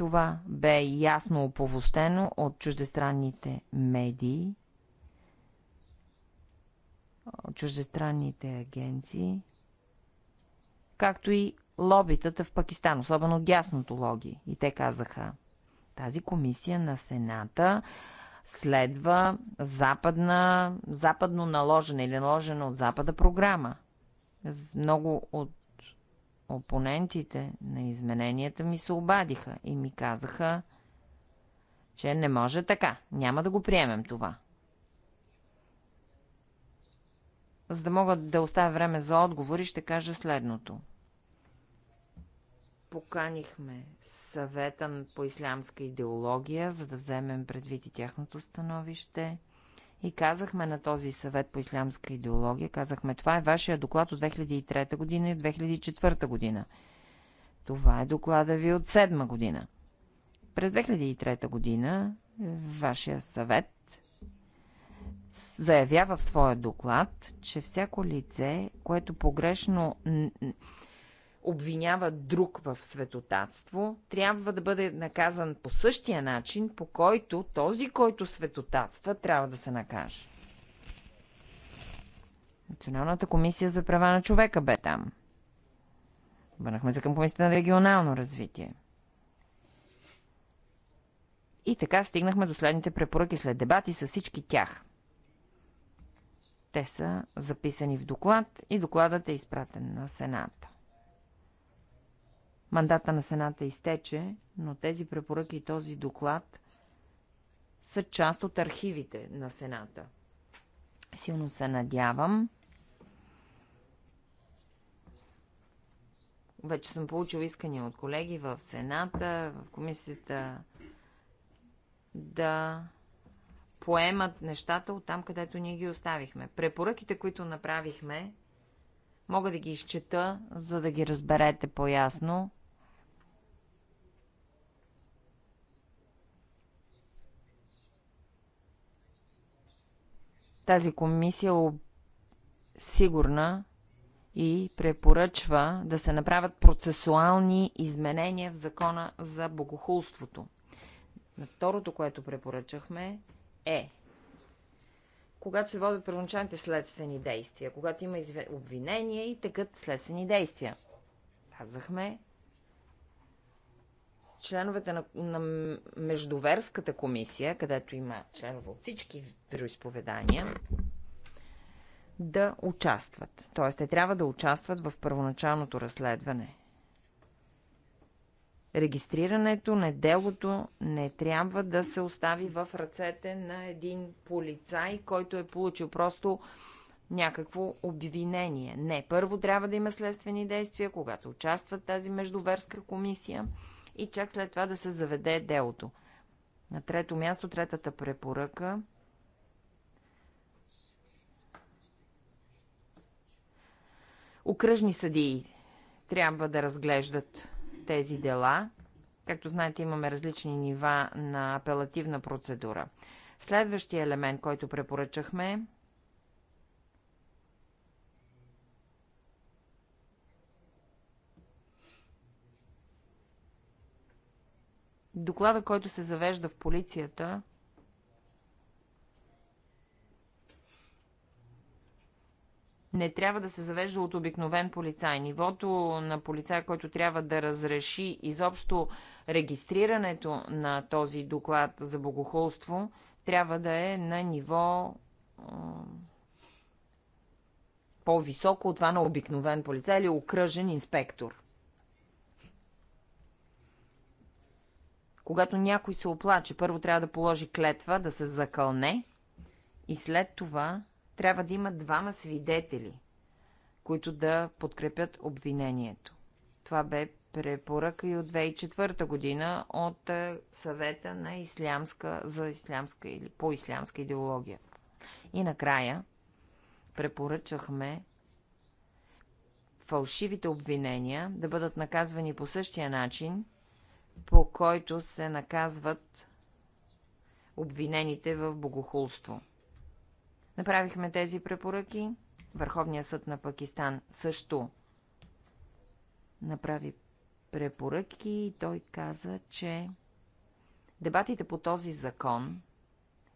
Това бе ясно оповостено от чуждестранните медии, от чуждестранните агенции, както и лобитата в Пакистан, особено дясното логи. И те казаха, тази комисия на Сената следва западна, западно наложена или наложена от Запада програма. Много от опонентите на измененията ми се обадиха и ми казаха, че не може така. Няма да го приемем това. За да мога да оставя време за отговори, ще кажа следното. Поканихме съвета по ислямска идеология, за да вземем предвид и тяхното становище – и казахме на този съвет по ислямска идеология, казахме, това е вашия доклад от 2003 година и 2004 година. Това е доклада ви от 7 година. През 2003 година вашия съвет заявява в своя доклад, че всяко лице, което погрешно обвинява друг в светотатство, трябва да бъде наказан по същия начин, по който този, който светотатства, трябва да се накаже. Националната комисия за права на човека бе там. Върнахме се към комисията на регионално развитие. И така стигнахме до следните препоръки след дебати с всички тях. Те са записани в доклад и докладът е изпратен на Сената. Мандата на Сената изтече, но тези препоръки и този доклад са част от архивите на Сената. Силно се надявам. Вече съм получил искания от колеги в Сената, в комисията да поемат нещата от там, където ние ги оставихме. Препоръките, които направихме, мога да ги изчета, за да ги разберете по-ясно. Тази комисия сигурна и препоръчва да се направят процесуални изменения в закона за богохулството. На второто, което препоръчахме е когато се водят първоначалните следствени действия, когато има обвинения и такът следствени действия. Казахме, членовете на, на Междуверската комисия, където има членове от всички вероисповедания, да участват. Тоест, те трябва да участват в първоначалното разследване. Регистрирането на делото не трябва да се остави в ръцете на един полицай, който е получил просто някакво обвинение. Не, първо трябва да има следствени действия, когато участват тази междуверска комисия – и чак след това да се заведе делото. На трето място, третата препоръка Окръжни съдии трябва да разглеждат тези дела. Както знаете, имаме различни нива на апелативна процедура. Следващия елемент, който препоръчахме, Доклада, който се завежда в полицията, не трябва да се завежда от обикновен полицай. Нивото на полицай, който трябва да разреши изобщо регистрирането на този доклад за богохулство, трябва да е на ниво по-високо от това на обикновен полицай или окръжен инспектор. Когато някой се оплаче, първо трябва да положи клетва, да се закълне и след това трябва да има двама свидетели, които да подкрепят обвинението. Това бе препоръка и от 2004 година от е, съвета на ислямска, за ислямска или по-ислямска идеология. И накрая препоръчахме фалшивите обвинения да бъдат наказвани по същия начин – по който се наказват обвинените в богохулство. Направихме тези препоръки. Върховният съд на Пакистан също направи препоръки и той каза, че дебатите по този закон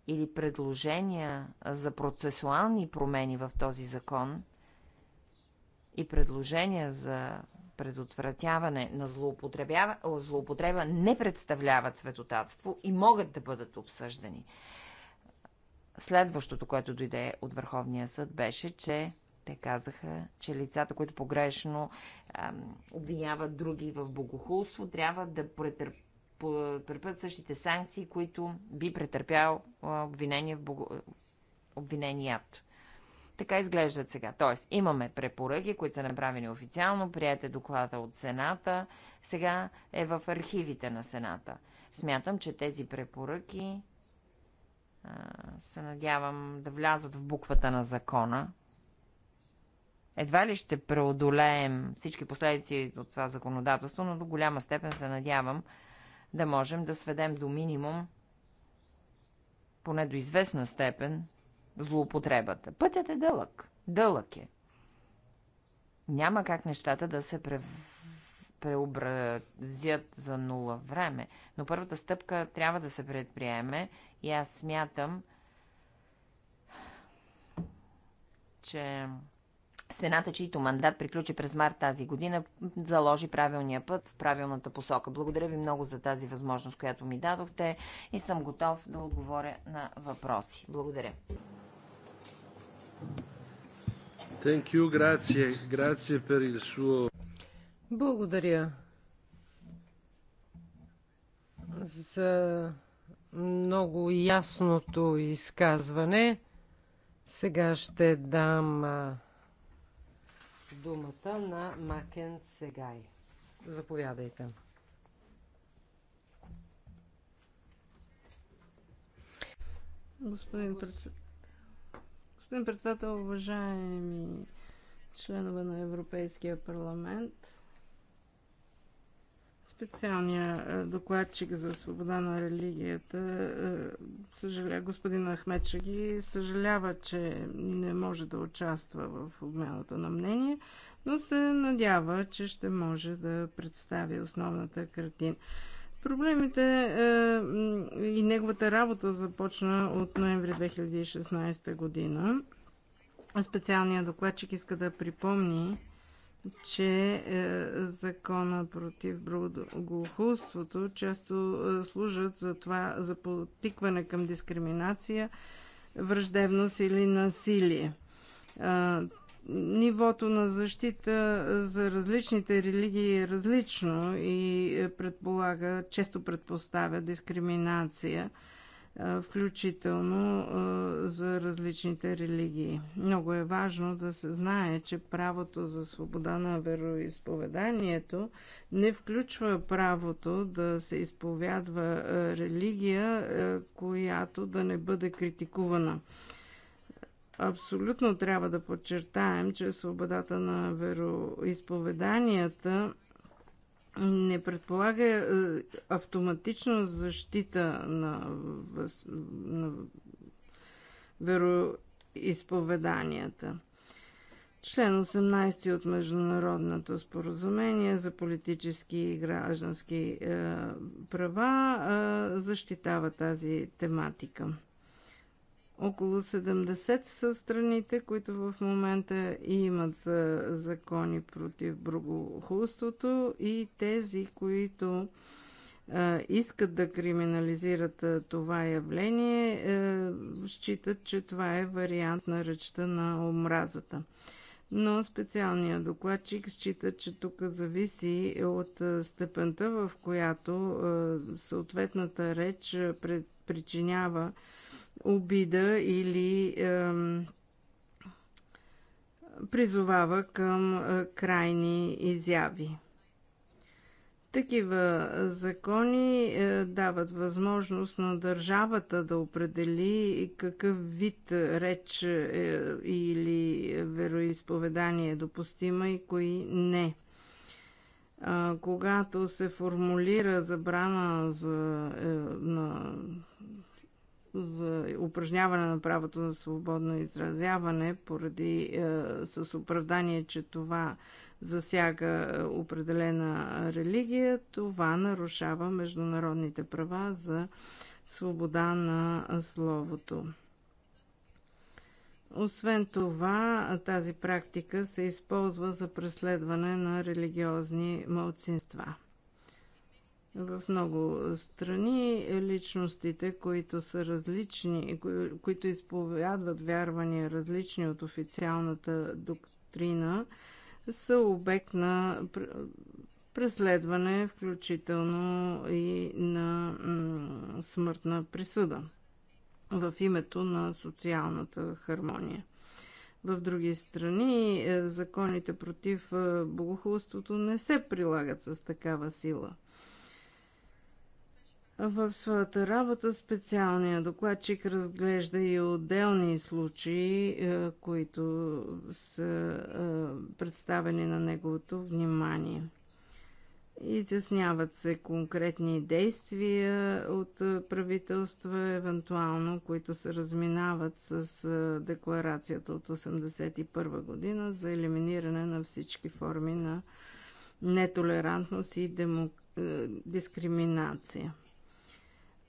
или предложения за процесуални промени в този закон и предложения за предотвратяване на злоупотреба не представляват светотатство и могат да бъдат обсъждани. Следващото, което дойде от Върховния съд, беше, че те казаха, че лицата, които погрешно ам, обвиняват други в богохулство, трябва да претърпят претърпят същите санкции, които би претърпял обвинение в бого... обвиненият. Така изглеждат сега. Тоест, имаме препоръки, които са направени официално, прияте доклада от Сената, сега е в архивите на Сената. Смятам, че тези препоръки а, се надявам да влязат в буквата на закона. Едва ли ще преодолеем всички последици от това законодателство, но до голяма степен се надявам да можем да сведем до минимум, поне до известна степен, злоупотребата. Пътят е дълъг. Дълъг е. Няма как нещата да се прев... преобразят за нула време, но първата стъпка трябва да се предприеме и аз смятам, че Сената, чийто мандат приключи през март тази година, заложи правилния път в правилната посока. Благодаря ви много за тази възможност, която ми дадохте и съм готов да отговоря на въпроси. Благодаря. Thank you, grazie. Grazie per il suo... Благодаря за много ясното изказване. Сега ще дам думата на Макен Сегай. Заповядайте. Господин председател, господин председател, уважаеми членове на Европейския парламент, Специалния е, докладчик за свобода на религията, е, съжаля, господин Ахмед Шаги, съжалява, че не може да участва в обмяната на мнение, но се надява, че ще може да представи основната картина. Проблемите е, и неговата работа започна от ноември 2016 година. Специалният докладчик иска да припомни, че е, закона против глухоството често е, служат за това, за потикване към дискриминация, враждебност или насилие. Е, нивото на защита е, за различните религии е различно и е, предполага, често предпоставя дискриминация. Е, включително за различните религии. Много е важно да се знае, че правото за свобода на вероисповеданието не включва правото да се изповядва религия, която да не бъде критикувана. Абсолютно трябва да подчертаем, че свободата на вероисповеданията не предполага е, автоматична защита на, въз... на вероисповеданията. Член 18 от Международното споразумение за политически и граждански е, права е, защитава тази тематика. Около 70 са страните, които в момента имат закони против брогохулството и тези, които искат да криминализират това явление, считат, че това е вариант на речта на омразата. Но специалният докладчик счита, че тук зависи от степента, в която съответната реч причинява обида или е, призовава към е, крайни изяви. Такива закони е, дават възможност на държавата да определи какъв вид реч е, или вероисповедание е допустима и кои не е, когато се формулира забрана за, е, на за упражняване на правото на свободно изразяване поради е, с оправдание, че това засяга е, определена религия, това нарушава международните права за свобода на словото. Освен това, тази практика се използва за преследване на религиозни малцинства. В много страни личностите, които са различни, които изповядват вярвания различни от официалната доктрина, са обект на преследване, включително и на смъртна присъда в името на социалната хармония. В други страни е, законите против е, богохулството не се прилагат с такава сила. В своята работа специалния докладчик разглежда и отделни случаи, е, които са е, представени на неговото внимание. Изясняват се конкретни действия от правителства, евентуално, които се разминават с е, декларацията от 1981 година за елиминиране на всички форми на нетолерантност и демок... дискриминация.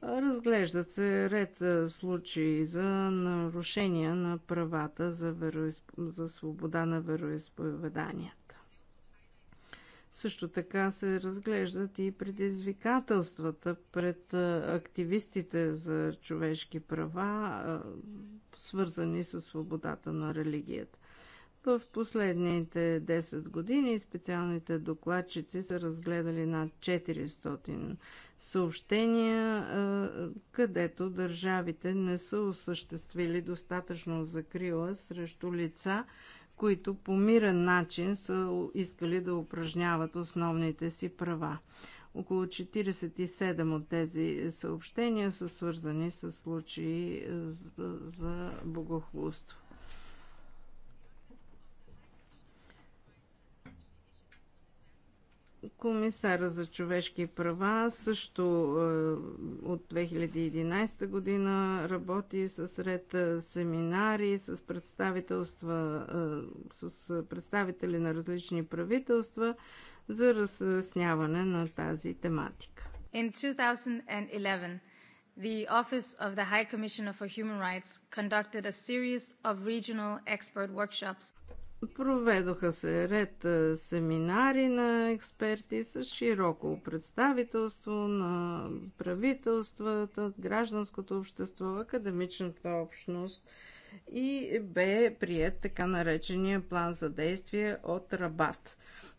Разглеждат се ред случаи за нарушения на правата за, вероисп... за свобода на вероисповеданията. Също така се разглеждат и предизвикателствата пред активистите за човешки права, свързани с свободата на религията. В последните 10 години специалните докладчици са разгледали над 400 съобщения, където държавите не са осъществили достатъчно закрила срещу лица, които по мирен начин са искали да упражняват основните си права. Около 47 от тези съобщения са свързани с случаи за богохулство. Комисара за човешки права също е, от 2011 година работи с ред е, семинари, с представителства, е, с представители на различни правителства за разясняване на тази тематика. In 2011, the Office of the High Commissioner for Human Rights conducted a series of regional expert workshops Проведоха се ред семинари на експерти с широко представителство на правителствата, гражданското общество, академичната общност и бе прият така наречения план за действие от Рабат.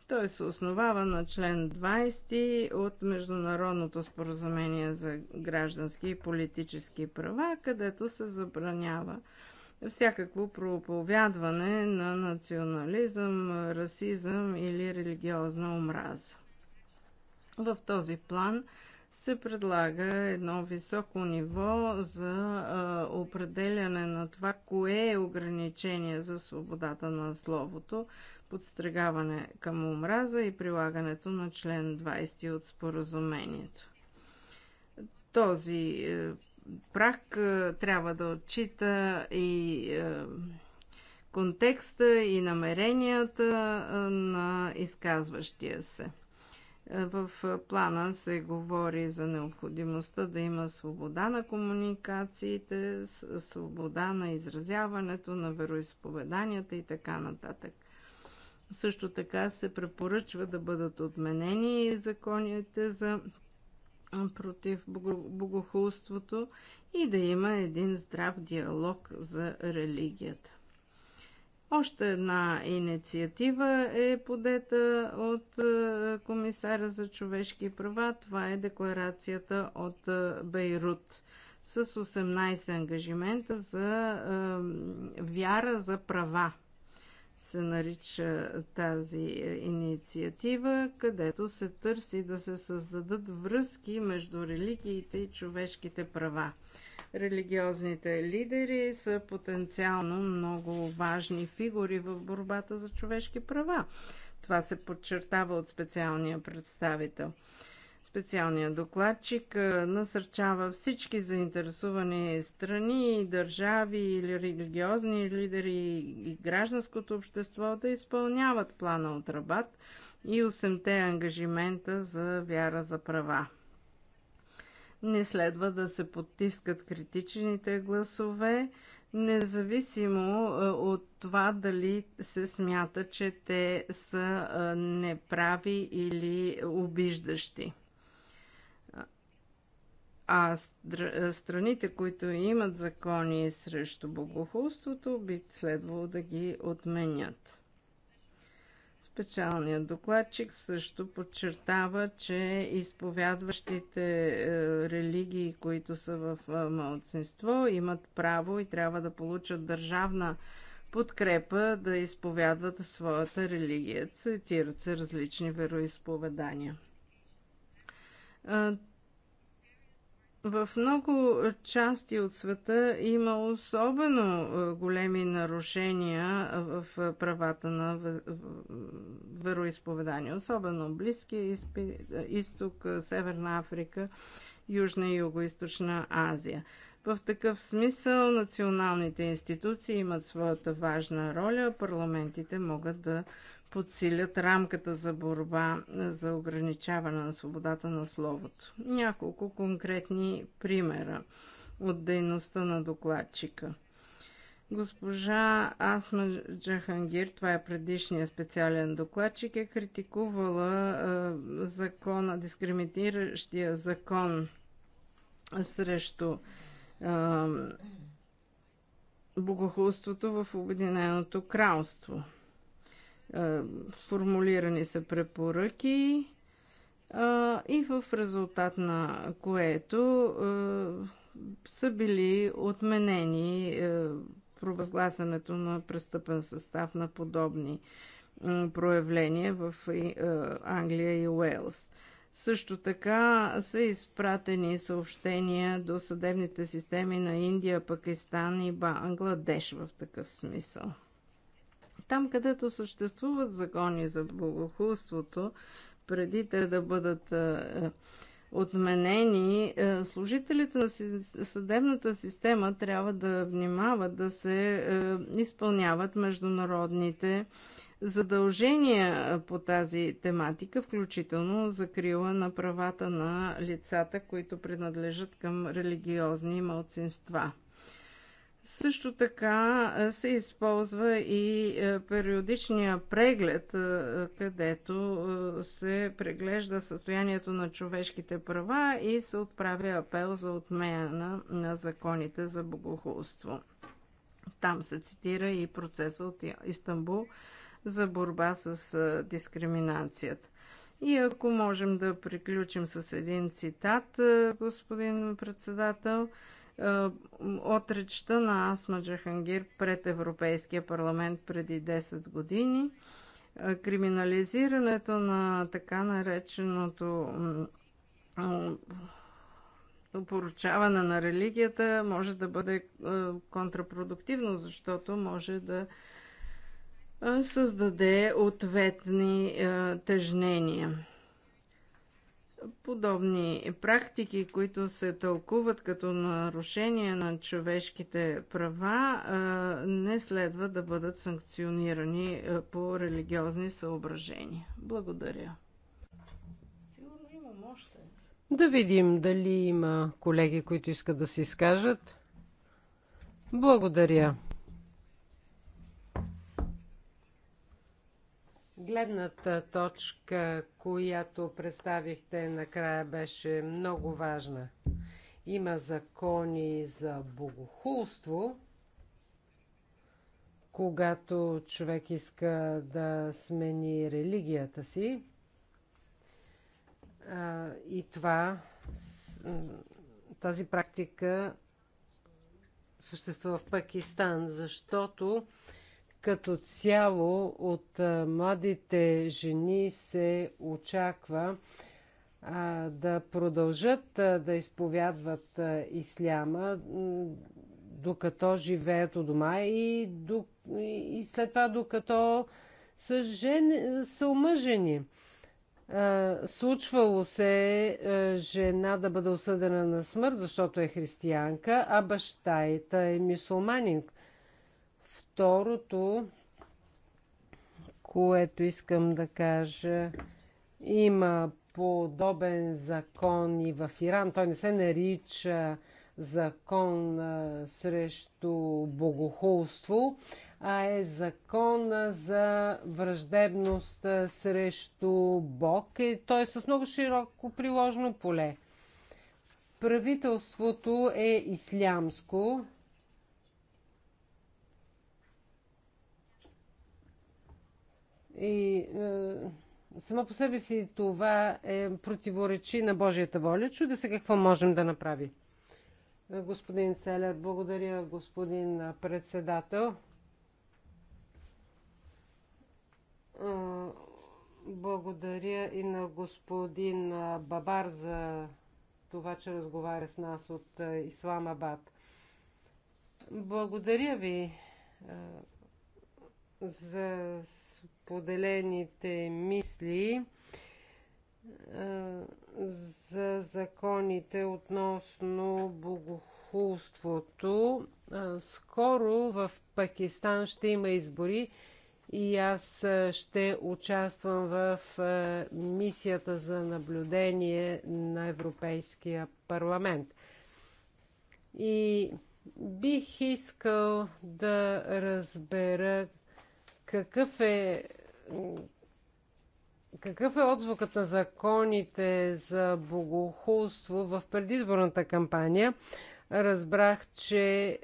Той се основава на член 20 от Международното споразумение за граждански и политически права, където се забранява всякакво проповядване на национализъм, расизъм или религиозна омраза. В този план се предлага едно високо ниво за а, определяне на това, кое е ограничение за свободата на словото, подстрегаване към омраза и прилагането на член 20 от споразумението. Този е, прак е, трябва да отчита и е, контекста и намеренията е, на изказващия се. В плана се говори за необходимостта да има свобода на комуникациите, свобода на изразяването, на вероисповеданията и така нататък. Също така се препоръчва да бъдат отменени законите за против богохулството и да има един здрав диалог за религията. Още една инициатива е подета от комисара за човешки права. Това е декларацията от Бейрут с 18 ангажимента за вяра за права се нарича тази инициатива, където се търси да се създадат връзки между религиите и човешките права. Религиозните лидери са потенциално много важни фигури в борбата за човешки права. Това се подчертава от специалния представител. Специалният докладчик насърчава всички заинтересувани страни, държави или религиозни лидери и гражданското общество да изпълняват плана от Рабат и 8-те ангажимента за вяра за права. Не следва да се подтискат критичните гласове, независимо от това дали се смята, че те са неправи или обиждащи. А страните, които имат закони срещу богохулството, би следвало да ги отменят. Специалният докладчик също подчертава, че изповядващите е, религии, които са в е, младсинство, имат право и трябва да получат държавна подкрепа да изповядват своята религия. Цитират се различни вероисповедания. Е, в много части от света има особено е, големи нарушения в е, правата на вероисповедание, особено Близкия е, изток, Северна Африка, Южна и Юго-Источна Азия. В такъв смисъл националните институции имат своята важна роля, парламентите могат да подсилят рамката за борба за ограничаване на свободата на словото. Няколко конкретни примера от дейността на докладчика. Госпожа Асма Джахангир, това е предишния специален докладчик, е критикувала е, закона, дискриминиращия закон срещу е, богохулството в Обединеното кралство формулирани са препоръки и в резултат на което са били отменени провъзгласането на престъпен състав на подобни проявления в Англия и Уелс. Също така са изпратени съобщения до съдебните системи на Индия, Пакистан и Бангладеш в такъв смисъл. Там, където съществуват закони за богохулството, преди те да бъдат е, е, отменени, е, служителите на съдебната система трябва да внимават да се изпълняват международните задължения по тази тематика, включително закрила на правата на лицата, които принадлежат към религиозни малцинства. Също така се използва и периодичния преглед, където се преглежда състоянието на човешките права и се отправя апел за отмяна на законите за богохулство. Там се цитира и процеса от Истанбул за борба с дискриминацията. И ако можем да приключим с един цитат, господин председател – е, от речта на Асма Джахангир пред Европейския парламент преди 10 години. Е, криминализирането на така нареченото поручаване на религията може да бъде е, контрапродуктивно, защото може да създаде ответни тежнения подобни практики, които се тълкуват като нарушение на човешките права, не следва да бъдат санкционирани по религиозни съображения. Благодаря. Сигурно има още. Да видим дали има колеги, които искат да се изкажат. Благодаря. Гледната точка, която представихте накрая, беше много важна. Има закони за богохулство, когато човек иска да смени религията си. И това, тази практика съществува в Пакистан, защото като цяло от младите жени се очаква да продължат да изповядват исляма, докато живеят у дома и, до, и след това докато са, жен, са омъжени. случвало се жена да бъде осъдена на смърт, защото е християнка, а баща е мисулманин. Второто, което искам да кажа, има подобен закон и в Иран. Той не се нарича закон срещу богохулство, а е закон за враждебност срещу Бог. И той е с много широко приложено поле. Правителството е ислямско, И е, само по себе си това е противоречи на Божията воля. Чуде се какво можем да направи. Е, господин Целер, благодаря, господин председател. Е, благодаря и на господин Бабар за това, че разговаря с нас от е, Исламабад. Благодаря ви, за споделените мисли за законите относно богохулството. Скоро в Пакистан ще има избори и аз ще участвам в мисията за наблюдение на Европейския парламент. И бих искал да разбера какъв е, какъв е отзвукът на законите за богохулство в предизборната кампания? Разбрах, че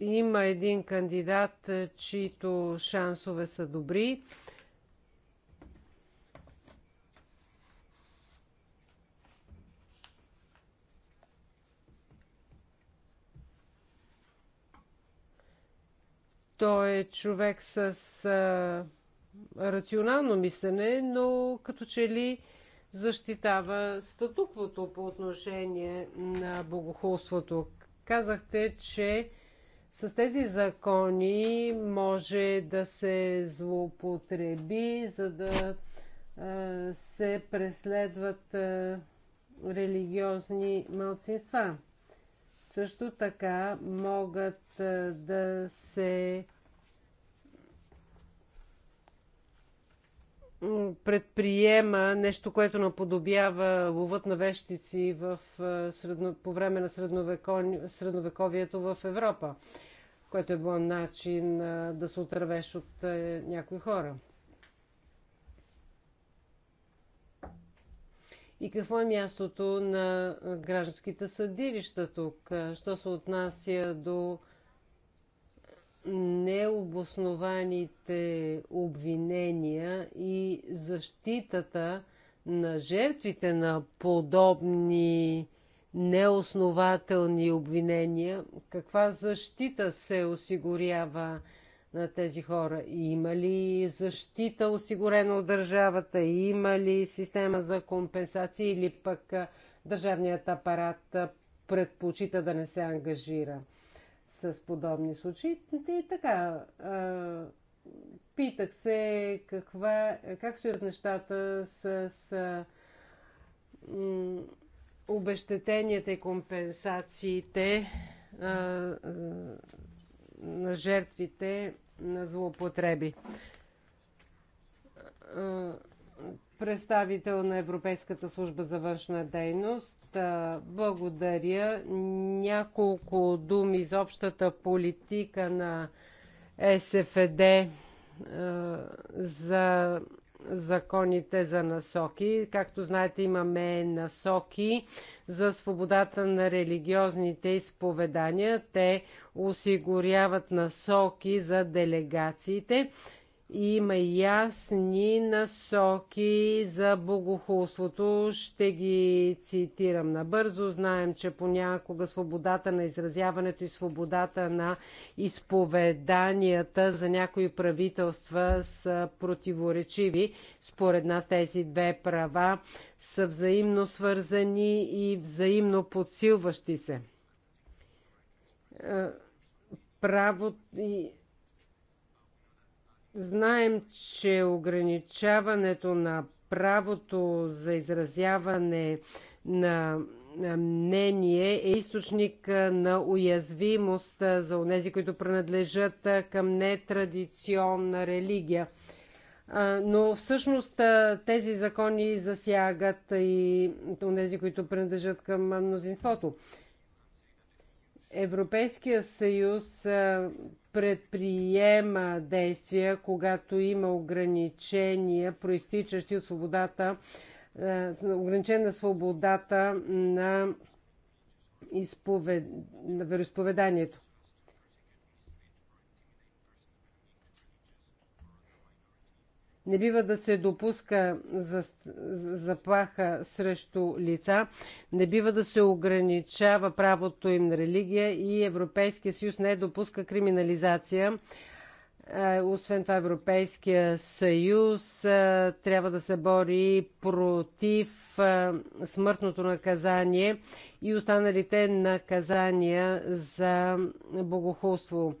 има един кандидат, чието шансове са добри. Той е човек с а, рационално мислене, но като че ли защитава статуквото по отношение на богохулството. Казахте, че с тези закони може да се злоупотреби, за да а, се преследват а, религиозни малцинства. Също така могат да се предприема нещо, което наподобява ловът на вещици в, средно, по време на средновековието в Европа, което е било начин да се отървеш от някои хора. И какво е мястото на гражданските съдилища тук? Що се отнася до необоснованите обвинения и защитата на жертвите на подобни неоснователни обвинения, каква защита се осигурява на тези хора? Има ли защита осигурена от държавата? Има ли система за компенсации или пък държавният апарат предпочита да не се ангажира с подобни случаи? И така, питах се каква, как стоят нещата с, с обещетенията и компенсациите на жертвите на злоупотреби. Представител на Европейската служба за външна дейност. Благодаря. Няколко думи за общата политика на СФД за законите за насоки. Както знаете, имаме насоки за свободата на религиозните изповедания. Те осигуряват насоки за делегациите има ясни насоки за богохулството. Ще ги цитирам набързо. Знаем, че понякога свободата на изразяването и свободата на изповеданията за някои правителства са противоречиви. Според нас тези две права са взаимно свързани и взаимно подсилващи се. Е, право и Знаем, че ограничаването на правото за изразяване на мнение е източник на уязвимост за онези, които принадлежат към нетрадиционна религия. Но всъщност тези закони засягат и тези, които принадлежат към мнозинството. Европейския съюз предприема действия, когато има ограничения, проистичащи от свободата, е, ограничена свободата на, изповед... на вероисповеданието. Не бива да се допуска заплаха срещу лица, не бива да се ограничава правото им на религия и Европейския съюз не допуска криминализация. Освен това, Европейския съюз трябва да се бори против смъртното наказание и останалите наказания за богохулство.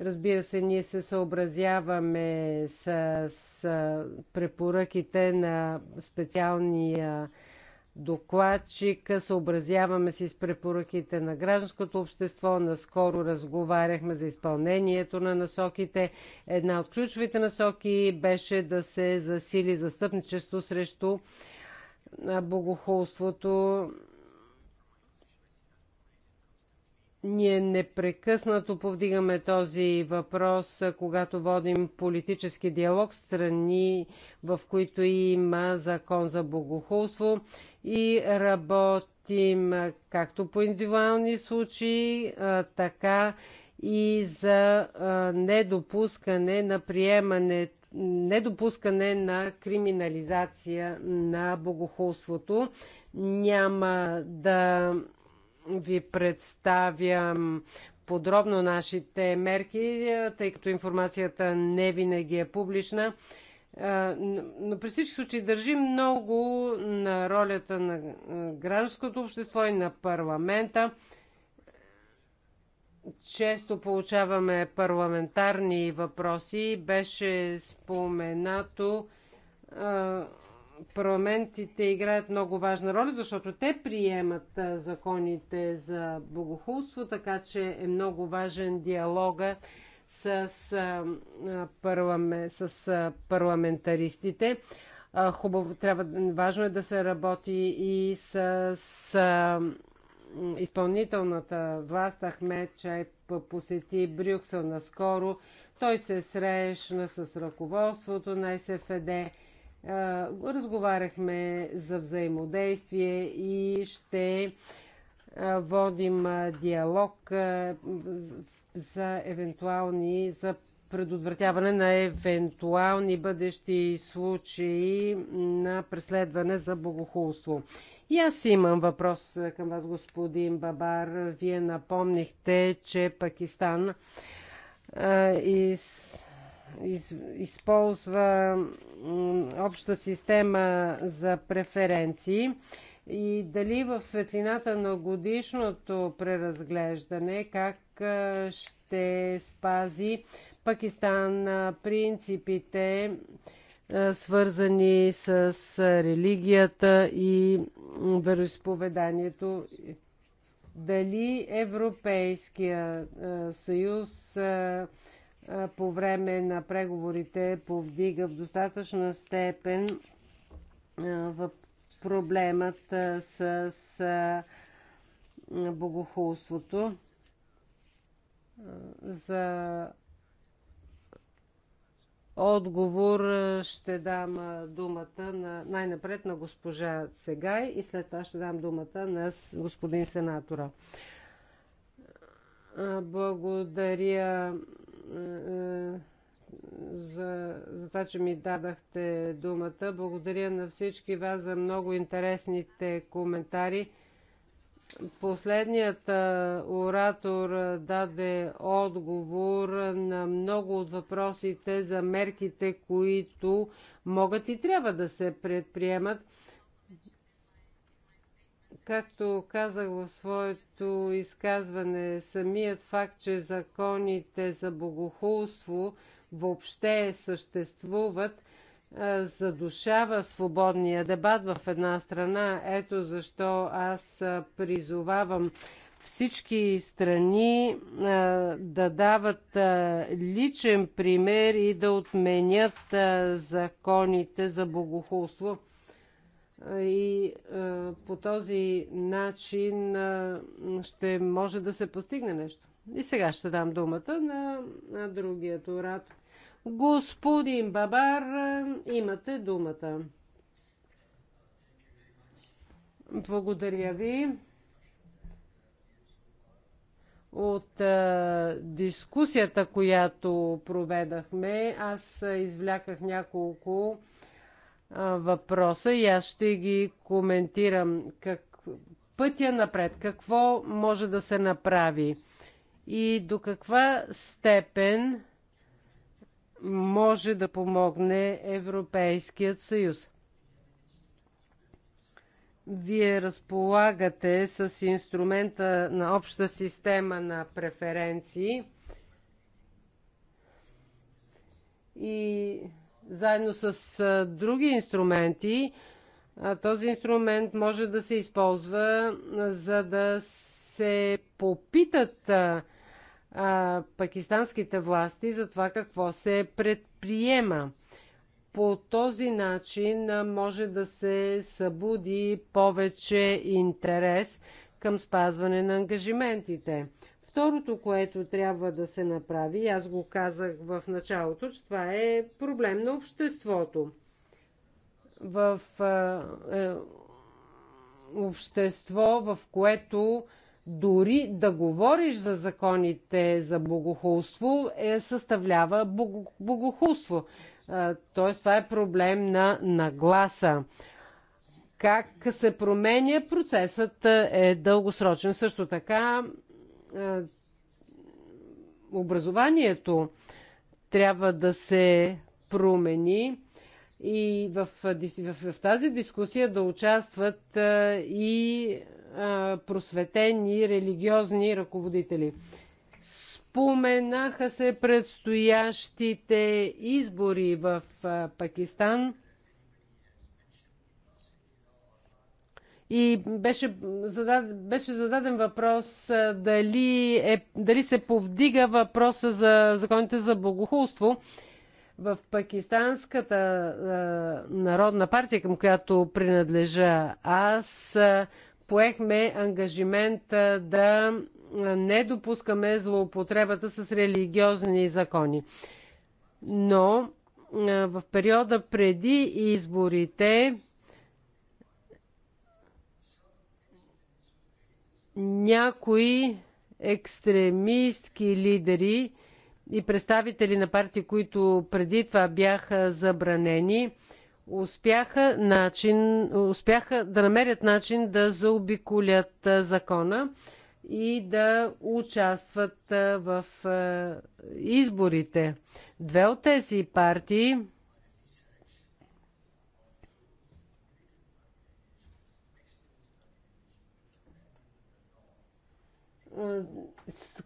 Разбира се, ние се съобразяваме с, с препоръките на специалния докладчик, съобразяваме се с препоръките на гражданското общество. Наскоро разговаряхме за изпълнението на насоките. Една от ключовите насоки беше да се засили застъпничество срещу богохулството Ние непрекъснато повдигаме този въпрос, когато водим политически диалог страни, в които има закон за богохулство и работим както по индивидуални случаи, така и за недопускане на приемане, недопускане на криминализация на богохулството. Няма да ви представям подробно нашите мерки, е, тъй като информацията не винаги е публична. Е, но при всички случаи държи много на ролята на е, гражданското общество и на парламента. Често получаваме парламентарни въпроси. Беше споменато парламентите играят много важна роля, защото те приемат законите за богохулство, така че е много важен диалога с, парламент, с парламентаристите. Хубаво, трябва, важно е да се работи и с, с изпълнителната власт. Ахмед Чай посети Брюксел наскоро. Той се срещна с ръководството на СФД Разговаряхме за взаимодействие и ще водим диалог за евентуални, за предотвратяване на евентуални бъдещи случаи на преследване за богохулство. И аз имам въпрос към вас, господин Бабар. Вие напомнихте, че Пакистан а, из, из, използва обща система за преференции и дали в светлината на годишното преразглеждане как ще спази Пакистан принципите свързани с религията и вероисповеданието. Дали Европейския съюз по време на преговорите повдига в достатъчна степен в проблемът с богохулството за отговор ще дам думата на, най-напред на госпожа Сегай и след това ще дам думата на господин сенатора. Благодаря за, за това, че ми дадахте думата. Благодаря на всички вас за много интересните коментари. Последният оратор даде отговор на много от въпросите за мерките, които могат и трябва да се предприемат. Както казах в своето изказване, самият факт, че законите за богохулство въобще съществуват, е, задушава свободния дебат в една страна. Ето защо аз е, призовавам всички страни е, да дават личен пример и да отменят законите за богохулство и е, по този начин е, ще може да се постигне нещо. И сега ще дам думата на, на другият оратор. Господин Бабар, е, имате думата. Благодаря ви. От а, дискусията, която проведахме, аз извляках няколко а, въпроса и аз ще ги коментирам. Как, пътя напред, какво може да се направи и до каква степен може да помогне Европейският съюз. Вие разполагате с инструмента на обща система на преференции и заедно с други инструменти. Този инструмент може да се използва, за да се попитат а, пакистанските власти за това какво се предприема. По този начин може да се събуди повече интерес към спазване на ангажиментите. Второто, което трябва да се направи, аз го казах в началото, че това е проблем на обществото. В е, общество, в което дори да говориш за законите за богохулство, е, съставлява богохулство. Тоест, това е проблем на нагласа. Как се променя процесът е, е дългосрочен. Също така е, образованието трябва да се промени и в, в, в тази дискусия да участват е, и е, просветени религиозни ръководители. Споменаха се предстоящите избори в Пакистан – И беше, задад, беше зададен въпрос дали, е, дали се повдига въпроса за законите за богохулство. В Пакистанската е, народна партия, към която принадлежа аз, е, поехме ангажимент е, да не допускаме злоупотребата с религиозни закони. Но е, в периода преди изборите някои екстремистки лидери и представители на партии, които преди това бяха забранени, успяха, начин, успяха да намерят начин да заобиколят закона и да участват в изборите. Две от тези партии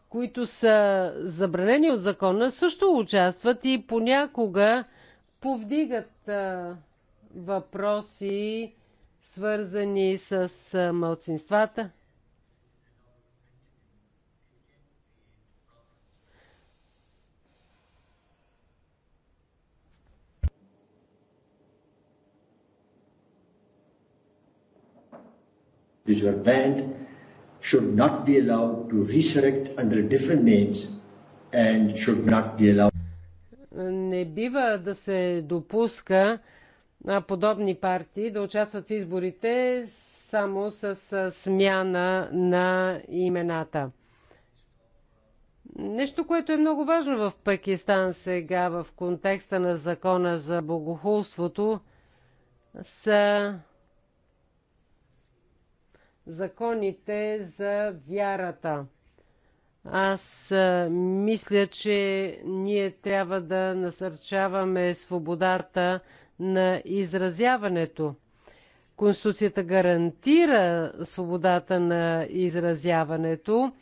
които са забранени от закона, също участват и понякога повдигат въпроси, свързани с мълцинствата. which were banned should not be allowed to resurrect under different names and should not be allowed. Не бива да се допуска на подобни партии да участват в изборите само с смяна на имената. Нещо, което е много важно в Пакистан сега в контекста на закона за богохулството, са законите за вярата. Аз а, мисля, че ние трябва да насърчаваме свободата на изразяването. Конституцията гарантира свободата на изразяването,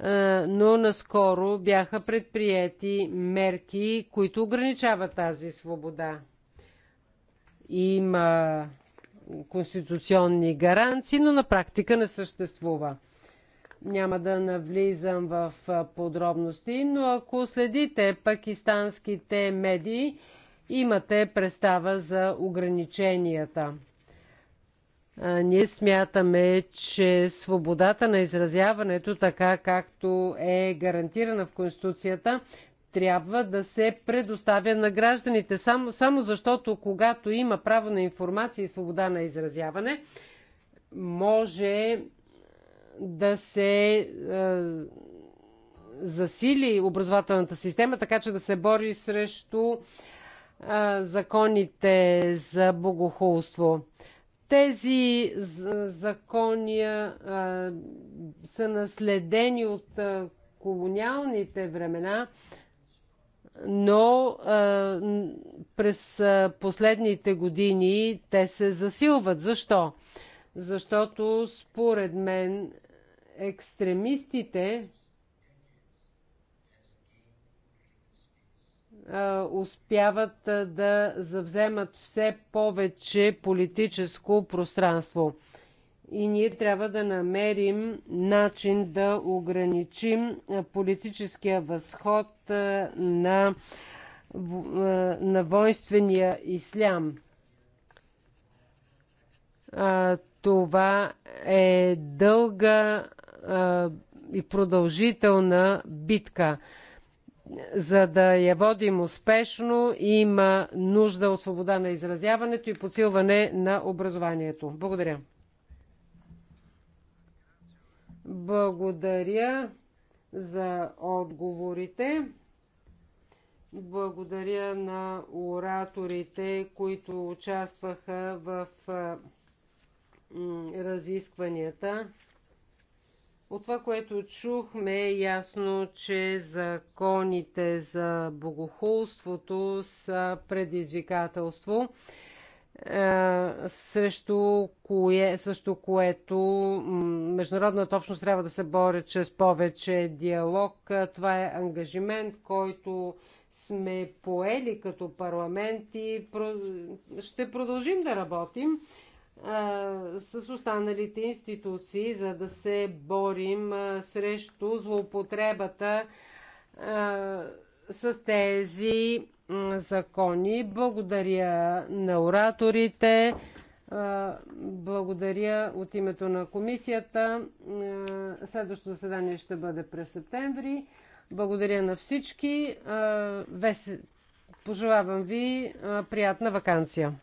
а, но наскоро бяха предприяти мерки, които ограничават тази свобода. Има конституционни гаранции, но на практика не съществува. Няма да навлизам в подробности, но ако следите пакистанските медии, имате представа за ограниченията. Ние смятаме, че свободата на изразяването, така както е гарантирана в Конституцията, трябва да се предоставя на гражданите. Само, само защото, когато има право на информация и свобода на изразяване, може да се е, засили образователната система, така че да се бори срещу е, законите за богохулство. Тези закони е, са наследени от е, колониалните времена, но през последните години те се засилват. Защо? Защото според мен екстремистите успяват да завземат все повече политическо пространство и ние трябва да намерим начин да ограничим политическия възход на, на воинствения ислям. Това е дълга и продължителна битка. За да я водим успешно, има нужда от свобода на изразяването и подсилване на образованието. Благодаря. Благодаря за отговорите. Благодаря на ораторите, които участваха в разискванията. От това, което чухме, е ясно, че законите за богохулството са предизвикателство е, срещу, кое, срещу което международната общност трябва да се бори чрез повече диалог. Е, това е ангажимент, който сме поели като парламент и ще продължим да работим е, с останалите институции, за да се борим срещу злоупотребата с тези закони. Благодаря на ораторите. Благодаря от името на комисията. Следващото заседание ще бъде през септември. Благодаря на всички. Пожелавам ви приятна вакансия.